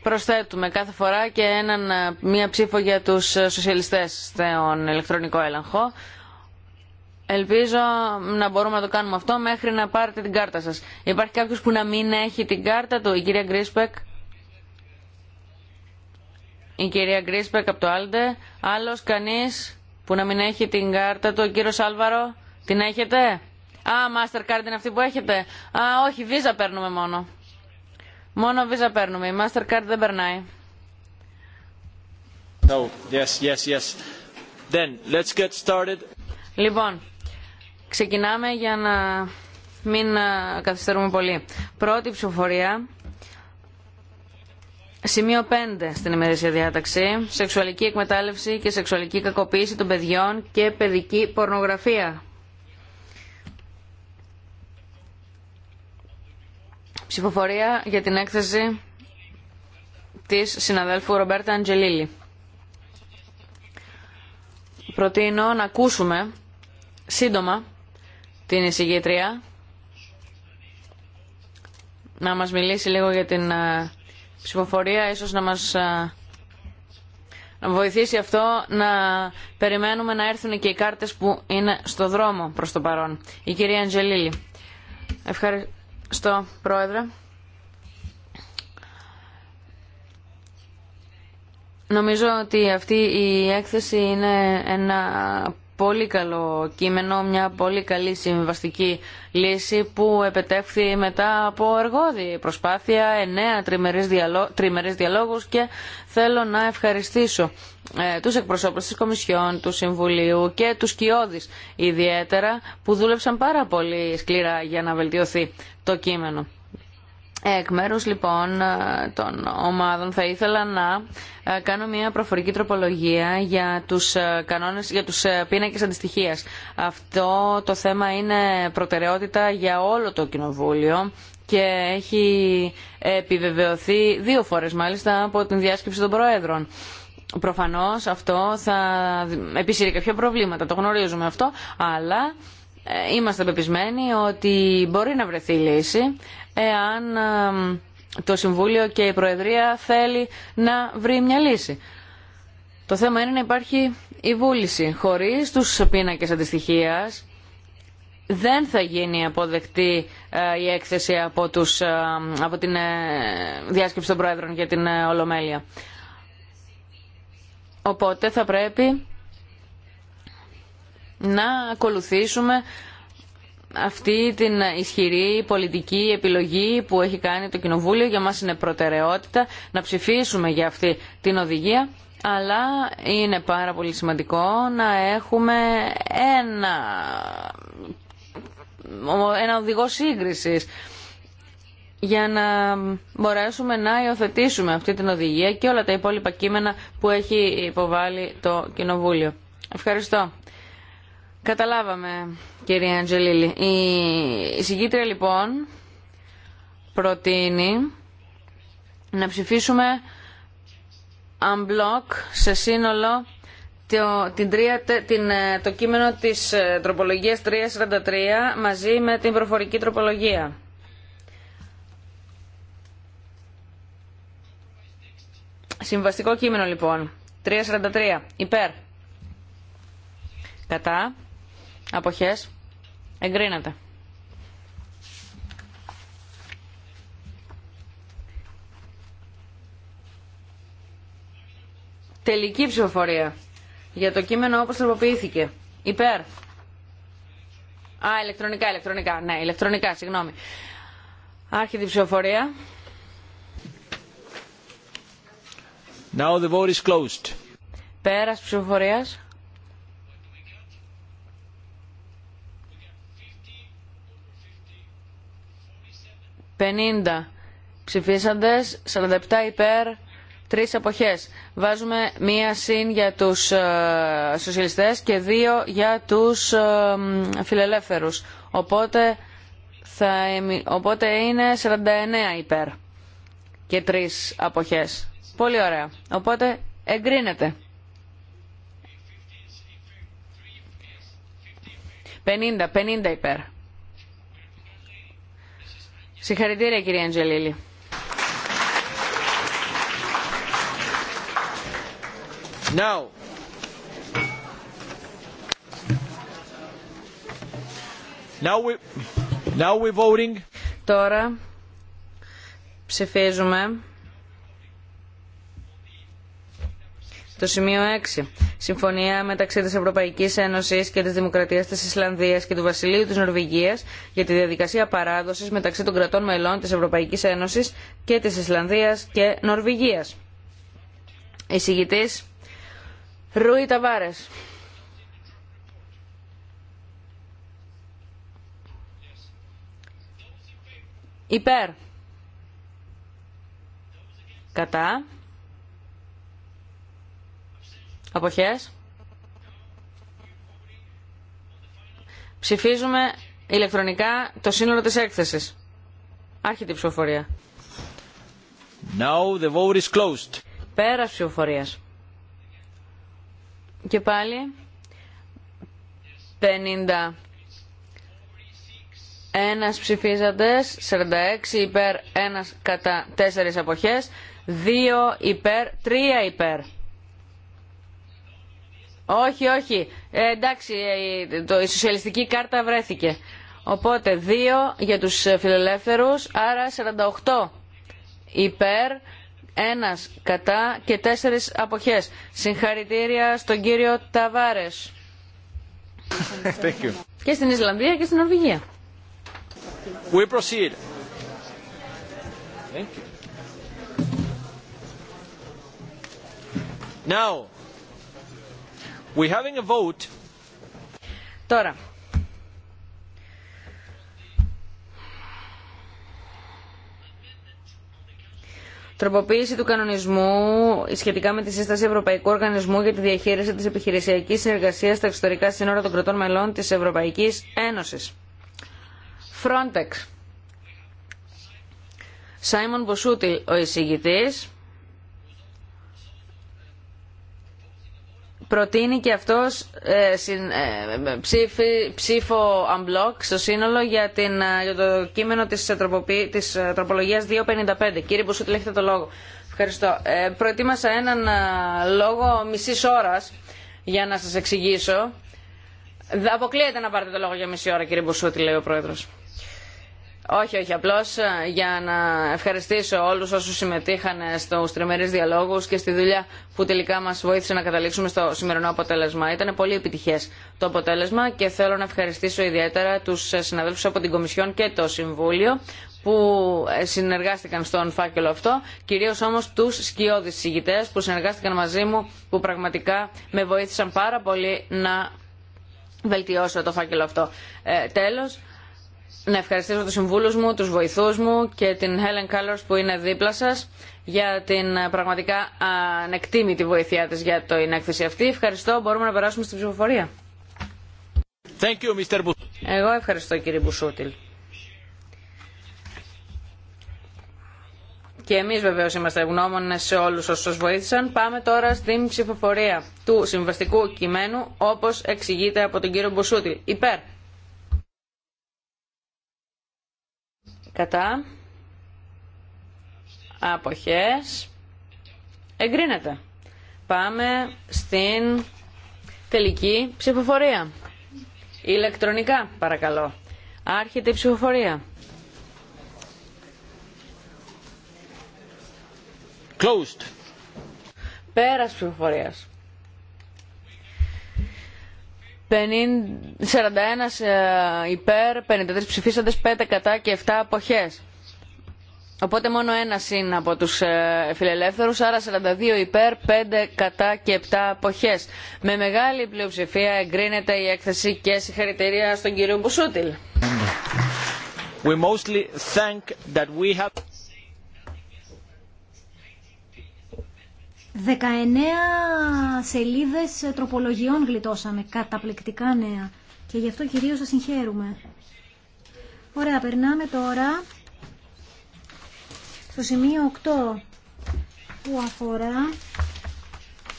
προσθέτουμε κάθε φορά και έναν, μία ψήφο για τους σοσιαλιστές στον ηλεκτρονικό έλεγχο. Ελπίζω να μπορούμε να το κάνουμε αυτό μέχρι να πάρετε την κάρτα σας. Υπάρχει κάποιος που να μην έχει την κάρτα του, η κυρία Γκρίσπεκ. Η κυρία Γκρίσπεκ από το Άλντε. Άλλος κανείς που να μην έχει την κάρτα του, ο κύριος Άλβαρο, την έχετε. Α, Mastercard είναι αυτή που έχετε. Α, όχι, Visa παίρνουμε μόνο. Μόνο Visa παίρνουμε. Η Mastercard δεν περνάει. No. Yes, yes, yes. Then, let's get started. Λοιπόν, ξεκινάμε για να μην καθυστερούμε πολύ. Πρώτη ψηφοφορία. Σημείο 5 στην ημερήσια διάταξη. Σεξουαλική εκμετάλλευση και σεξουαλική κακοποίηση των παιδιών και παιδική πορνογραφία. Ψηφοφορία για την έκθεση της συναδέλφου Ρομπέρτα Αντζελίλη. Προτείνω να ακούσουμε σύντομα την εισηγήτρια να μας μιλήσει λίγο για την ε, ψηφοφορία, ίσως να μας ε, βοηθήσει αυτό να περιμένουμε να έρθουν και οι κάρτες που είναι στο δρόμο προς το παρόν. Η κυρία Αντζελίλη. Ευχαριστώ στο Πρόεδρε. Νομίζω ότι αυτή η έκθεση είναι ένα πολύ καλό κείμενο, μια πολύ καλή συμβαστική λύση που επετεύχθη μετά από εργόδη προσπάθεια, εννέα τριμερείς, διαλο... διαλόγους και θέλω να ευχαριστήσω ε, τους εκπροσώπους της Κομισιόν, του Συμβουλίου και τους Κιώδης ιδιαίτερα που δούλεψαν πάρα πολύ σκληρά για να βελτιωθεί το κείμενο. Εκ μέρου λοιπόν των ομάδων θα ήθελα να ε, κάνω μια προφορική τροπολογία για τους, ε, κανόνες, για τους ε, πίνακες αντιστοιχίας. Αυτό το θέμα είναι προτεραιότητα για όλο το Κοινοβούλιο και έχει επιβεβαιωθεί δύο φορές μάλιστα από την διάσκεψη των Προέδρων. Προφανώς αυτό θα επισύρει κάποια προβλήματα, το γνωρίζουμε αυτό, αλλά είμαστε πεπισμένοι ότι μπορεί να βρεθεί λύση εάν ε, το Συμβούλιο και η Προεδρία θέλει να βρει μια λύση. Το θέμα είναι να υπάρχει η βούληση. Χωρίς τους πίνακες αντιστοιχίας δεν θα γίνει αποδεκτή ε, η έκθεση από, τους, ε, από την διάσκεψη των Πρόεδρων για την Ολομέλεια. Οπότε θα πρέπει να ακολουθήσουμε αυτή την ισχυρή πολιτική επιλογή που έχει κάνει το Κοινοβούλιο για μας είναι προτεραιότητα να ψηφίσουμε για αυτή την οδηγία αλλά είναι πάρα πολύ σημαντικό να έχουμε ένα, ένα οδηγό σύγκρισης για να μπορέσουμε να υιοθετήσουμε αυτή την οδηγία και όλα τα υπόλοιπα κείμενα που έχει υποβάλει το Κοινοβούλιο. Ευχαριστώ. Καταλάβαμε, κυρία Αντζελίλη. Η συγκήτρια λοιπόν προτείνει να ψηφίσουμε unblock σε σύνολο το, την, την, ε, το κείμενο της ε, τροπολογίας 343 μαζί με την προφορική τροπολογία. Συμβαστικό κείμενο λοιπόν. 343. Υπέρ. Κατά. Αποχές. Εγκρίνεται. Τελική ψηφοφορία. Για το κείμενο όπως τροποποιήθηκε. Υπέρ. Α, ηλεκτρονικά, ηλεκτρονικά. Ναι, ηλεκτρονικά, συγγνώμη. Άρχιδη ψηφοφορία. Now the Πέρας ψηφοφορίας. 50 ψηφίσαντες, 47 υπέρ, 3 αποχές. Βάζουμε μία συν για τους ε, σοσιαλιστές και δύο για τους ε, φιλελεύθερους. Οπότε, θα, οπότε είναι 49 υπέρ και 3 αποχές. Πολύ ωραία. Οπότε εγκρίνεται. 50, 50 υπέρ. Συγχαρητήρια κυρία Αντζελίλη. Now, now we, now we voting. Τώρα ψηφίζουμε Το σημείο 6. Συμφωνία μεταξύ της Ευρωπαϊκής Ένωσης και της Δημοκρατίας της Ισλανδίας και του Βασιλείου της Νορβηγίας για τη διαδικασία παράδοσης μεταξύ των κρατών μελών της Ευρωπαϊκής Ένωσης και της Ισλανδίας και Νορβηγίας. Εισηγητής Ρούι Ταβάρες. Υπέρ. Κατά. Αποχές. Ψηφίζουμε ηλεκτρονικά το σύνολο της έκθεσης. Άρχεται η ψηφοφορία. Now the vote is closed. Πέρας ψηφοφορίας. Και πάλι 50 ένας ψηφίζαντες, 46 υπέρ, 1 κατά 4 αποχές, 2 υπέρ, 3 υπέρ. Όχι, όχι. Ε, εντάξει, ε, το, η σοσιαλιστική κάρτα βρέθηκε. Οπότε 2 για τους φιλελεύθερους, άρα 48 υπέρ, ένας κατά και τέσσερις αποχές. Συγχαρητήρια στον κύριο Ταβάρες. Και στην Ισλανδία και στην Ορβηγία. We proceed. Thank Now, Τώρα. Τροποποίηση του κανονισμού σχετικά με τη σύσταση Ευρωπαϊκού Οργανισμού για τη διαχείριση της επιχειρησιακής εργασίας στα εξωτερικά σύνορα των κρατών μελών της Ευρωπαϊκής Ένωσης. Frontex. Σάιμον Μποσούτιλ, ο εισηγητής. προτείνει και αυτός ε, ε, ψήφο unblock στο σύνολο για, την, ε, το κείμενο της, τροπολογία της τροπολογίας 255. Κύριε Μπουσούτη, έχετε το λόγο. Ευχαριστώ. Ε, προετοίμασα έναν λόγο μισής ώρας για να σας εξηγήσω. Αποκλείεται να πάρετε το λόγο για μισή ώρα, κύριε Μπουσούτη, λέει ο Πρόεδρος. Όχι, όχι, απλώ ε, για να ευχαριστήσω όλου όσου συμμετείχαν στου τριμερεί διαλόγου και στη δουλειά που τελικά μα βοήθησε να καταλήξουμε στο σημερινό αποτέλεσμα. Ήταν πολύ επιτυχέ το αποτέλεσμα και θέλω να ευχαριστήσω ιδιαίτερα του συναδέλφου από την Κομισιόν και το Συμβούλιο που ε, συνεργάστηκαν στον φάκελο αυτό, κυρίως όμως τους σκιώδεις συγητές που συνεργάστηκαν μαζί μου, που πραγματικά με βοήθησαν πάρα πολύ να βελτιώσω το φάκελο αυτό. Ε, τέλος, να ευχαριστήσω τους συμβούλους μου, τους βοηθούς μου και την Helen Callors που είναι δίπλα σας για την ε, πραγματικά ανεκτήμητη βοήθειά της για το έκθεση αυτή. Ευχαριστώ. Μπορούμε να περάσουμε στην ψηφοφορία. Εγώ ευχαριστώ κύριε Μπουσούτιλ. Και εμείς βεβαίω είμαστε ευγνώμονες σε όλους όσους βοήθησαν. Πάμε τώρα στην ψηφοφορία του συμβαστικού κειμένου όπως εξηγείται από τον κύριο Μπουσούτιλ. Υπέρ. Κατά. Αποχές. Εγκρίνεται. Πάμε στην τελική ψηφοφορία. Ηλεκτρονικά, παρακαλώ. Άρχεται η ψηφοφορία. Closed. Πέρας ψηφοφορίας. 41 ε, υπέρ, 53 ψηφίσαντες, 5 κατά και 7 αποχές. Οπότε μόνο ένα είναι από τους ε, φιλελεύθερους, άρα 42 υπέρ, 5 κατά και 7 αποχές. Με μεγάλη πλειοψηφία εγκρίνεται η έκθεση και συγχαρητήρια στον κύριο Μπουσούτιλ. 19 σελίδες τροπολογιών γλιτώσαμε, καταπληκτικά νέα. Και γι' αυτό κυρίως σας συγχαίρουμε. Ωραία, περνάμε τώρα στο σημείο 8 που αφορά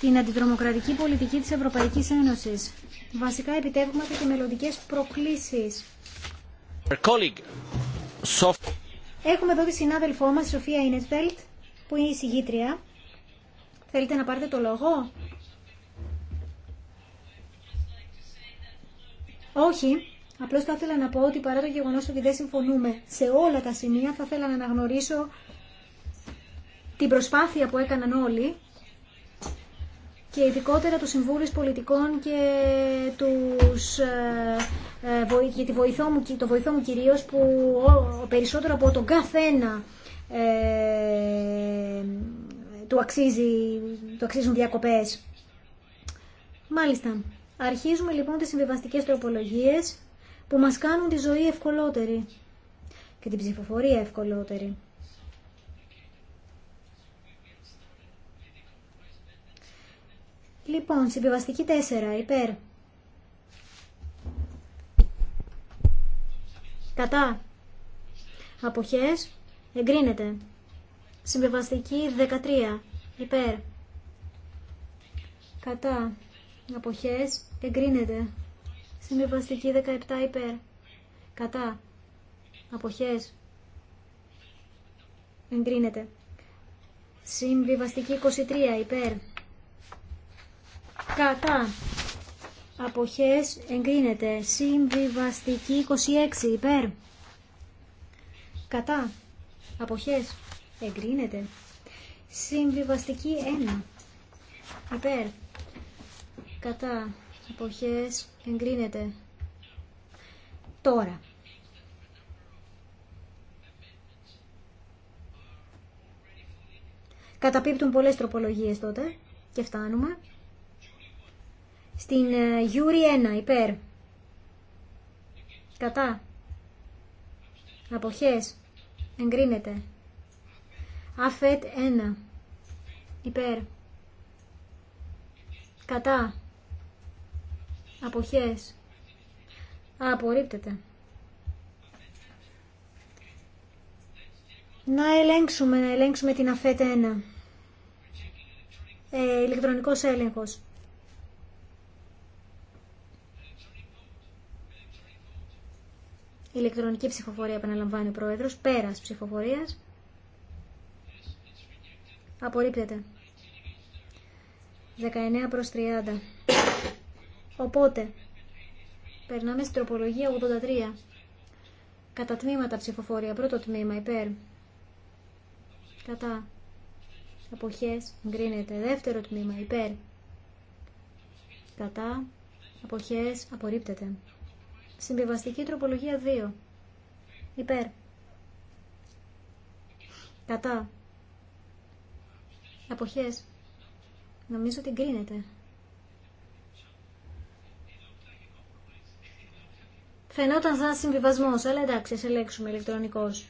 την αντιδρομοκρατική πολιτική της Ευρωπαϊκής Ένωσης. Βασικά επιτεύγματα και μελλοντικές προκλήσεις. Έχουμε εδώ τη συνάδελφό μας, Σοφία Ινετφέλτ, που είναι η συγγήτρια. Θέλετε να πάρετε το λόγο? Όχι. Απλώ θα ήθελα να πω ότι παρά το γεγονό ότι δεν συμφωνούμε σε όλα τα σημεία, θα ήθελα να αναγνωρίσω την προσπάθεια που έκαναν όλοι και ειδικότερα του Συμβούλους Πολιτικών και, τους, για ε, ε, βοηθό μου, το βοηθό μου κυρίως που περισσότερο από τον καθένα ε, του, αξίζει, του αξίζουν διακοπές. Μάλιστα. Αρχίζουμε λοιπόν τις συμβιβαστικέ τροπολογίες που μας κάνουν τη ζωή ευκολότερη και την ψηφοφορία ευκολότερη. Λοιπόν, συμβιβαστική 4, υπέρ. Κατά. Αποχές. Εγκρίνεται. Συμβιβαστική 13. Υπέρ. Κατά. Αποχές. Εγκρίνεται. Συμβιβαστική 17. Υπέρ. Κατά. Αποχές. Εγκρίνεται. Συμβιβαστική 23. Υπέρ. Κατά. Αποχές. Εγκρίνεται. Συμβιβαστική 26. Υπέρ. Κατά. Αποχές εγκρίνεται. Συμβιβαστική 1 υπέρ κατά εποχές εγκρίνεται. Τώρα. Καταπίπτουν πολλές τροπολογίες τότε και φτάνουμε. Στην ε, Γιούρι 1 υπέρ. Κατά. Αποχές. Εγκρίνεται. Αφέτ 1. Υπέρ. Κατά. Αποχές. απορρίπτεται. Να ελέγξουμε, να ελέγξουμε την αφέτ 1. Ε, ηλεκτρονικός έλεγχος. Ηλεκτρονική ψηφοφορία επαναλαμβάνει ο Πρόεδρος, πέρας ψηφοφορίας. Απορρίπτεται. 19 προς 30. Οπότε, περνάμε στην τροπολογία 83. Κατά τμήματα ψηφοφορία. Πρώτο τμήμα υπέρ. Κατά. Αποχές. Γκρίνεται. Δεύτερο τμήμα υπέρ. Κατά. Αποχές. Απορρίπτεται. Συμβιβαστική τροπολογία 2. Υπέρ. Κατά. Αποχές. Νομίζω ότι εγκρίνεται. Φαινόταν σαν συμβιβασμό, αλλά εντάξει, ας ελέγξουμε ηλεκτρονικός.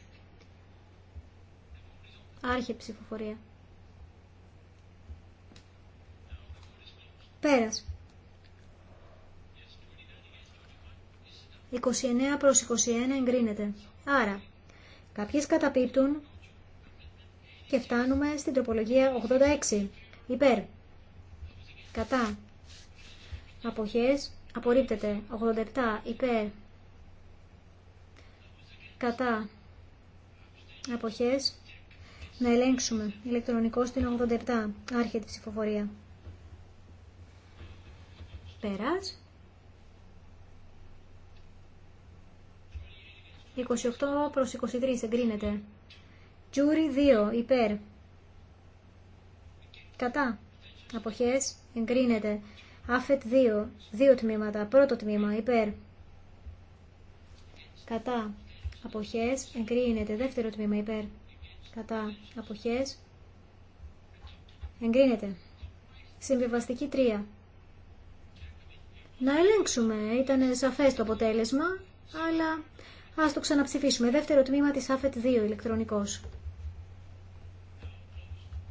Άρχε ψηφοφορία. Πέρας. 29 προς 21 εγκρίνεται. Άρα, κάποιες καταπίπτουν και φτάνουμε στην τροπολογία 86. Υπέρ. Κατά. Αποχές. Απορρίπτεται. 87. Υπέρ. Κατά. Αποχές. Να ελέγξουμε. Ηλεκτρονικό στην 87. Άρχεται η ψηφοφορία. Πέρας. 28 προς 23 εγκρίνεται. Τζούρι 2 υπέρ. Κατά. Αποχές εγκρίνεται. Άφετ 2. Δύο τμήματα. Πρώτο τμήμα υπέρ. Κατά. Αποχές εγκρίνεται. Δεύτερο τμήμα υπέρ. Κατά. Αποχές εγκρίνεται. Συμβιβαστική 3. Να ελέγξουμε. Ήταν σαφέ το αποτέλεσμα, αλλά ας το ξαναψηφίσουμε. Δεύτερο τμήμα της ΑΦΕΤ 2 ηλεκτρονικός.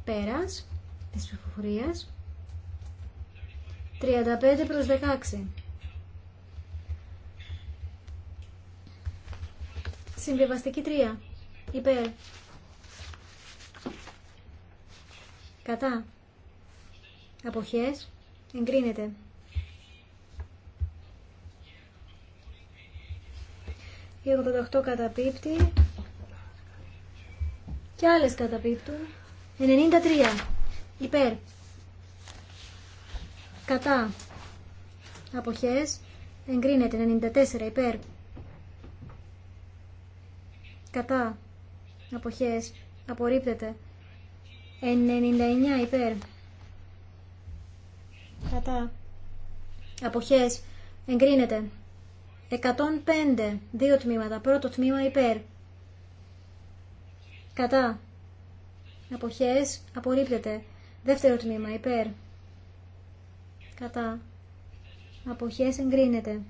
Πέρας της ψηφοφορίας. 35 προς 16. Συμβιβαστική 3. Υπέρ. Κατά. Αποχές. Εγκρίνεται. Η 88 καταπίπτει. Και άλλες καταπίπτουν. 93. Υπέρ. Κατά. Αποχές. Εγκρίνεται. 94. Υπέρ. Κατά. Αποχές. Απορρίπτεται. 99. Υπέρ. Κατά. Αποχές. Εγκρίνεται. 105. Δύο τμήματα. Πρώτο τμήμα υπέρ. Κατά αποχές απορρίπτεται. Δεύτερο τμήμα υπέρ κατά αποχές εγκρίνεται.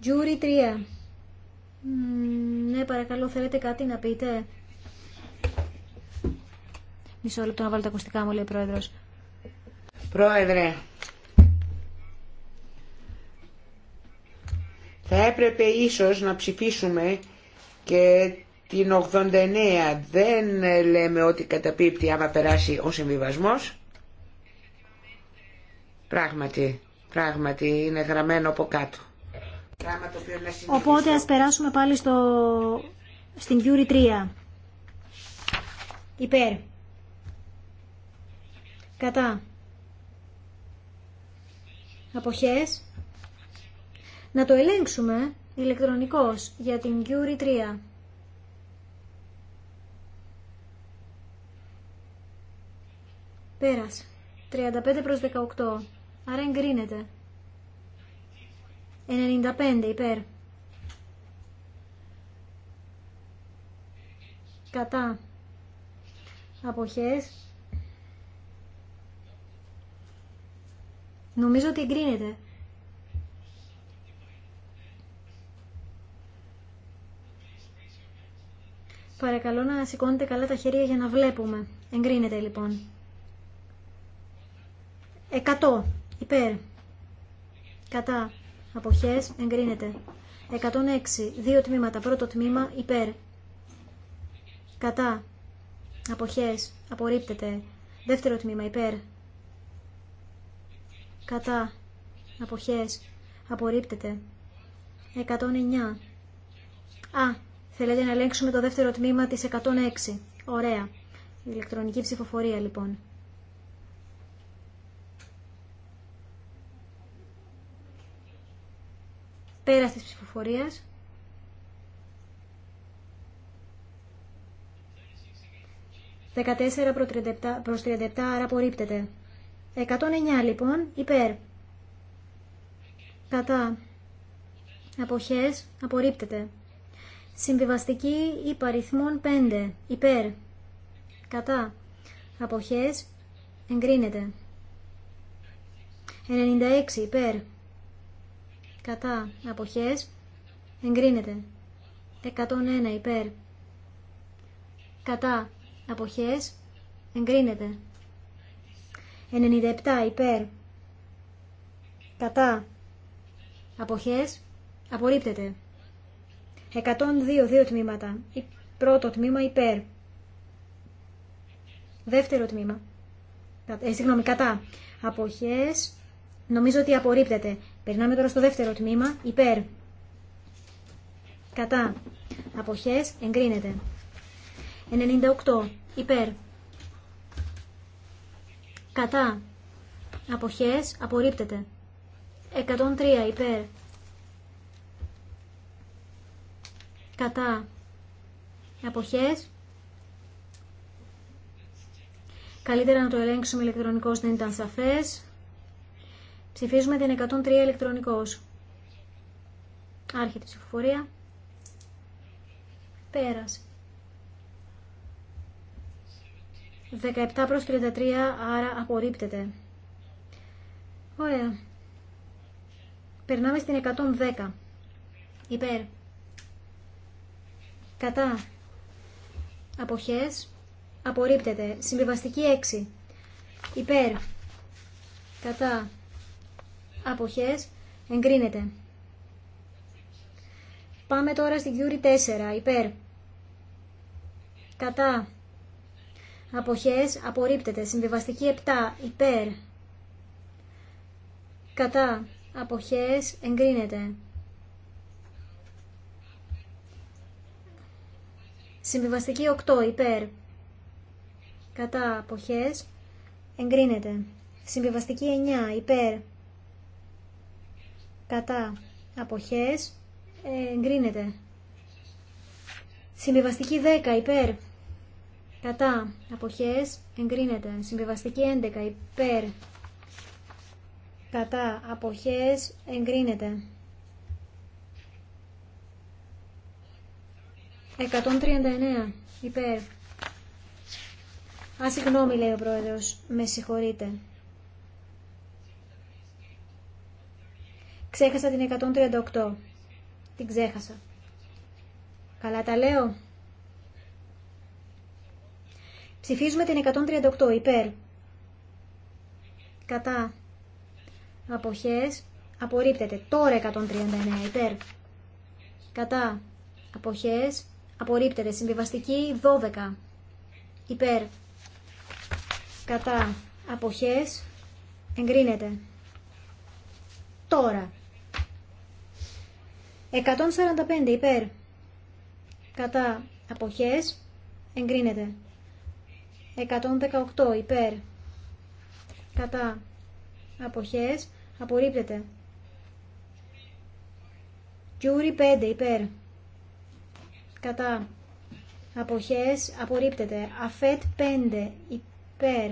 Τζούρι 3. Ναι, παρακαλώ, θέλετε κάτι να πείτε. Μισό λεπτό να βάλω τα ακουστικά μου, λέει ο Πρόεδρος. Πρόεδρε, θα έπρεπε ίσως να ψηφίσουμε και την 89 δεν λέμε ότι καταπίπτει άμα περάσει ο συμβιβασμός. Πράγματι, πράγματι είναι γραμμένο από κάτω. Οπότε ας περάσουμε πάλι στο... στην Γιούρι 3. Υπέρ. Κατά. Αποχές. Να το ελέγξουμε ηλεκτρονικός για την Γιούρι 3. Πέρας. 35 προς 18. Άρα εγκρίνεται. 95 υπέρ. Κατά. Αποχές. Νομίζω ότι εγκρίνεται. Παρακαλώ να σηκώνετε καλά τα χέρια για να βλέπουμε. Εγκρίνεται λοιπόν. Εκατό. υπέρ κατά αποχές εγκρίνεται 106 δύο τμήματα πρώτο τμήμα υπέρ κατά αποχές απορρίπτεται δεύτερο τμήμα υπέρ κατά αποχές απορρίπτεται 109 Α, θέλετε να ελέγξουμε το δεύτερο τμήμα της 106 Ωραία ηλεκτρονική ψηφοφορία λοιπόν πέρα της ψηφοφορίας. 14 37, άρα απορρίπτεται. 109 λοιπόν, υπέρ. Κατά. Αποχές, απορρίπτεται. Συμβιβαστική υπαριθμών 5, υπέρ. Κατά. Αποχές, εγκρίνεται. 96 υπέρ κατά αποχές εγκρίνεται 101 υπέρ κατά αποχές εγκρίνεται 97 υπέρ κατά αποχές απορρίπτεται 102 δύο τμήματα πρώτο τμήμα υπέρ δεύτερο τμήμα ε, συγγνώμη κατά αποχές νομίζω ότι απορρίπτεται Περνάμε τώρα στο δεύτερο τμήμα. Υπέρ. Κατά. Αποχές. Εγκρίνεται. 98. Υπέρ. Κατά. Αποχές. Απορρίπτεται. 103. Υπέρ. Κατά. Αποχές. Καλύτερα να το ελέγξουμε ηλεκτρονικώς, δεν ήταν σαφές. Ψηφίζουμε την 103 ηλεκτρονικό. Άρχεται η ψηφοφορία. Πέρας. 17 προς 33, άρα απορρίπτεται. Ωραία. Περνάμε στην 110. Υπέρ. Κατά. Αποχές. Απορρίπτεται. Συμβιβαστική 6. Υπέρ. Κατά αποχές εγκρίνεται. Πάμε τώρα στην Γιούρι 4, υπέρ. Κατά. Αποχές απορρίπτεται. Συμβιβαστική 7, υπέρ. Κατά. Αποχές εγκρίνεται. Συμβιβαστική 8, υπέρ. Κατά. Αποχές εγκρίνεται. Συμβιβαστική 9, υπέρ κατά αποχές εγκρίνεται. Συμβιβαστική 10 υπέρ κατά αποχές εγκρίνεται. Συμβιβαστική 11 υπέρ κατά αποχές εγκρίνεται. 139 υπέρ. Α, συγγνώμη λέει ο πρόεδρος, με συγχωρείτε. Ξέχασα την 138. Την ξέχασα. Καλά τα λέω. Ψηφίζουμε την 138 υπέρ. Κατά. Αποχές. Απορρίπτεται. Τώρα 139 υπέρ. Κατά. Αποχές. Απορρίπτεται. Συμβιβαστική 12. Υπέρ. Κατά. Αποχές. Εγκρίνεται. Τώρα. 145 υπέρ κατά αποχές εγκρίνεται 118 υπέρ κατά αποχές απορρίπτεται γιούρι 5 υπέρ κατά αποχές απορρίπτεται Αφέτ 5 υπέρ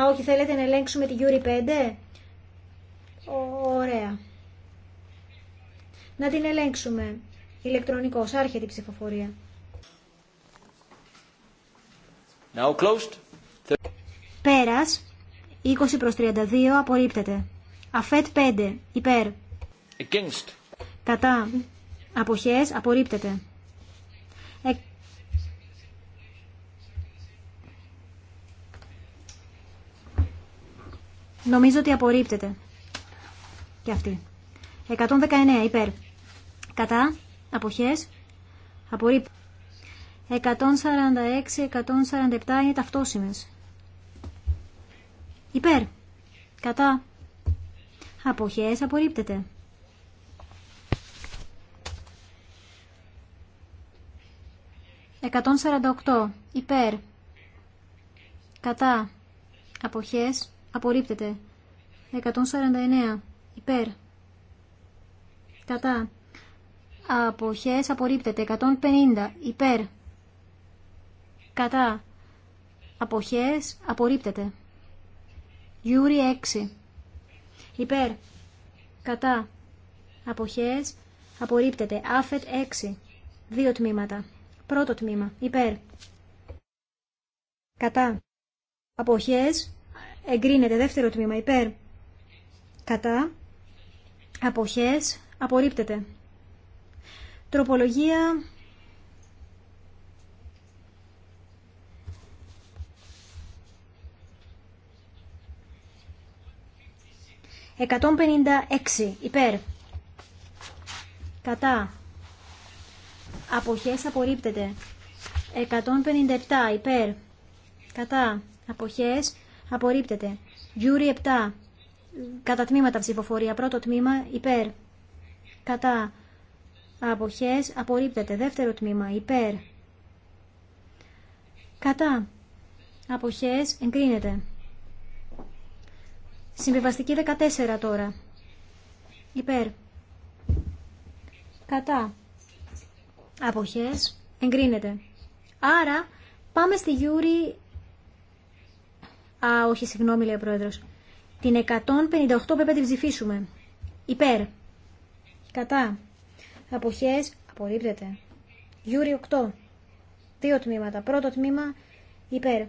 Α, όχι, θέλετε να ελέγξουμε τη Γιούρι 5? Ωραία να την ελέγξουμε. Ηλεκτρονικός, άρχεται η ψηφοφορία. Now Πέρας, 20 προς 32, απορρίπτεται. Αφέτ 5, υπέρ. Κατά. Αποχές, απορρίπτεται. Ε, νομίζω ότι απορρίπτεται. Και αυτή. 119, υπέρ. Κατά. Αποχές. Απορρίπτεται. 146-147 είναι ταυτόσημες. Υπέρ. Κατά. Αποχές απορρίπτεται. 148. Υπέρ. Κατά. Αποχές απορρίπτεται. 149. Υπέρ. Κατά αποχές απορρίπτεται 150 υπέρ κατά αποχές απορρίπτεται Γιούρι 6 υπέρ κατά αποχές απορρίπτεται Άφετ 6 δύο τμήματα πρώτο τμήμα υπέρ κατά αποχές εγκρίνεται δεύτερο τμήμα υπέρ κατά αποχές απορρίπτεται Τροπολογία 156 υπέρ. Κατά. Αποχές απορρίπτεται. 157 υπέρ. Κατά. Αποχές απορρίπτεται. Γιούρι 7. Κατά τμήματα ψηφοφορία. Πρώτο τμήμα υπέρ. Κατά αποχές απορρίπτεται. Δεύτερο τμήμα υπέρ κατά αποχές εγκρίνεται. Συμβιβαστική 14 τώρα. Υπέρ. Κατά. Αποχές. Εγκρίνεται. Άρα πάμε στη Γιούρη... Α, όχι, συγγνώμη λέει ο πρόεδρος. Την 158 πρέπει να την ψηφίσουμε. Υπέρ. Κατά αποχές απορρίπτεται. Γιούρι 8. Δύο τμήματα. Πρώτο τμήμα υπέρ.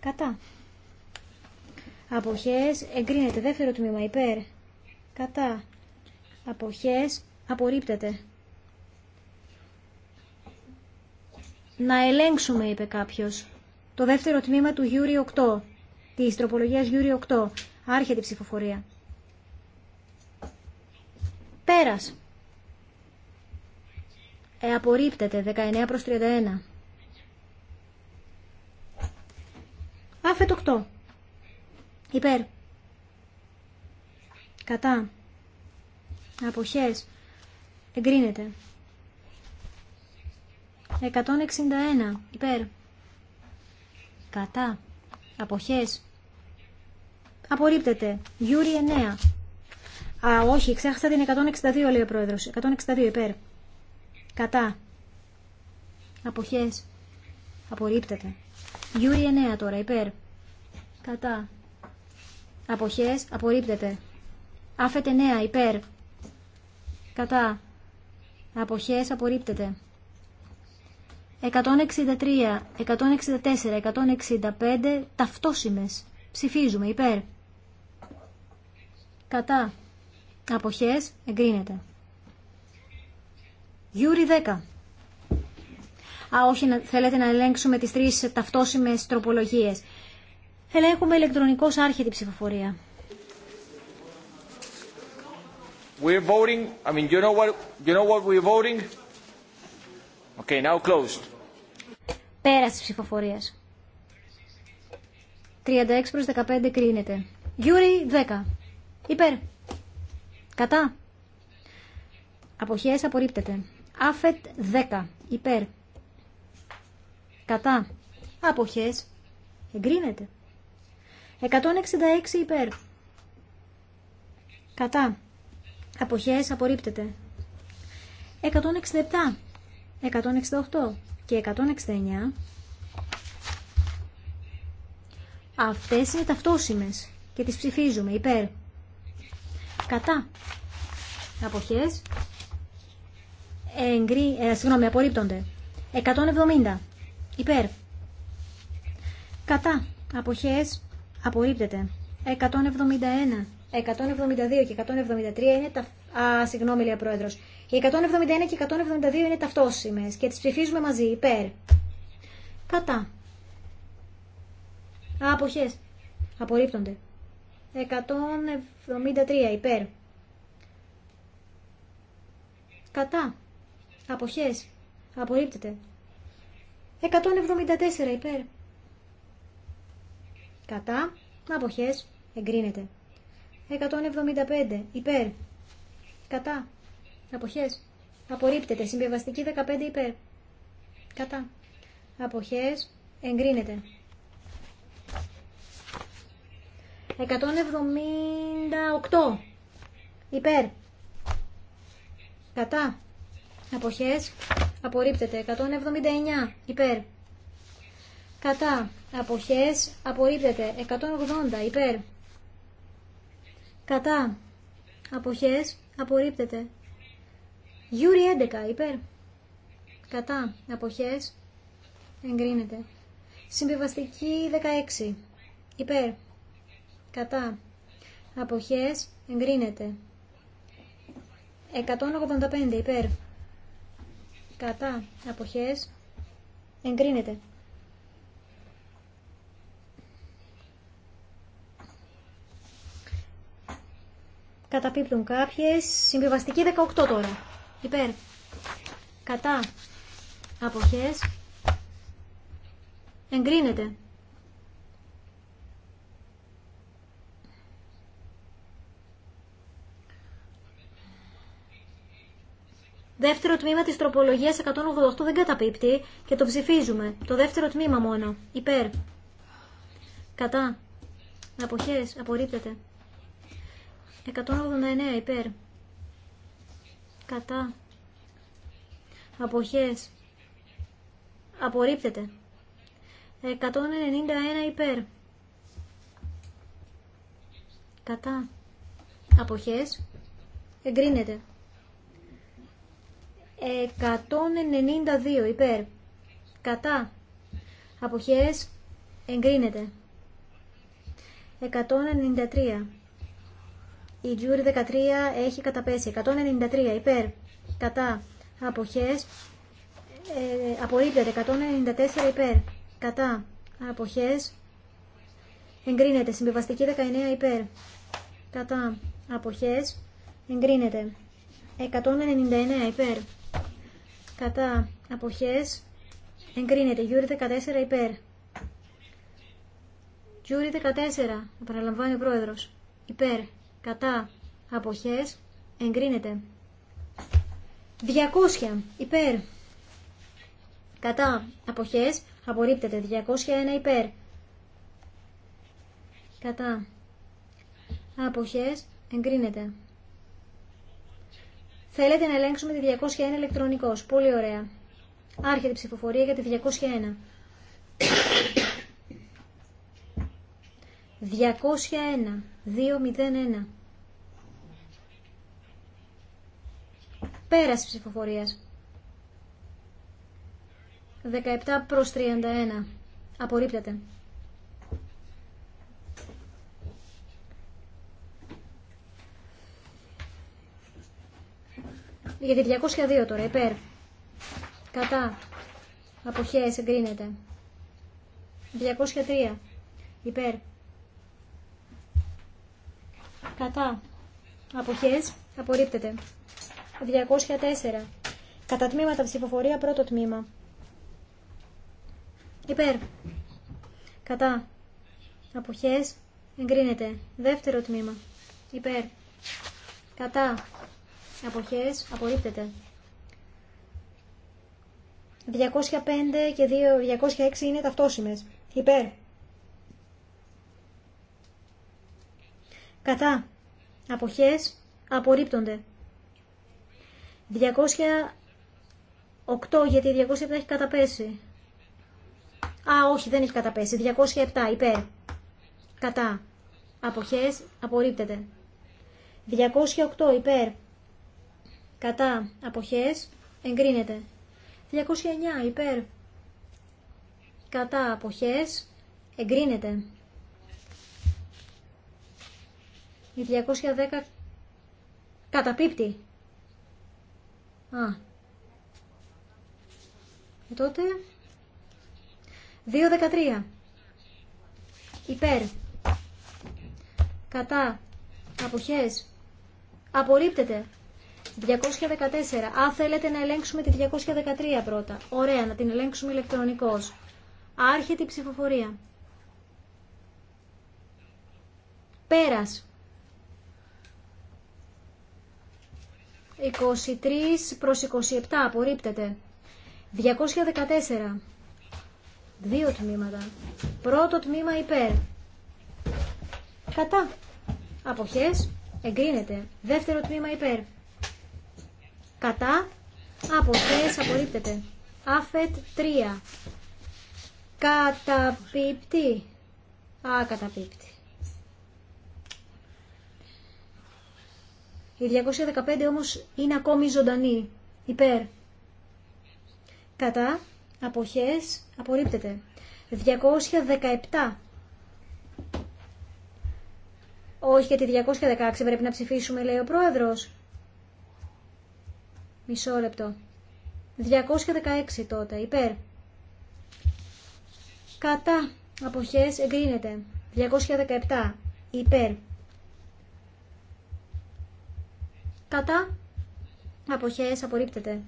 Κατά. Αποχές εγκρίνεται. Δεύτερο τμήμα υπέρ. Κατά. Αποχές απορρίπτεται. Να ελέγξουμε, είπε κάποιος. Το δεύτερο τμήμα του Γιούρι 8. Τη τροπολογίας Γιούρι 8. Άρχεται η ψηφοφορία. Πέρας. Ε, απορρίπτεται. 19 προς 31. Άφετ 8. Υπέρ. Κατά. Αποχές. Εγκρίνεται. 161. Υπέρ. Κατά. Αποχές. Απορρίπτεται. Γιούρι 9. Α, όχι, ξέχασα την 162, λέει ο πρόεδρος. 162 υπέρ. Κατά. Αποχές. Απορρίπτεται. Γιούρι 9 τώρα, υπέρ. Κατά. Αποχές. Απορρίπτεται. Άφετε 9, υπέρ. Κατά. Αποχές. Απορρίπτεται. 163, 164, 165 ταυτόσιμες. Ψηφίζουμε υπέρ. Κατά. Αποχές εγκρίνεται. Γιούρι 10. Α, όχι, θέλετε να ελέγξουμε τις τρεις ταυτόσιμες τροπολογίες. Ελέγχουμε ηλεκτρονικός άρχεται ψηφοφορία. We're voting. I mean, you know what, you know what we're voting? Okay, now closed. Πέρας ψηφοφορίας. 36 προς 15 κρίνεται. Γιούρι 10. Υπέρ. Κατά. Αποχές απορρίπτεται. Άφετ 10. Υπέρ. Κατά. Αποχές. Εγκρίνεται. 166 υπέρ. Κατά. Αποχές απορρίπτεται. 167, 168 και 169. Αυτές είναι ταυτόσιμες και τις ψηφίζουμε υπέρ. Κατά. Αποχές εγκρί, ε, συγγνώμη, απορρίπτονται. 170 υπέρ. Κατά αποχές απορρίπτεται. 171, 172 και 173 είναι τα... Α, συγγνώμη, λέει Πρόεδρος. Οι 171 και 172 είναι ταυτόσιμες και τις ψηφίζουμε μαζί υπέρ. Κατά. αποχές. Απορρίπτονται. 173 υπέρ. Κατά. Αποχές. Απορρίπτεται. 174 υπέρ. Κατά. Αποχές. Εγκρίνεται. 175 υπέρ. Κατά. Αποχές. Απορρίπτεται. Συμπεβαστική 15 υπέρ. Κατά. Αποχές. Εγκρίνεται. 178 υπέρ. Κατά αποχές απορρίπτεται 179 υπέρ κατά αποχές απορρίπτεται 180 υπέρ κατά αποχές απορρίπτεται Γιούρι 11 υπέρ κατά αποχές εγκρίνεται Συμπιβαστική 16 υπέρ κατά αποχές εγκρίνεται 185 υπέρ κατά αποχές εγκρίνεται. Καταπίπτουν κάποιες. Συμβιβαστική 18 τώρα. Υπέρ. Κατά αποχές εγκρίνεται. Δεύτερο τμήμα της τροπολογίας 188 δεν καταπίπτει και το ψηφίζουμε. Το δεύτερο τμήμα μόνο. Υπέρ. Κατά. Αποχές. Απορρίπτεται. 189 υπέρ. Κατά. Αποχές. Απορρίπτεται. 191 υπέρ. Κατά. Αποχές. Εγκρίνεται. 192 υπέρ. Κατά. Αποχές εγκρίνεται. 193. Η Τζούρι 13 έχει καταπέσει. 193 υπέρ. Κατά. Αποχές ε, απορρίπτεται. 194 υπέρ. Κατά. Αποχές εγκρίνεται. συμπεβαστική 19 υπέρ. Κατά. Αποχές εγκρίνεται. 199 υπέρ κατά αποχές εγκρίνεται. Γιούρι 14 υπέρ. Γιούρι 14, επαναλαμβάνει ο πρόεδρος. Υπέρ, κατά αποχές εγκρίνεται. 200 υπέρ. Κατά αποχές απορρίπτεται. 201 υπέρ. Κατά αποχές εγκρίνεται. Θέλετε να ελέγξουμε τη 201 ηλεκτρονικώς. Πολύ ωραία. Άρχεται η ψηφοφορία για τη 201. 201. 201. Πέραση ψηφοφορία. 17 προς 31. Απορρίπτεται. Για 202 τώρα, υπέρ. Κατά. Αποχές, εγκρίνεται. 203. Υπέρ. Κατά. Αποχές, απορρίπτεται. 204. Κατά τμήματα ψηφοφορία, πρώτο τμήμα. Υπέρ. Κατά. Αποχές, εγκρίνεται. Δεύτερο τμήμα. Υπέρ. Κατά αποχές απορρίπτεται. 205 και 206 είναι ταυτόσιμες. Υπέρ. Κατά. Αποχές απορρίπτονται. 208 γιατί 207 έχει καταπέσει. Α, όχι, δεν έχει καταπέσει. 207 υπέρ. Κατά. Αποχές απορρίπτεται. 208 υπέρ κατά αποχές εγκρίνεται. 209 υπέρ κατά αποχές εγκρίνεται. Η 210 καταπίπτει. Α. Ε, τότε 2.13 Υπέρ Κατά Αποχές Απορρίπτεται 214. Α θέλετε να ελέγξουμε τη 213 πρώτα. Ωραία, να την ελέγξουμε ηλεκτρονικώς. Άρχεται η ψηφοφορία. Πέρας. 23 προς 27 απορρίπτεται. 214. Δύο τμήματα. Πρώτο τμήμα υπέρ. Κατά. Αποχές. Εγκρίνεται. Δεύτερο τμήμα υπέρ κατά, αποχές απορρίπτεται. Αφετ 3. Καταπίπτει. Α, καταπίπτει. Η 215 όμως είναι ακόμη ζωντανή. Υπέρ. Κατά. Αποχές. Απορρίπτεται. 217. Όχι, γιατί 216 πρέπει να ψηφίσουμε, λέει ο πρόεδρος. Μισό λεπτό. 216 τότε. Υπέρ. Κατά. Αποχές εγκρίνεται. 217. Υπέρ. Κατά. Αποχές απορρίπτεται.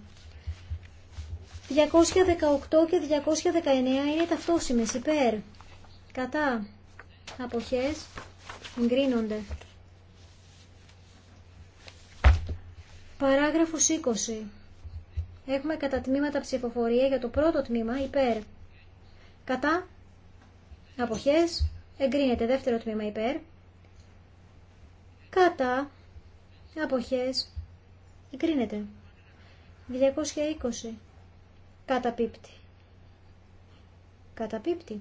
218 και 219 είναι ταυτόσιμες. Υπέρ. Κατά. Αποχές εγκρίνονται. Παράγραφος 20. Έχουμε κατά τμήματα ψηφοφορία για το πρώτο τμήμα υπέρ. Κατά. Αποχές. Εγκρίνεται δεύτερο τμήμα υπέρ. Κατά. Αποχές. Εγκρίνεται. 220. Καταπίπτει. Καταπίπτει.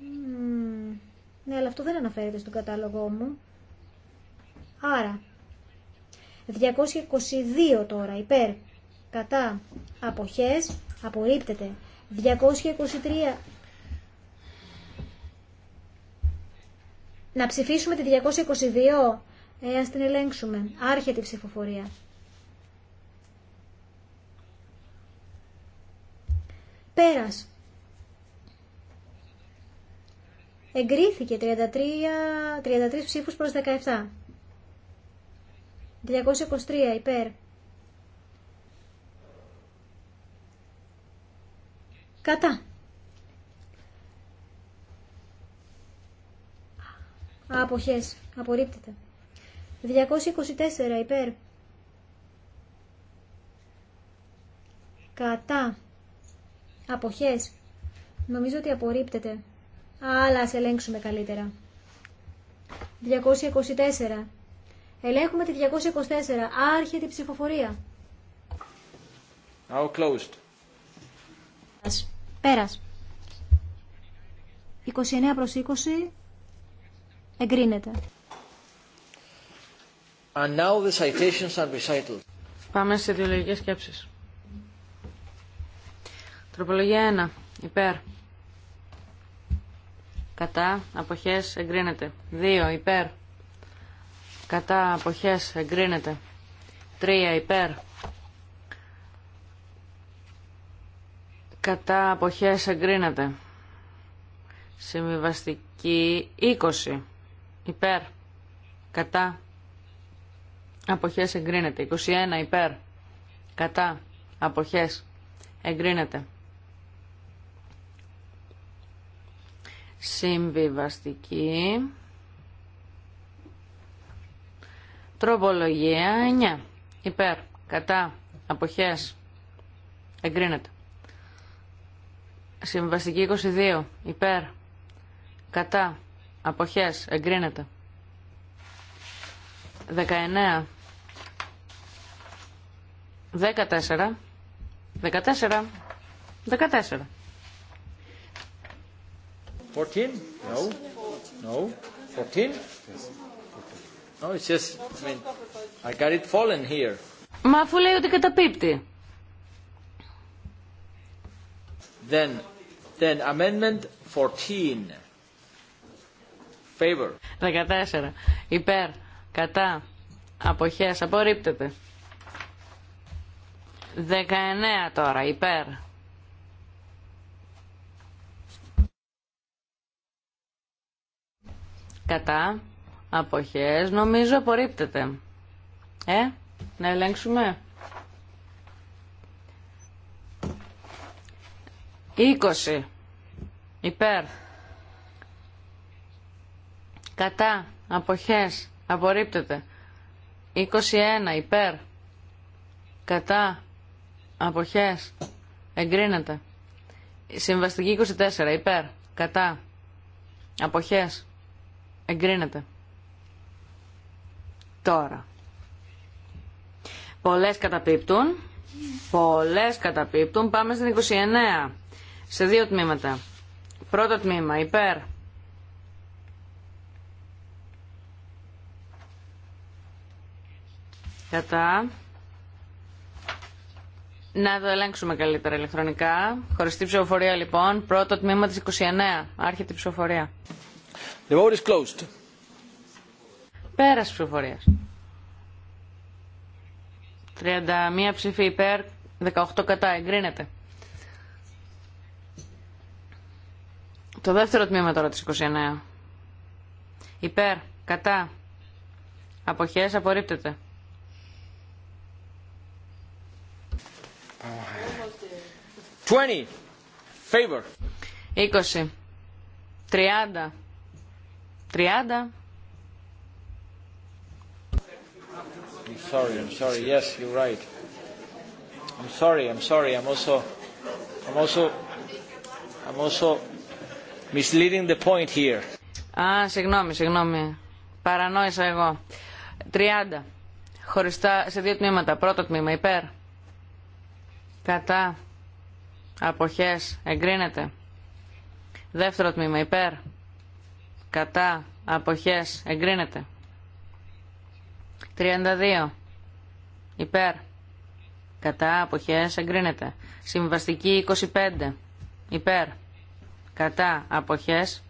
Mm. Ναι, αλλά αυτό δεν αναφέρεται στον κατάλογό μου. Άρα, 222 τώρα υπέρ κατά αποχές απορρίπτεται 223 να ψηφίσουμε τη 222 ε, ας την ελέγξουμε άρχεται η ψηφοφορία πέρας εγκρίθηκε 33, 33 ψήφους προς 17 223 υπέρ. Κατά. Αποχές. Απορρίπτεται. 224 υπέρ. Κατά. Αποχές. Νομίζω ότι απορρίπτεται. Αλλά ας ελέγξουμε καλύτερα. 224. Ελέγχουμε τη 224. Άρχεται η ψηφοφορία. Now closed. Πέρας. 29 προς 20 εγκρίνεται. And now the citations are recited. Πάμε σε ιδεολογικές σκέψεις. Τροπολογία 1. Υπέρ. Κατά. Αποχές. Εγκρίνεται. 2. Υπέρ κατά αποχές εγκρίνεται 3 υπέρ κατά αποχές εγκρίνεται συμβιβαστική 20 υπέρ κατά αποχές εγκρίνεται 21 υπέρ κατά αποχές εγκρίνεται συμβιβαστική Τροπολογία 9. Υπέρ. Κατά. Αποχές. Εγκρίνεται. Συμβαστική 22. Υπέρ. Κατά. Αποχές. Εγκρίνεται. 19. 14. 14. 14. 14? No. No. 14? No, oh, it's just, I mean, I got it fallen here. Μα αφού λέει ότι καταπίπτει. Then, then amendment 14. Favor. 14. Υπέρ. Κατά. Αποχές. Απορρίπτεται. 19 τώρα. Υπέρ. Κατά. Αποχές νομίζω απορρίπτεται. Ε, να ελέγξουμε. 20. Υπέρ. Κατά. Αποχές. Απορρίπτεται. 21. Υπέρ. Κατά. Αποχές. Εγκρίνεται. Συμβαστική 24. Υπέρ. Κατά. Αποχές. Εγκρίνεται. Τώρα. Πολλές καταπίπτουν. Πολλές καταπίπτουν. Πάμε στην 29. Σε δύο τμήματα. Πρώτο τμήμα. Υπέρ. Κατά. Να το ελέγξουμε καλύτερα ηλεκτρονικά. Χωριστή ψηφοφορία λοιπόν. Πρώτο τμήμα της 29. Άρχεται η ψηφοφορία. The vote is closed. Πέρας ψηφοφορίας. 31 ψήφοι υπέρ, 18 κατά, εγκρίνεται. Το δεύτερο τμήμα τώρα της 29. Υπέρ, κατά, αποχές, απορρίπτεται. 20. Favor. 20. 30. 30. sorry, I'm sorry. Yes, you're right. I'm sorry, I'm sorry. I'm also, I'm also, I'm also misleading the point here. Α, συγγνώμη, συγγνώμη. Παρανόησα εγώ. 30. Χωριστά σε δύο τμήματα. Πρώτο τμήμα υπέρ. Κατά. Αποχές. Εγκρίνεται. Δεύτερο τμήμα υπέρ. Κατά. Αποχές. Εγκρίνεται. 32 υπέρ, κατά, αποχές, εγκρίνεται. Συμβαστική 25, υπέρ, κατά, αποχές,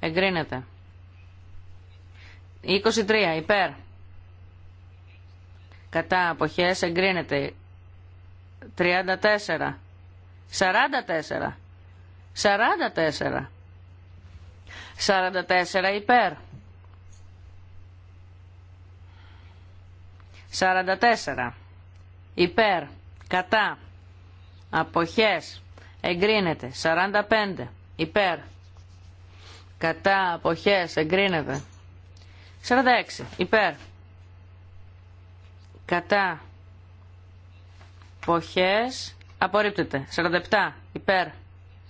εγκρίνεται. 23, υπέρ, κατά, αποχές, εγκρίνεται. 34, 44, 44, 44 υπέρ. 44 υπέρ κατά αποχές εγκρίνεται 45 υπέρ κατά αποχές εγκρίνεται 46 υπέρ κατά αποχές απορρίπτεται 47 υπέρ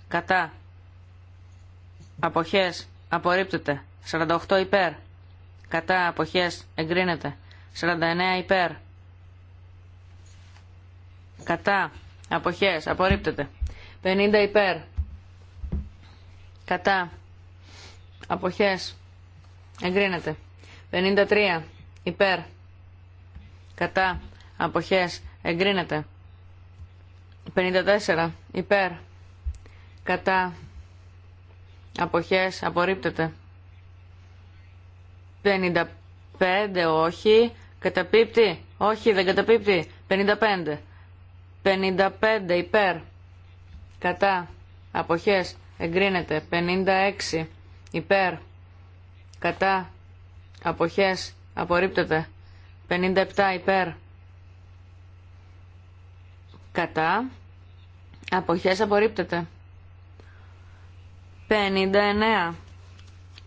κατά αποχές απορρίπτεται 48 υπέρ κατά αποχές εγκρίνεται 49 υπέρ. Κατά. Αποχές. Απορρίπτεται. 50 υπέρ. Κατά. Αποχές. Εγκρίνεται. 53 υπέρ. Κατά. Αποχές. Εγκρίνεται. 54 υπέρ. Κατά. Αποχές. Απορρίπτεται. 55 όχι. Καταπίπτει. Όχι, δεν καταπίπτει. 55. 55 υπέρ. Κατά. Αποχές. Εγκρίνεται. 56 υπέρ. Κατά. Αποχές. Απορρίπτεται. 57 υπέρ. Κατά. Αποχές απορρίπτεται. 59.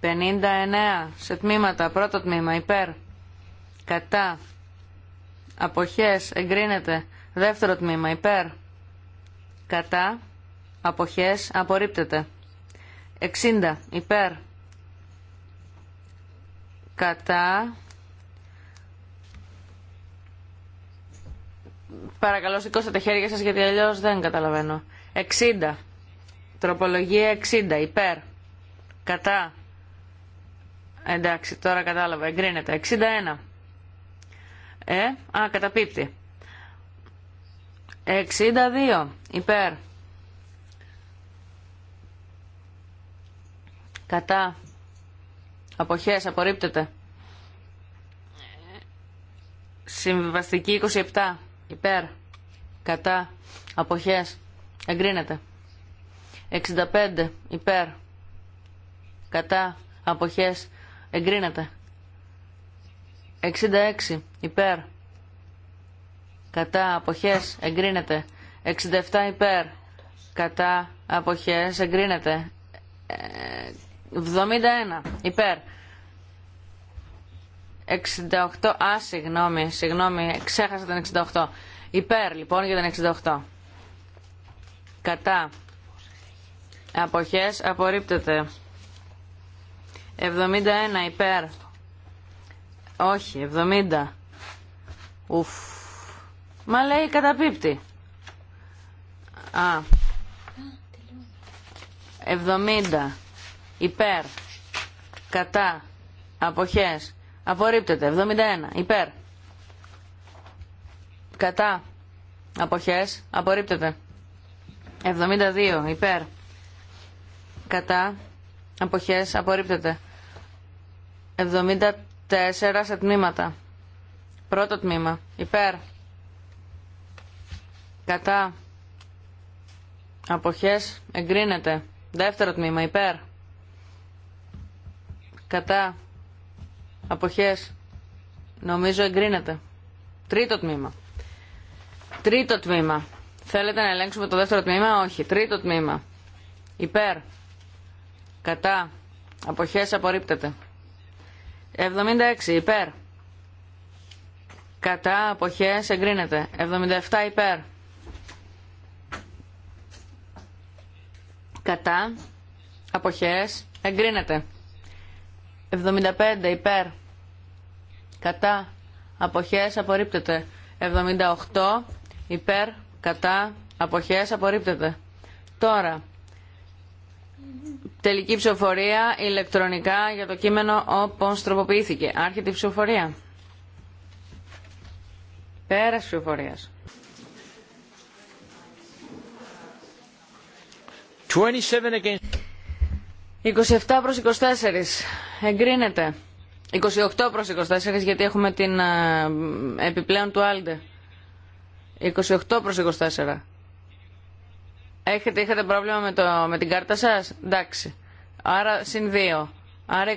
59 σε τμήματα. Πρώτο τμήμα υπέρ κατά, αποχές, εγκρίνεται. Δεύτερο τμήμα, υπέρ, κατά, αποχές, απορρίπτεται. 60, υπέρ, κατά, Παρακαλώ σηκώστε τα χέρια σας γιατί αλλιώς δεν καταλαβαίνω. 60. Τροπολογία 60. Υπέρ. Κατά. Εντάξει, τώρα κατάλαβα. Εγκρίνεται. 61. Ε, α, καταπίπτει. 62 υπέρ. Κατά. Αποχές, απορρίπτεται. Συμβιβαστική 27 υπέρ. Κατά. Αποχές. Εγκρίνεται. 65 υπέρ. Κατά. Αποχές. Εγκρίνεται. 66 υπέρ κατά αποχές εγκρίνεται 67 υπέρ κατά αποχές εγκρίνεται 71 υπέρ 68 α συγγνώμη συγγνώμη ξέχασα τον 68 υπέρ λοιπόν για τον 68 κατά αποχές απορρίπτεται 71 υπέρ όχι, 70. Ουφ. Μα λέει καταπίπτει. Α. 70. Υπέρ. Κατά. Αποχές. Απορρίπτεται. 71. Υπέρ. Κατά. Αποχές. Απορρίπτεται. 72. Υπέρ. Κατά. Αποχές. Απορρίπτεται. 73. Τέσσερα σε τμήματα. Πρώτο τμήμα. Υπέρ. Κατά. Αποχές. Εγκρίνεται. Δεύτερο τμήμα. Υπέρ. Κατά. Αποχές. Νομίζω εγκρίνεται. Τρίτο τμήμα. Τρίτο τμήμα. Θέλετε να ελέγξουμε το δεύτερο τμήμα. Όχι. Τρίτο τμήμα. Υπέρ. Κατά. Αποχές απορρίπτεται. 76 υπέρ. Κατά αποχέ εγκρίνεται. 77 υπέρ. Κατά απόχέ, εγκρίνεται. 75 υπέρ. Κατά απόχέ απορρίπτεται. 78 υπέρ. Κατά αποχέ απορρίπτεται. Τώρα Τελική ψηφοφορία ηλεκτρονικά για το κείμενο όπως τροποποιήθηκε. Άρχεται η ψηφοφορία. Πέρας ψηφοφορίας. 27 προς 24. Εγκρίνεται. 28 προς 24 γιατί έχουμε την ε, επιπλέον του Άλντε. 28 προς 24. Έχετε, είχατε πρόβλημα με, το, με την κάρτα σας. Εντάξει. Άρα συν 2. Άρα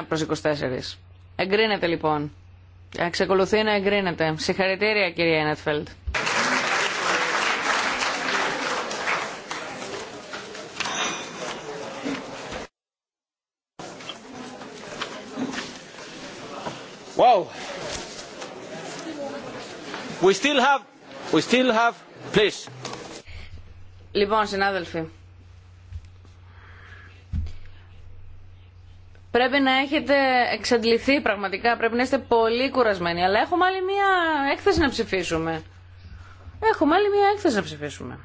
29 προς 24. Εγκρίνεται λοιπόν. Εξακολουθεί να εγκρίνεται. Συγχαρητήρια κυρία Ενέτφελτ. Wow. We still have, we still have, please. Λοιπόν, συνάδελφοι, πρέπει να έχετε εξαντληθεί πραγματικά, πρέπει να είστε πολύ κουρασμένοι, αλλά έχουμε άλλη μία έκθεση να ψηφίσουμε. Έχουμε άλλη μία έκθεση να ψηφίσουμε.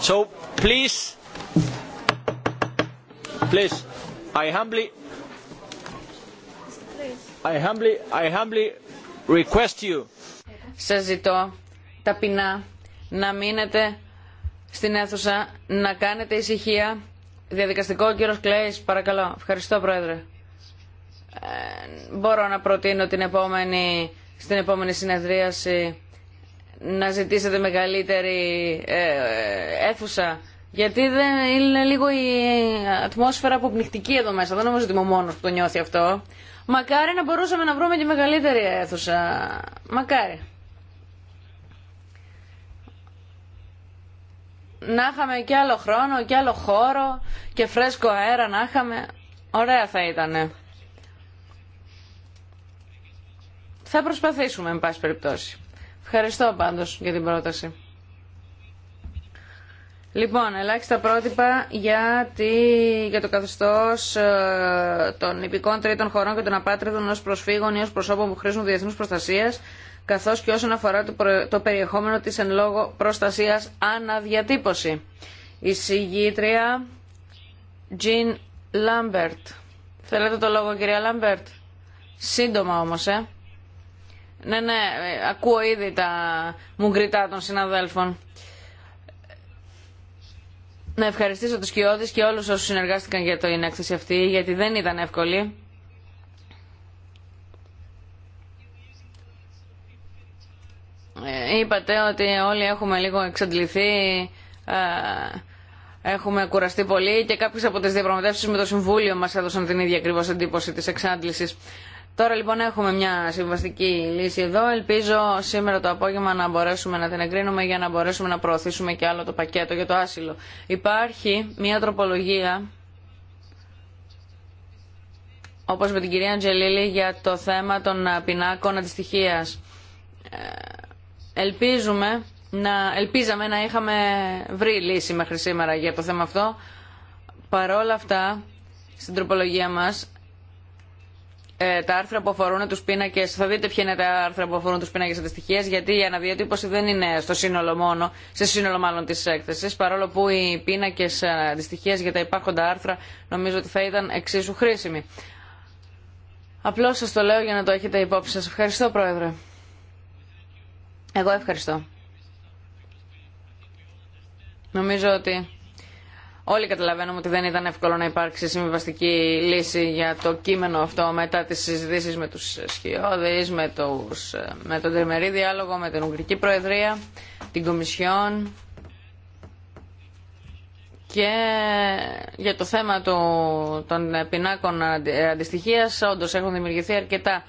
So, please, please, I humbly, I humbly, I humbly request you. Σας ζητώ ταπεινά να μείνετε στην αίθουσα, να κάνετε ησυχία. Διαδικαστικό, κύριο κύριος παρακαλώ. Ευχαριστώ, Πρόεδρε. Ε, μπορώ να προτείνω την επόμενη, στην επόμενη συνεδρίαση να ζητήσετε μεγαλύτερη ε, αίθουσα. Γιατί δεν είναι λίγο η ατμόσφαιρα αποπνιχτική εδώ μέσα. Δεν νομίζω ότι είμαι ο μόνος που το νιώθει αυτό. Μακάρι να μπορούσαμε να βρούμε και μεγαλύτερη αίθουσα. Μακάρι. να είχαμε και άλλο χρόνο και άλλο χώρο και φρέσκο αέρα να είχαμε. Ωραία θα ήτανε. Θα προσπαθήσουμε, εν πάση περιπτώσει. Ευχαριστώ πάντως για την πρόταση. Λοιπόν, ελάχιστα πρότυπα για, για το καθεστώς ε, των υπηκών τρίτων χωρών και των απάτριδων ω προσφύγων ή ω προσώπων που χρήζουν διεθνού προστασία καθώς και όσον αφορά το περιεχόμενο της εν λόγω προστασίας αναδιατύπωση. Η συγγήτρια Jean Lambert. Θέλετε το λόγο κυρία Lambert. Σύντομα όμως, ε. Ναι, ναι, ακούω ήδη τα μουγκριτά των συναδέλφων. Να ευχαριστήσω τους Κιώδης και όλους όσους συνεργάστηκαν για το έκθεση αυτή, γιατί δεν ήταν εύκολη. είπατε ότι όλοι έχουμε λίγο εξαντληθεί, ε, έχουμε κουραστεί πολύ και κάποιε από τι διαπραγματεύσει με το Συμβούλιο μα έδωσαν την ίδια ακριβώ εντύπωση τη εξάντληση. Τώρα λοιπόν έχουμε μια συμβαστική λύση εδώ. Ελπίζω σήμερα το απόγευμα να μπορέσουμε να την εγκρίνουμε για να μπορέσουμε να προωθήσουμε και άλλο το πακέτο για το άσυλο. Υπάρχει μια τροπολογία, όπως με την κυρία Αντζελίλη, για το θέμα των πινάκων αντιστοιχία. Ε, Ελπίζουμε να, ελπίζαμε να είχαμε βρει λύση μέχρι σήμερα για το θέμα αυτό. Παρόλα αυτά, στην τροπολογία μας, ε, τα άρθρα που αφορούν τους πίνακες, θα δείτε ποια είναι τα άρθρα που αφορούν τους πίνακες αντιστοιχίες, γιατί η αναδιατύπωση δεν είναι στο σύνολο μόνο, σε σύνολο μάλλον της έκθεσης, παρόλο που οι πίνακες ε, αντιστοιχίες για τα υπάρχοντα άρθρα νομίζω ότι θα ήταν εξίσου χρήσιμοι. Απλώς σας το λέω για να το έχετε υπόψη σας. Ευχαριστώ Πρόεδρε. Εγώ ευχαριστώ. Νομίζω ότι όλοι καταλαβαίνουμε ότι δεν ήταν εύκολο να υπάρξει συμβιβαστική λύση για το κείμενο αυτό μετά τις συζητήσεις με τους Σκιώδης, με, τους, με τον Τριμερή Διάλογο, με την Ουγγρική Προεδρία, την Κομισιόν και για το θέμα του, των πινάκων ε, αντιστοιχίας όντως έχουν δημιουργηθεί αρκετά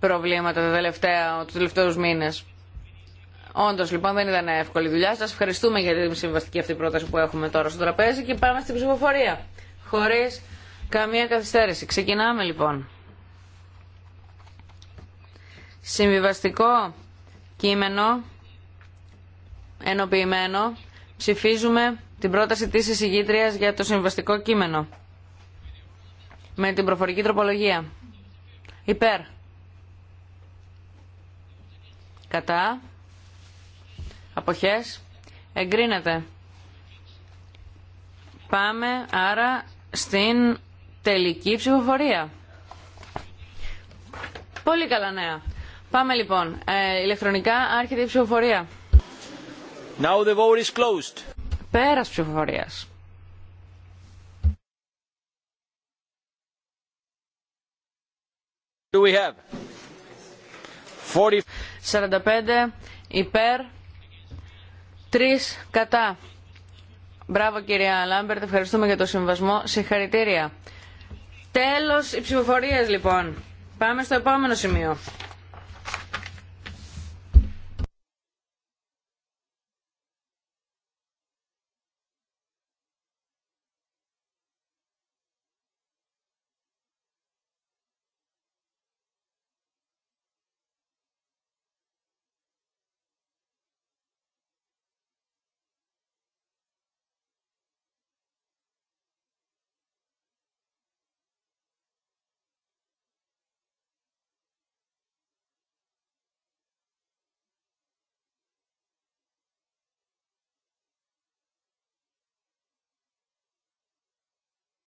προβλήματα τα τελευταία, τους τελευταίους μήνες. Όντω λοιπόν δεν ήταν εύκολη δουλειά. Σα ευχαριστούμε για την συμβαστική αυτή πρόταση που έχουμε τώρα στο τραπέζι και πάμε στην ψηφοφορία. χωρίς καμία καθυστέρηση. Ξεκινάμε λοιπόν. Συμβιβαστικό κείμενο, ενοποιημένο, ψηφίζουμε την πρόταση της εισηγήτριας για το συμβαστικό κείμενο. Με την προφορική τροπολογία. Υπέρ. Κατά. Αποχές. Εγκρίνεται. Πάμε άρα στην τελική ψηφοφορία. Πολύ καλά νέα. Πάμε λοιπόν. Ε, ηλεκτρονικά άρχεται η ψηφοφορία. Now the vote is closed. Πέρας ψηφοφορίας. Do we have? 45 υπέρ, 3 κατά. Μπράβο κυρία Λάμπερτ, ευχαριστούμε για το συμβασμό. Συγχαρητήρια. Τέλος οι ψηφοφορίες λοιπόν. Πάμε στο επόμενο σημείο.